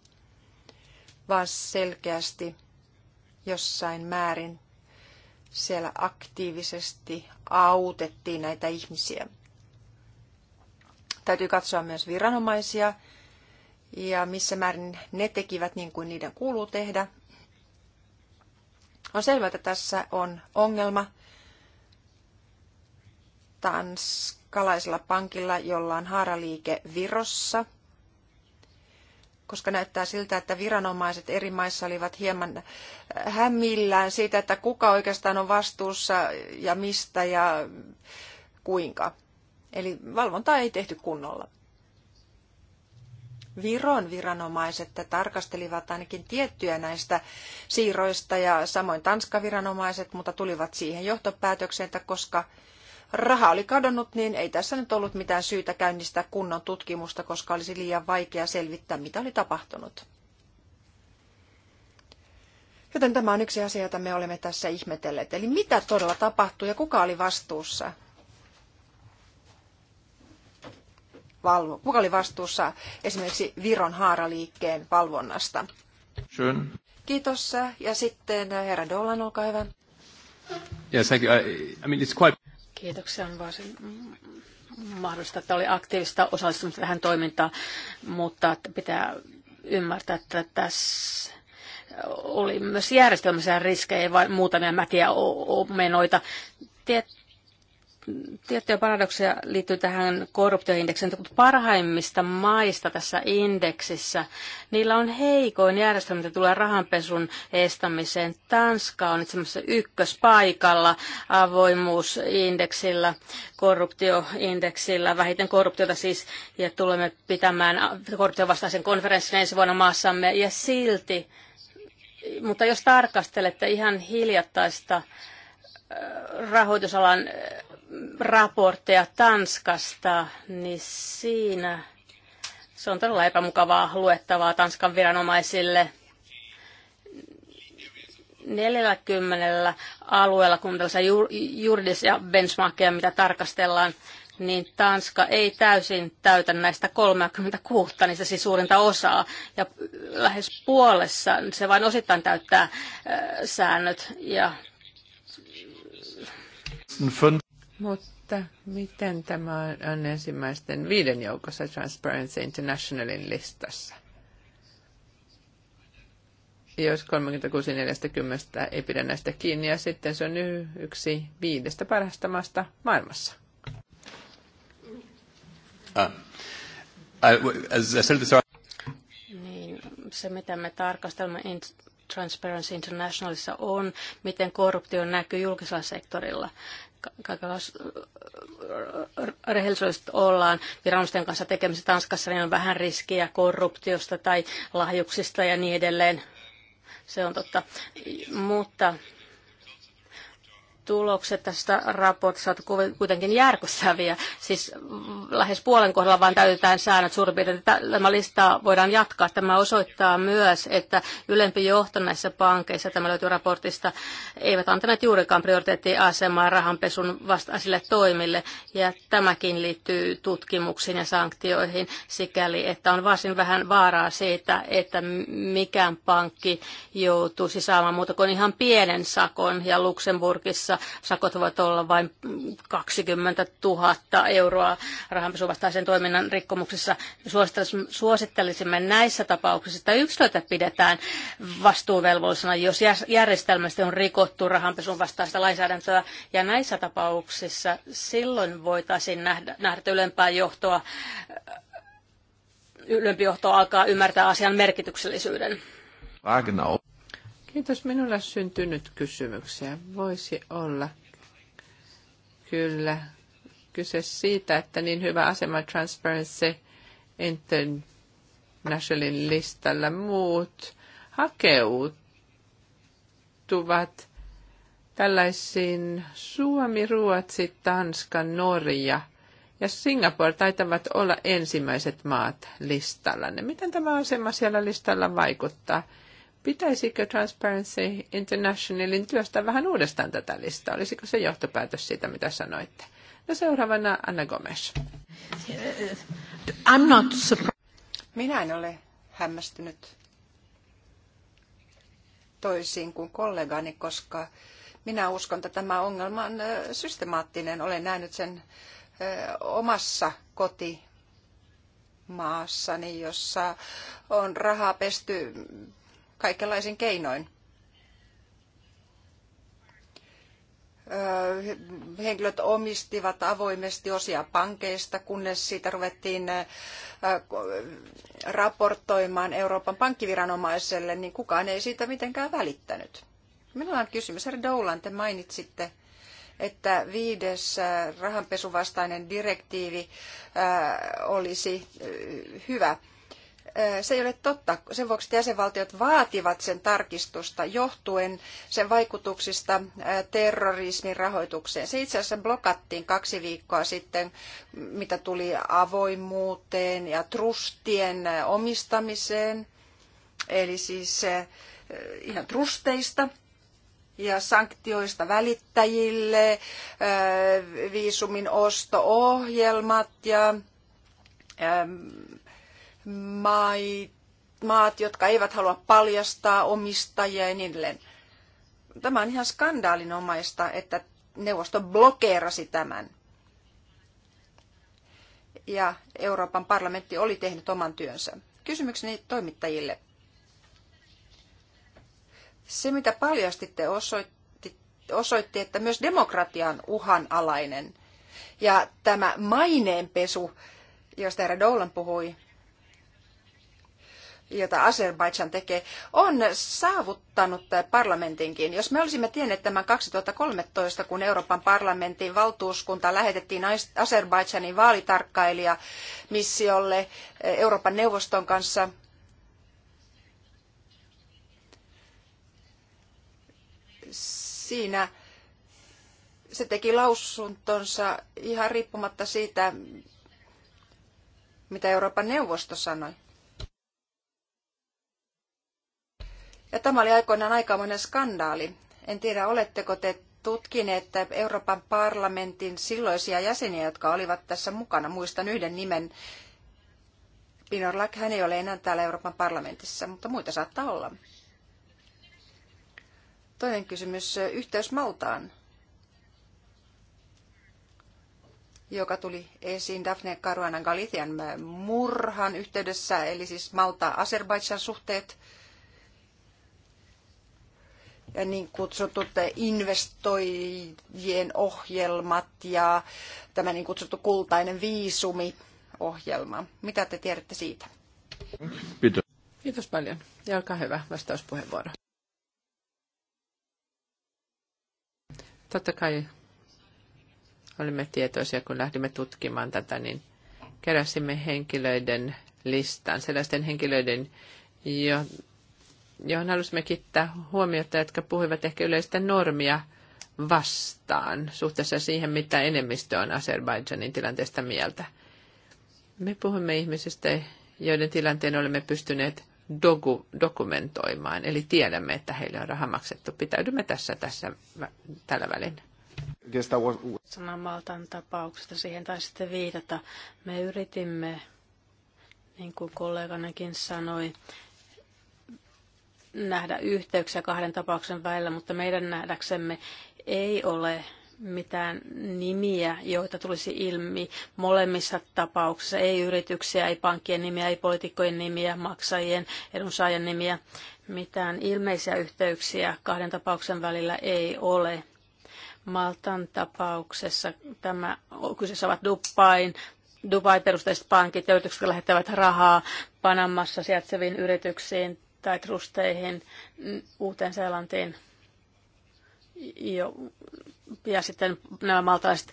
vaan selkeästi jossain määrin siellä aktiivisesti autettiin näitä ihmisiä. Täytyy katsoa myös viranomaisia ja missä määrin ne tekivät niin kuin niiden kuuluu tehdä, on selvää, että tässä on ongelma tanskalaisella pankilla, jolla on haaraliike Virossa, koska näyttää siltä, että viranomaiset eri maissa olivat hieman hämillään siitä, että kuka oikeastaan on vastuussa ja mistä ja kuinka. Eli valvontaa ei tehty kunnolla. Viron viranomaiset tarkastelivat ainakin tiettyjä näistä siirroista ja samoin Tanskan viranomaiset, mutta tulivat siihen johtopäätökseen, että koska raha oli kadonnut, niin ei tässä nyt ollut mitään syytä käynnistää kunnon tutkimusta, koska olisi liian vaikea selvittää, mitä oli tapahtunut. Joten tämä on yksi asia, jota me olemme tässä ihmetelleet. Eli mitä todella tapahtui ja kuka oli vastuussa? valvo, kuka oli vastuussa esimerkiksi Viron haaraliikkeen valvonnasta. Schön. Kiitos. Ja sitten äh, herra Dolan, olkaa hyvä. Yes, thank you. I, mean, it's quite... Kiitoksia. On varsin mahdollista, että oli aktiivista osallistumista tähän toimintaan, mutta pitää ymmärtää, että tässä oli myös järjestelmässä riskejä, vain muutamia mäkiä omenoita. Tiet- tiettyjä paradokseja liittyy tähän korruptioindeksiin, mutta parhaimmista maista tässä indeksissä, niillä on heikoin järjestelmä, mitä tulee rahanpesun estämiseen. Tanska on itse asiassa ykköspaikalla avoimuusindeksillä, korruptioindeksillä, vähiten korruptiota siis, ja tulemme pitämään korruptiovastaisen konferenssin ensi vuonna maassamme, ja silti, mutta jos tarkastelette ihan hiljattaista äh, rahoitusalan raportteja Tanskasta, niin siinä se on todella epämukavaa luettavaa Tanskan viranomaisille. 40 alueella, kun tällaisia juridisia benchmarkeja, mitä tarkastellaan, niin Tanska ei täysin täytä näistä 36, niistä siis suurinta osaa. Ja lähes puolessa se vain osittain täyttää äh, säännöt. Ja mutta miten tämä on ensimmäisten viiden joukossa Transparency Internationalin listassa? Jos 36.40 ei pidä näistä kiinni, ja sitten se on yksi viidestä parhaasta maasta maailmassa. Ah. Niin, se mitä me tarkastelemme Transparency Internationalissa on, miten korruptio näkyy julkisella sektorilla kaikenlaista rehellisyydestä ollaan viranomaisten kanssa tekemisissä Tanskassa, niin on vähän riskiä korruptiosta tai lahjuksista ja niin edelleen. Se on totta. Mutta tulokset tästä raportista ovat kuitenkin järkyttäviä. Siis lähes puolen kohdalla vain täytetään säännöt suurin piirtein. Tämä listaa voidaan jatkaa. Tämä osoittaa myös, että ylempi johto näissä pankeissa, tämä löytyy raportista, eivät antaneet juurikaan prioriteettiasemaa rahanpesun vastaisille toimille. Ja tämäkin liittyy tutkimuksiin ja sanktioihin sikäli, että on varsin vähän vaaraa siitä, että mikään pankki joutuisi saamaan muuta kuin ihan pienen sakon. Ja Luxemburgissa jossa sakot voivat olla vain 20 000 euroa rahanpesuvastaisen toiminnan rikkomuksessa. Suosittelisimme näissä tapauksissa, että yksilöitä pidetään vastuuvelvollisena, jos järjestelmästä on rikottu rahanpesun vastaista lainsäädäntöä. Ja näissä tapauksissa silloin voitaisiin nähdä, nähdä ylempää johtoa ylempi johto alkaa ymmärtää asian merkityksellisyyden. Wagner. Kiitos. Minulla syntynyt kysymyksiä. Voisi olla kyllä kyse siitä, että niin hyvä asema Transparency Internationalin listalla muut hakeutuvat tällaisiin Suomi, Ruotsi, Tanska, Norja ja Singapore taitavat olla ensimmäiset maat listalla. Miten tämä asema siellä listalla vaikuttaa? Pitäisikö Transparency Internationalin työstä vähän uudestaan tätä listaa? Olisiko se johtopäätös siitä, mitä sanoitte? No seuraavana Anna Gomes. I'm not Minä en ole hämmästynyt toisiin kuin kollegani, koska minä uskon, että tämä ongelma on systemaattinen. Olen nähnyt sen omassa kotimaassani, jossa on rahaa pesty kaikenlaisin keinoin. henkilöt omistivat avoimesti osia pankeista, kunnes siitä ruvettiin raportoimaan Euroopan pankkiviranomaiselle, niin kukaan ei siitä mitenkään välittänyt. Minulla on kysymys. Herra Doulan, te mainitsitte, että viides rahanpesuvastainen direktiivi olisi hyvä se ei ole totta. Sen vuoksi jäsenvaltiot vaativat sen tarkistusta johtuen sen vaikutuksista terrorismin rahoitukseen. Se itse asiassa blokattiin kaksi viikkoa sitten, mitä tuli avoimuuteen ja trustien omistamiseen, eli siis ihan trusteista ja sanktioista välittäjille, viisumin osto-ohjelmat ja maat, jotka eivät halua paljastaa omistajia ja niin edelleen. Tämä on ihan skandaalinomaista, että neuvosto blokeerasi tämän. Ja Euroopan parlamentti oli tehnyt oman työnsä. Kysymykseni toimittajille. Se, mitä paljastitte, osoitti, osoitti että myös demokratia on uhanalainen. Ja tämä maineenpesu, josta herra Dolan puhui, jota Azerbaidžan tekee, on saavuttanut parlamentinkin. Jos me olisimme tienneet tämän 2013, kun Euroopan parlamentin valtuuskunta lähetettiin Azerbaidžanin vaalitarkkailija missiolle eh, Euroopan neuvoston kanssa, siinä se teki lausuntonsa ihan riippumatta siitä, mitä Euroopan neuvosto sanoi. Ja tämä oli aikoinaan aikamoinen skandaali. En tiedä, oletteko te tutkineet Euroopan parlamentin silloisia jäseniä, jotka olivat tässä mukana. Muistan yhden nimen. Pinorlak, hän ei ole enää täällä Euroopan parlamentissa, mutta muita saattaa olla. Toinen kysymys, yhteys Maltaan, joka tuli esiin Daphne Caruana Galician murhan yhteydessä, eli siis Malta-Azerbaidsan suhteet – niin kutsutut investoijien ohjelmat ja tämä niin kutsuttu kultainen viisumi ohjelma. Mitä te tiedätte siitä? Kiitos. Kiitos paljon. Ja olkaa hyvä vastauspuheenvuoro. Totta kai olimme tietoisia, kun lähdimme tutkimaan tätä, niin keräsimme henkilöiden listan, sellaisten henkilöiden, jo, johon halusimme kiittää huomiota, jotka puhuivat ehkä yleistä normia vastaan suhteessa siihen, mitä enemmistö on Azerbaidžanin tilanteesta mieltä. Me puhumme ihmisistä, joiden tilanteen olemme pystyneet dogu, dokumentoimaan, eli tiedämme, että heille on raha maksettu. Pitäydymme tässä, tässä tällä välin. Sanamaltan tapauksesta siihen taisitte viitata. Me yritimme, niin kuin kolleganikin sanoi, nähdä yhteyksiä kahden tapauksen välillä, mutta meidän nähdäksemme ei ole mitään nimiä, joita tulisi ilmi molemmissa tapauksissa. Ei yrityksiä, ei pankkien nimiä, ei poliitikkojen nimiä, maksajien, edunsaajan nimiä. Mitään ilmeisiä yhteyksiä kahden tapauksen välillä ei ole. Maltan tapauksessa tämä, kyseessä ovat Dubain, Dubai-perusteiset pankit ja yritykset lähettävät rahaa Panamassa sijaitseviin yrityksiin tai trusteihin uuteen Seelantiin jo, ja sitten nämä maltalaiset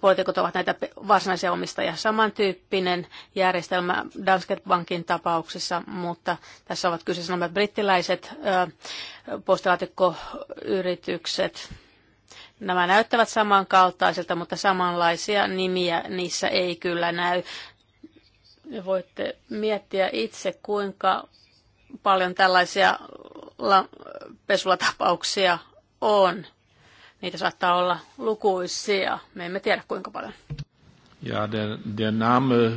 poliitikot ovat näitä varsinaisia omistajia. Samantyyppinen järjestelmä Danske Bankin tapauksessa, mutta tässä ovat kyseessä nämä brittiläiset postilaatikkoyritykset. Nämä näyttävät samankaltaisilta, mutta samanlaisia nimiä niissä ei kyllä näy. Voitte miettiä itse, kuinka paljon tällaisia pesulatapauksia on. Niitä saattaa olla lukuisia. Me emme tiedä kuinka paljon. Ja der, der Name äh,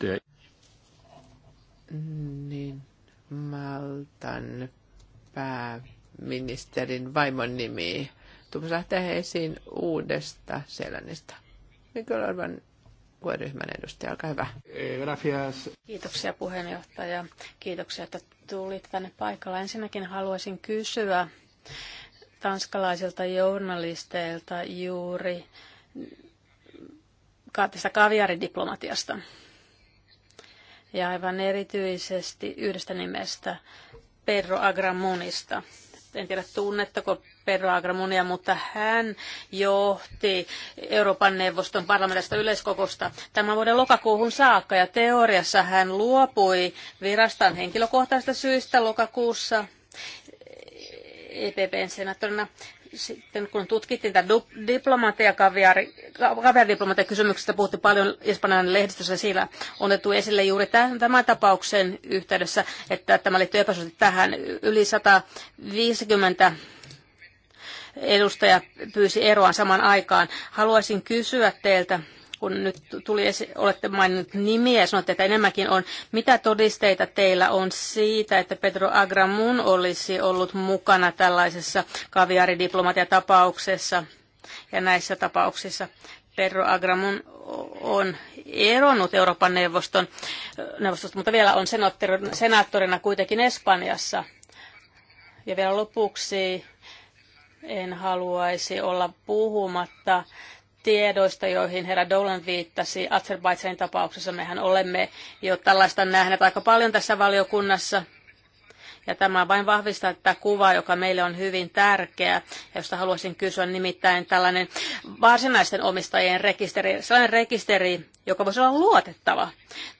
der... Niin, Maltan pääministerin vaimon nimi. Tuossa lähtee esiin uudesta Seelannista. Mikä on ryhmän edustaja, olkaa hyvä. Eh, gracias. Kiitoksia puheenjohtaja. Kiitoksia, että tulit tänne paikalla. Ensinnäkin haluaisin kysyä tanskalaisilta journalisteilta juuri tästä kaviaridiplomatiasta. Ja aivan erityisesti yhdestä nimestä, Perro Agramonista en tiedä tunnettako Pedro Agramunia, mutta hän johti Euroopan neuvoston parlamentista yleiskokosta. tämän vuoden lokakuuhun saakka ja teoriassa hän luopui virastaan henkilökohtaisista syistä lokakuussa EPPn senaattorina sitten kun tutkittiin tätä diplomatia, kaviardiplomatia kysymyksestä, puhuttiin paljon Espanjan lehdistössä, siellä on otettu esille juuri tämän, tämän tapauksen yhteydessä, että tämä liittyy epäsuosti tähän. Yli 150 edustaja pyysi eroa saman aikaan. Haluaisin kysyä teiltä, kun nyt tuli esi- olette maininnut nimiä ja sanotte, että enemmänkin on. Mitä todisteita teillä on siitä, että Pedro Agramun olisi ollut mukana tällaisessa kaviaridiplomatiatapauksessa ja näissä tapauksissa? Pedro Agramun on eronnut Euroopan neuvoston neuvostosta, mutta vielä on senaattorina kuitenkin Espanjassa. Ja vielä lopuksi en haluaisi olla puhumatta tiedoista, joihin herra Dolan viittasi Azerbaidsanin tapauksessa. Mehän olemme jo tällaista nähneet aika paljon tässä valiokunnassa. Ja tämä vain vahvistaa tätä kuvaa, joka meille on hyvin tärkeä, josta haluaisin kysyä nimittäin tällainen varsinaisten omistajien rekisteri, sellainen rekisteri, joka voisi olla luotettava.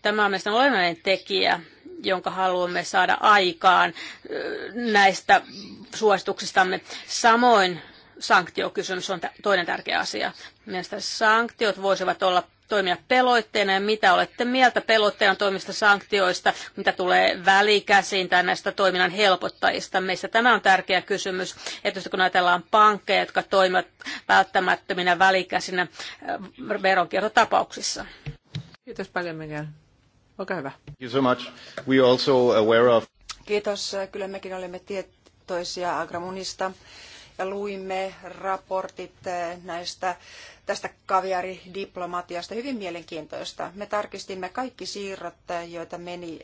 Tämä on mielestäni olennainen tekijä, jonka haluamme saada aikaan näistä suosituksistamme. Samoin sanktiokysymys on toinen tärkeä asia. Mielestäni sanktiot voisivat olla toimia peloitteena. ja mitä olette mieltä pelotteena toimista sanktioista, mitä tulee välikäsiin tai näistä toiminnan helpottajista. Meistä tämä on tärkeä kysymys, että kun ajatellaan pankkeja, jotka toimivat välttämättöminä välikäsinä äh, veronkiertotapauksissa. Kiitos paljon, Miguel. Olkaa hyvä. Thank you so much. We also aware of... Kiitos. Kyllä mekin olemme tietoisia Agramunista ja luimme raportit eh, näistä, tästä kaviaridiplomatiasta. Hyvin mielenkiintoista. Me tarkistimme kaikki siirrot, eh, joita meni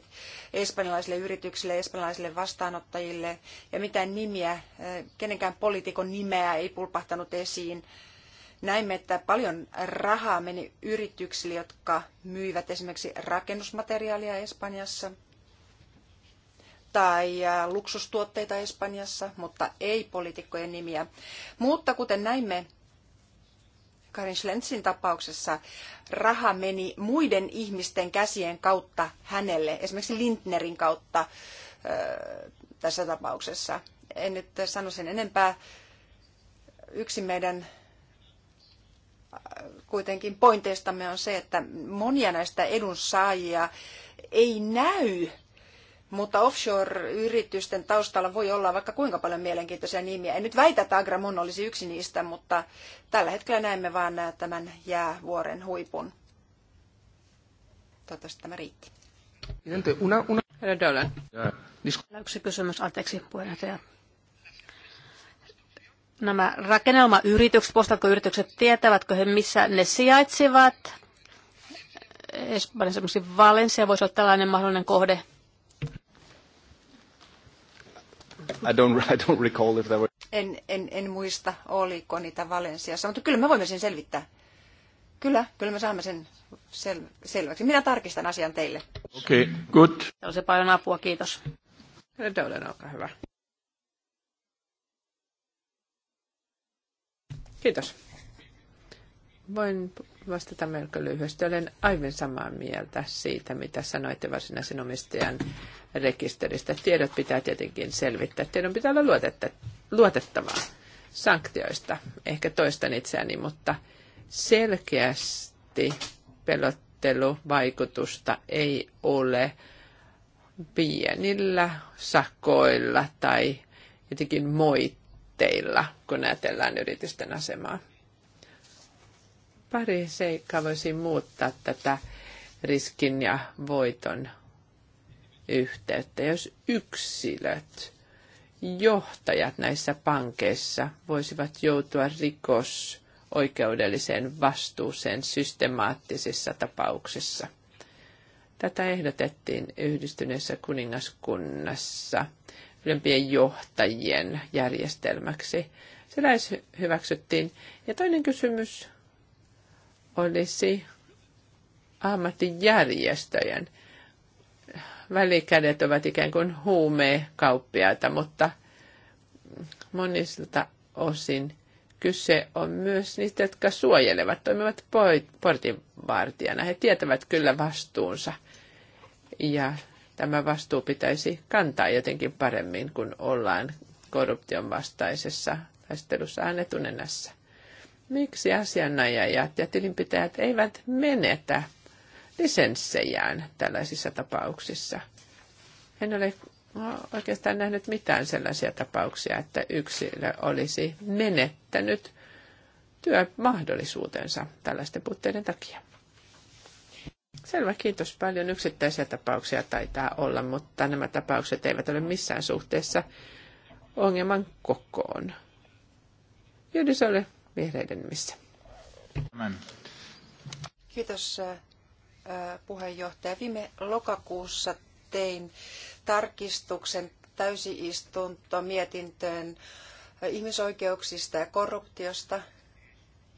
espanjalaisille yrityksille, espanjalaisille vastaanottajille ja mitään nimiä, eh, kenenkään poliitikon nimeä ei pulpahtanut esiin näimme, että paljon rahaa meni yrityksille, jotka myivät esimerkiksi rakennusmateriaalia Espanjassa tai luksustuotteita Espanjassa, mutta ei poliitikkojen nimiä. Mutta kuten näimme Karin Schlenzin tapauksessa, raha meni muiden ihmisten käsien kautta hänelle, esimerkiksi Lindnerin kautta tässä tapauksessa. En nyt sano sen enempää. Yksi meidän kuitenkin pointeistamme on se, että monia näistä edunsaajia ei näy mutta offshore-yritysten taustalla voi olla vaikka kuinka paljon mielenkiintoisia nimiä. En nyt väitä, että Agramon olisi yksi niistä, mutta tällä hetkellä näemme vain tämän jäävuoren huipun. Toivottavasti tämä riitti. Una, una... Yksi kysymys, anteeksi puheenjohtaja. Nämä rakennelmayritykset, yritykset tietävätkö he, missä ne sijaitsevat? Espanjassa esimerkiksi Valencia voisi olla tällainen mahdollinen kohde I don't, I don't recall if there were... en, en, en muista, oliko niitä Valensiassa, mutta kyllä me voimme sen selvittää. Kyllä, kyllä me saamme sen sel, selväksi. Minä tarkistan asian teille. Okei, okay, good. Se on se paljon apua, kiitos. Dolan, olkaa hyvä. Kiitos. Voin vastata melko lyhyesti. Olen aivan samaa mieltä siitä, mitä sanoitte varsinaisen omistajan rekisteristä. Tiedot pitää tietenkin selvittää. Tiedon pitää olla luotetta, luotettavaa sanktioista. Ehkä toistan itseäni, mutta selkeästi pelotteluvaikutusta ei ole pienillä sakoilla tai jotenkin moitteilla, kun ajatellaan yritysten asemaa. Pari seikkaa voisi muuttaa tätä riskin ja voiton yhteyttä. Jos yksilöt, johtajat näissä pankeissa voisivat joutua rikos oikeudelliseen vastuuseen systemaattisissa tapauksissa. Tätä ehdotettiin yhdistyneessä kuningaskunnassa ylempien johtajien järjestelmäksi. Se lähes hyväksyttiin. Ja toinen kysymys olisi ammattijärjestöjen. Välikädet ovat ikään kuin huumekauppiaita, mutta monista osin kyse on myös niistä, jotka suojelevat, toimivat portinvartijana. He tietävät kyllä vastuunsa ja tämä vastuu pitäisi kantaa jotenkin paremmin, kun ollaan korruption vastaisessa taistelussa annetunenässä. Miksi asianajajat ja tilinpitäjät eivät menetä lisenssejään tällaisissa tapauksissa? En ole oikeastaan nähnyt mitään sellaisia tapauksia, että yksilö olisi menettänyt työmahdollisuutensa tällaisten puutteiden takia. Selvä, kiitos paljon. Yksittäisiä tapauksia taitaa olla, mutta nämä tapaukset eivät ole missään suhteessa ongelman kokoon. Jyris vihreiden nimissä. Kiitos äh, puheenjohtaja. Viime lokakuussa tein tarkistuksen mietintöön äh, ihmisoikeuksista ja korruptiosta,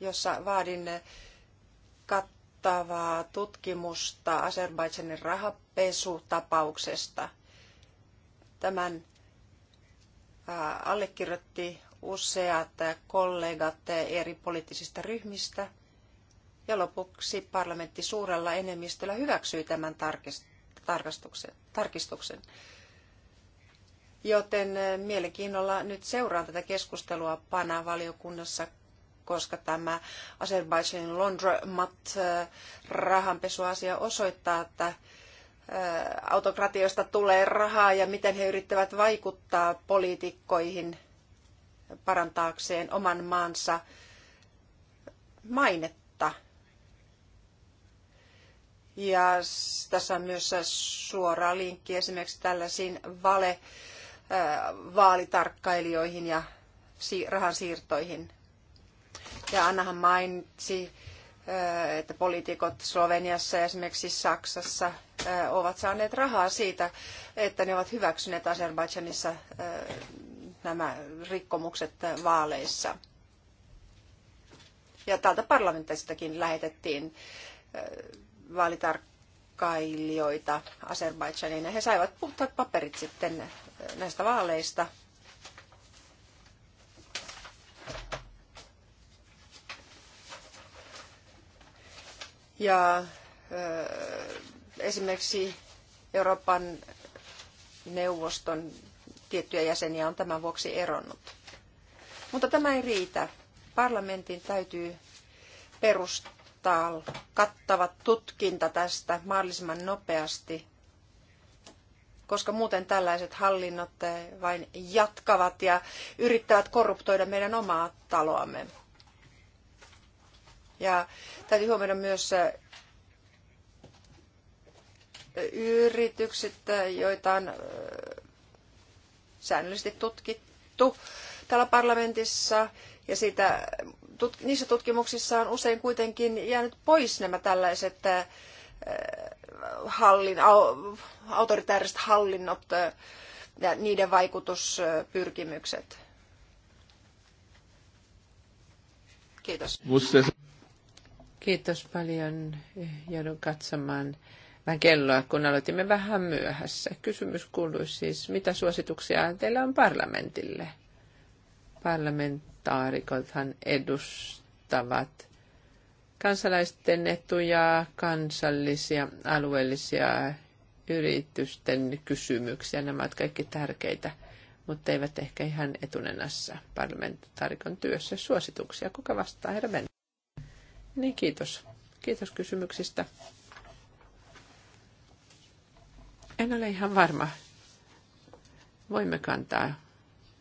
jossa vaadin äh, kattavaa tutkimusta Azerbaidžanin rahapesutapauksesta. Tämän allekirjoitti useat kollegat eri poliittisista ryhmistä. Ja lopuksi parlamentti suurella enemmistöllä hyväksyi tämän tarkistuksen. Joten eh, mielenkiinnolla nyt seuraan tätä keskustelua pana valiokunnassa, koska tämä Azerbaijanin laundromat eh, rahanpesuasia osoittaa, että eh, autokratioista tulee rahaa ja miten he yrittävät vaikuttaa poliitikkoihin parantaakseen oman maansa mainetta. Ja tässä on myös suora linkki esimerkiksi tällaisiin vale vaalitarkkailijoihin ja rahansiirtoihin. Ja Annahan mainitsi, että poliitikot Sloveniassa ja esimerkiksi Saksassa ovat saaneet rahaa siitä, että ne ovat hyväksyneet Azerbaidžanissa nämä rikkomukset vaaleissa. Ja täältä parlamentistakin lähetettiin vaalitarkkailijoita Azerbaidžaniin ja he saivat puhtaat paperit sitten näistä vaaleista. Ja esimerkiksi Euroopan neuvoston tiettyjä jäseniä on tämän vuoksi eronnut. Mutta tämä ei riitä. Parlamentin täytyy perustaa kattava tutkinta tästä mahdollisimman nopeasti, koska muuten tällaiset hallinnot vain jatkavat ja yrittävät korruptoida meidän omaa taloamme. Ja täytyy huomioida myös yritykset, joita on säännöllisesti tutkittu täällä parlamentissa ja siitä, tut, niissä tutkimuksissa on usein kuitenkin jäänyt pois nämä tällaiset äh, hallin, autoritääriset hallinnot äh, ja niiden vaikutuspyrkimykset. Kiitos. Kiitos paljon. Joudun katsomaan vähän kelloa, kun aloitimme vähän myöhässä. Kysymys kuului siis, mitä suosituksia teillä on parlamentille? Parlamentaarikothan edustavat kansalaisten etuja, kansallisia, alueellisia yritysten kysymyksiä. Nämä ovat kaikki tärkeitä, mutta eivät ehkä ihan etunenässä parlamentaarikon työssä suosituksia. Kuka vastaa, herra Ben? Niin, kiitos. Kiitos kysymyksistä. En ole ihan varma. Voimme kantaa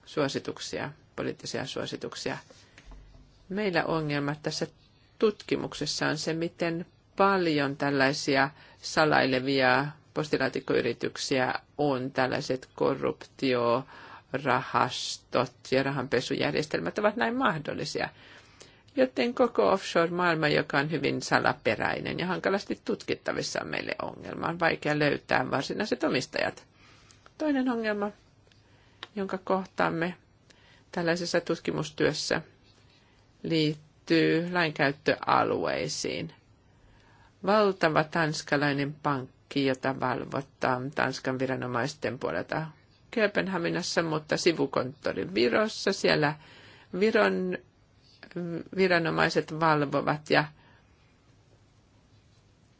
suosituksia, poliittisia suosituksia. Meillä ongelma tässä tutkimuksessa on se, miten paljon tällaisia salailevia postilaatikkoyrityksiä on, tällaiset korruptiorahastot ja rahanpesujärjestelmät ovat näin mahdollisia. Joten koko offshore-maailma, joka on hyvin salaperäinen ja hankalasti tutkittavissa on meille ongelma, on vaikea löytää varsinaiset omistajat. Toinen ongelma, jonka kohtaamme tällaisessa tutkimustyössä, liittyy lainkäyttöalueisiin. Valtava tanskalainen pankki, jota valvotaan Tanskan viranomaisten puolelta Kööpenhaminassa, mutta sivukonttori Virossa. Siellä Viron viranomaiset valvovat ja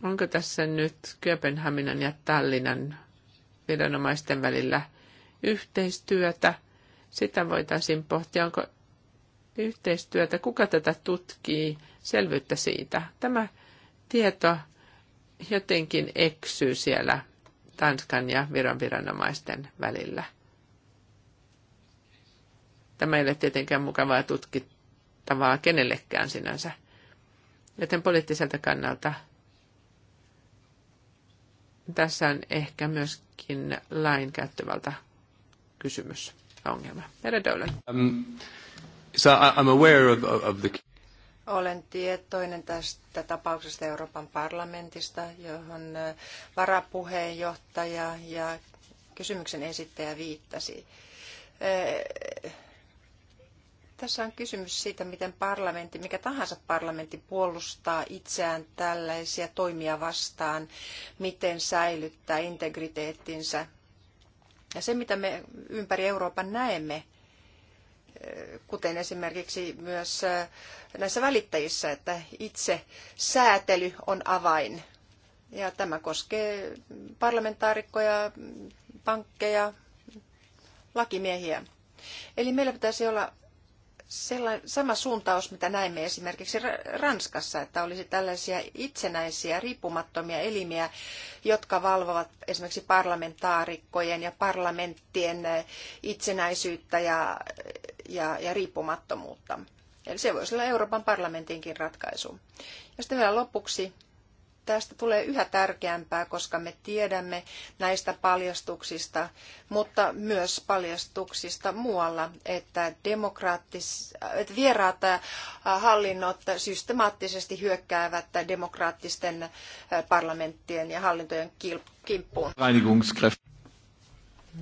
onko tässä nyt Kööpenhaminan ja Tallinnan viranomaisten välillä yhteistyötä? Sitä voitaisiin pohtia, onko yhteistyötä, kuka tätä tutkii, selvyyttä siitä. Tämä tieto jotenkin eksyy siellä Tanskan ja Viron viranomaisten välillä. Tämä ei ole tietenkään mukavaa tutkittua huolestuttavaa kenellekään sinänsä. Joten poliittiselta kannalta tässä on ehkä myöskin lain käyttävältä kysymys ja ongelma. Um, so I'm aware of, of the... Olen tietoinen tästä tapauksesta Euroopan parlamentista, johon äh, varapuheenjohtaja ja kysymyksen esittäjä viittasi. Äh, tässä on kysymys siitä, miten parlamentti, mikä tahansa parlamentti puolustaa itseään tällaisia toimia vastaan, miten säilyttää integriteettinsä. Ja se, mitä me ympäri Euroopan näemme, kuten esimerkiksi myös näissä välittäjissä, että itse säätely on avain. Ja tämä koskee parlamentaarikkoja, pankkeja, lakimiehiä. Eli meillä pitäisi olla sellainen, sama suuntaus, mitä näimme esimerkiksi Ranskassa, että olisi tällaisia itsenäisiä, riippumattomia elimiä, jotka valvovat esimerkiksi parlamentaarikkojen ja parlamenttien eh, itsenäisyyttä ja, ja, ja riippumattomuutta. Eli se voisi olla Euroopan parlamentinkin ratkaisu. Ja sitten vielä lopuksi tästä tulee yhä tärkeämpää, koska me tiedämme näistä paljastuksista, mutta myös paljastuksista muualla, että, että vieraat äh, hallinnot systemaattisesti hyökkäävät demokraattisten äh, parlamenttien ja hallintojen kimppuun.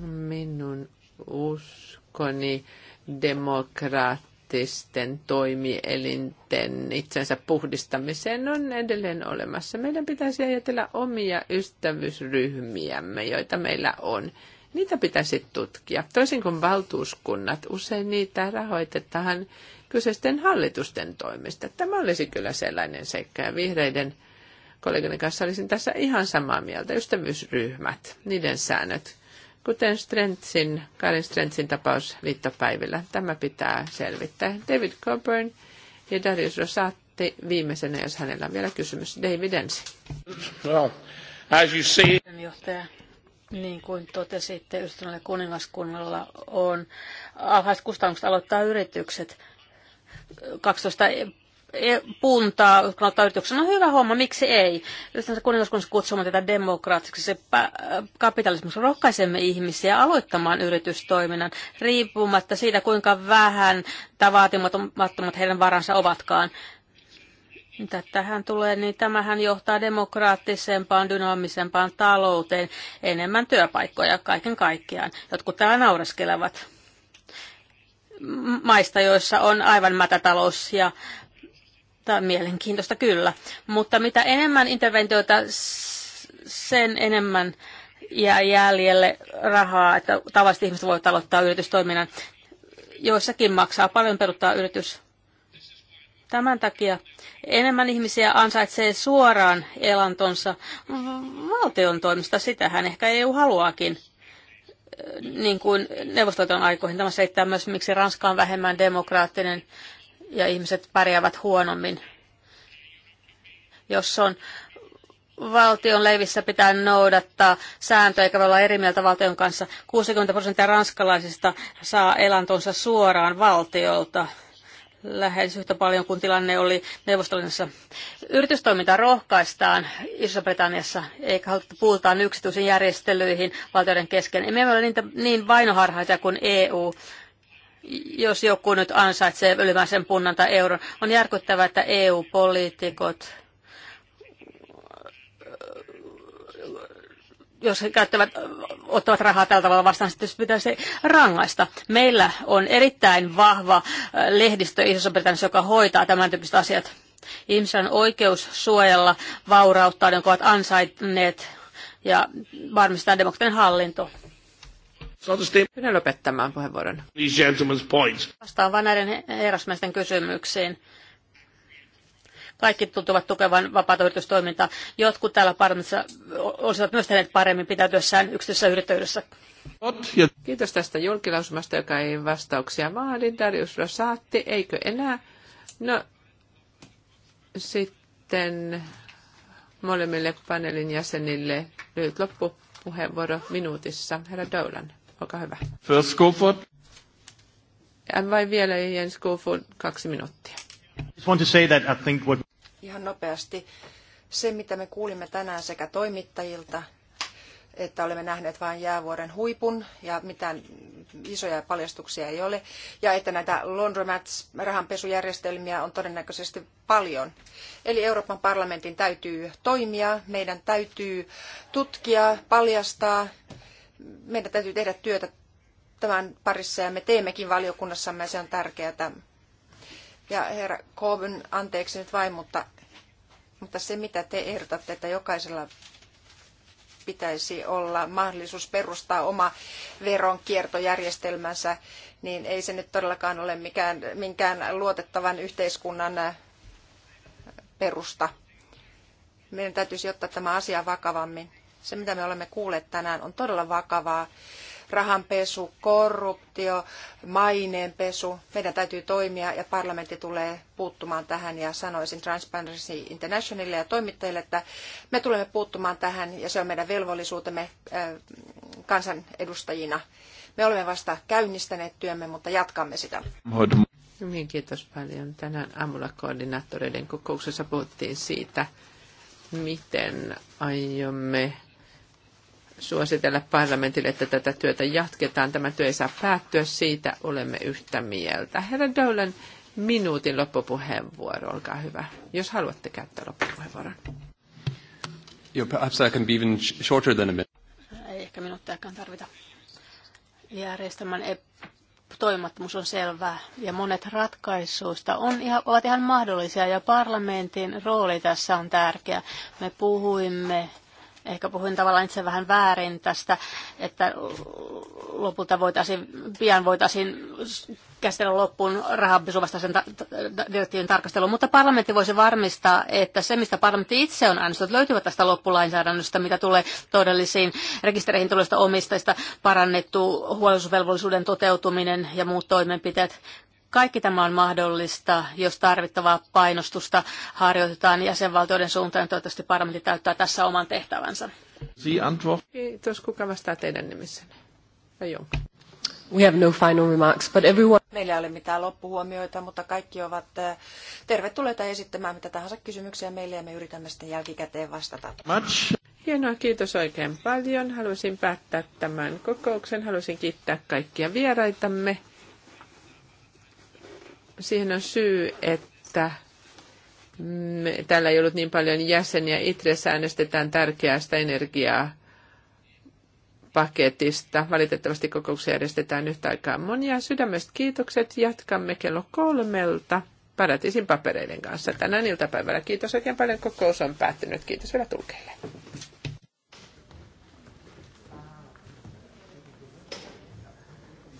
Minun uskoni demokraatti poliittisten toimielinten itsensä puhdistamiseen on edelleen olemassa. Meidän pitäisi ajatella omia ystävyysryhmiämme, joita meillä on. Niitä pitäisi tutkia. Toisin kuin valtuuskunnat, usein niitä rahoitetaan kyseisten hallitusten toimesta. Tämä olisi kyllä sellainen seikka. Ja vihreiden kollegoiden kanssa olisin tässä ihan samaa mieltä. Ystävyysryhmät, niiden säännöt kuten Strentsin, Karin Strentsin tapaus liittopäivillä. Tämä pitää selvittää. David Coburn ja Darius Rosatti viimeisenä, jos hänellä on vielä kysymys. David ensin. Well, as you see... niin kuin totesitte, ystävällä kuningaskunnalla on alhaiset kustannukset aloittaa yritykset. 12 E, puntaa, jotka ottaa yrityksen. No hyvä homma, miksi ei? Yhteensä kuningaskunnassa kutsumaan tätä demokraattiseksi se kapitalismiksi. Rohkaisemme ihmisiä aloittamaan yritystoiminnan riippumatta siitä, kuinka vähän tai vaatimattomat heidän varansa ovatkaan. Mitä tähän tulee, niin tämähän johtaa demokraattisempaan, dynaamisempaan talouteen, enemmän työpaikkoja kaiken kaikkiaan. Jotkut täällä naureskelevat maista, joissa on aivan mätätalous ja Tämä on mielenkiintoista kyllä, mutta mitä enemmän interventioita, sen enemmän jää jäljelle rahaa, että tavalliset ihmiset voivat aloittaa yritystoiminnan. Joissakin maksaa paljon peruttaa yritys. Tämän takia enemmän ihmisiä ansaitsee suoraan elantonsa valtion toimista. Sitähän ehkä EU haluaakin niin kuin neuvostoton aikoihin. Tämä selittää myös, miksi Ranska on vähemmän demokraattinen ja ihmiset pärjäävät huonommin. Jos on valtion leivissä pitää noudattaa sääntöjä, eikä voi olla eri mieltä valtion kanssa. 60 prosenttia ranskalaisista saa elantonsa suoraan valtiolta lähes yhtä paljon kuin tilanne oli Neuvostoliitossa. Yritystoiminta rohkaistaan Iso-Britanniassa, eikä haluta puhutaan yksityisiin järjestelyihin valtioiden kesken. Emme ole niin vainoharhaisia kuin EU jos joku nyt ansaitsee ylimääräisen punnan tai euron. On järkyttävää, että EU-poliitikot, jos he käyttävät, ottavat rahaa tällä tavalla vastaan, sitten pitäisi rangaista. Meillä on erittäin vahva äh, lehdistö Iso-Britanniassa, joka hoitaa tämän tyyppiset asiat. Ihmisen oikeus suojella vaurauttaan, jonka ovat ansainneet ja varmistaa demokratian hallinto. Pyydän lopettamaan puheenvuoron. Vastaan vain näiden herrasmiesten kysymyksiin. Kaikki tuntuvat tukevan vapaata yritystoimintaa. Jotkut täällä parlamentissa olisivat myös tehneet paremmin pitäytyessään yksityisessä yrittäjyydessä. Kiitos tästä julkilausumasta, joka ei vastauksia vaadi. Darius Rosatti, eikö enää? No, sitten molemmille paneelin jäsenille lyhyt loppupuheenvuoro minuutissa. Herra Doulan. Olkaa hyvä. First Schofield. Vain vielä Jens Schofield, kaksi minuuttia. Just want to say that I think what... Ihan nopeasti. Se, mitä me kuulimme tänään sekä toimittajilta että olemme nähneet vain jäävuoren huipun ja mitään isoja paljastuksia ei ole. Ja että näitä laundromats-rahanpesujärjestelmiä on todennäköisesti paljon. Eli Euroopan parlamentin täytyy toimia, meidän täytyy tutkia, paljastaa meidän täytyy tehdä työtä tämän parissa ja me teemmekin valiokunnassamme ja se on tärkeää. Ja herra Coburn, anteeksi nyt vain, mutta, mutta se mitä te ehdotatte, että jokaisella pitäisi olla mahdollisuus perustaa oma veronkiertojärjestelmänsä, niin ei se nyt todellakaan ole mikään, minkään luotettavan yhteiskunnan äh, perusta. Meidän täytyisi ottaa tämä asia vakavammin. Se, mitä me olemme kuulleet tänään, on todella vakavaa. Rahanpesu, korruptio, maineenpesu. Meidän täytyy toimia ja parlamentti tulee puuttumaan tähän ja sanoisin Transparency Internationalille ja toimittajille, että me tulemme puuttumaan tähän ja se on meidän velvollisuutemme äh, kansanedustajina. Me olemme vasta käynnistäneet työmme, mutta jatkamme sitä. Niin, kiitos paljon. Tänään aamulla koordinaattoreiden kokouksessa puhuttiin siitä, miten aiomme suositella parlamentille, että tätä työtä jatketaan. Tämä työ ei saa päättyä, siitä olemme yhtä mieltä. Herra Dolan, minuutin loppupuheenvuoro, olkaa hyvä, jos haluatte käyttää loppupuheenvuoron. Yeah, Ei ehkä minuuttiakaan tarvita. Järjestelmän e- toimattomuus on selvää ja monet ratkaisuista on ihan, ovat ihan mahdollisia ja parlamentin rooli tässä on tärkeä. Me puhuimme Ehkä puhuin tavallaan itse vähän väärin tästä, että lopulta voitaisiin, pian voitaisiin käsitellä loppuun rahapesuvasta sen ta- direktiivin tarkastelun, mutta parlamentti voisi varmistaa, että se, mistä parlamentti itse on äänestänyt, löytyvät tästä loppulainsäädännöstä, mitä tulee todellisiin rekistereihin tulevista omistajista, parannettu huolellisuusvelvollisuuden toteutuminen ja muut toimenpiteet. Kaikki tämä on mahdollista, jos tarvittavaa painostusta harjoitetaan jäsenvaltioiden suuntaan. Toivottavasti parlamentti täyttää tässä oman tehtävänsä. Kiitos. Kuka vastaa teidän nimissänne? We have no final remarks, but everyone... Meillä ei ole mitään loppuhuomioita, mutta kaikki ovat eh, tervetulleita esittämään mitä tahansa kysymyksiä meille ja me yritämme sitten jälkikäteen vastata. Much. Hienoa, kiitos oikein paljon. Haluaisin päättää tämän kokouksen. Haluaisin kiittää kaikkia vieraitamme siihen on syy, että me, täällä ei ollut niin paljon jäseniä. Itressä äänestetään tärkeästä energiaa paketista. Valitettavasti kokouksia järjestetään yhtä aikaa. Monia sydämestä kiitokset. Jatkamme kello kolmelta paratiisin papereiden kanssa tänään iltapäivällä. Kiitos oikein paljon. Kokous on päättynyt. Kiitos vielä tulkeille.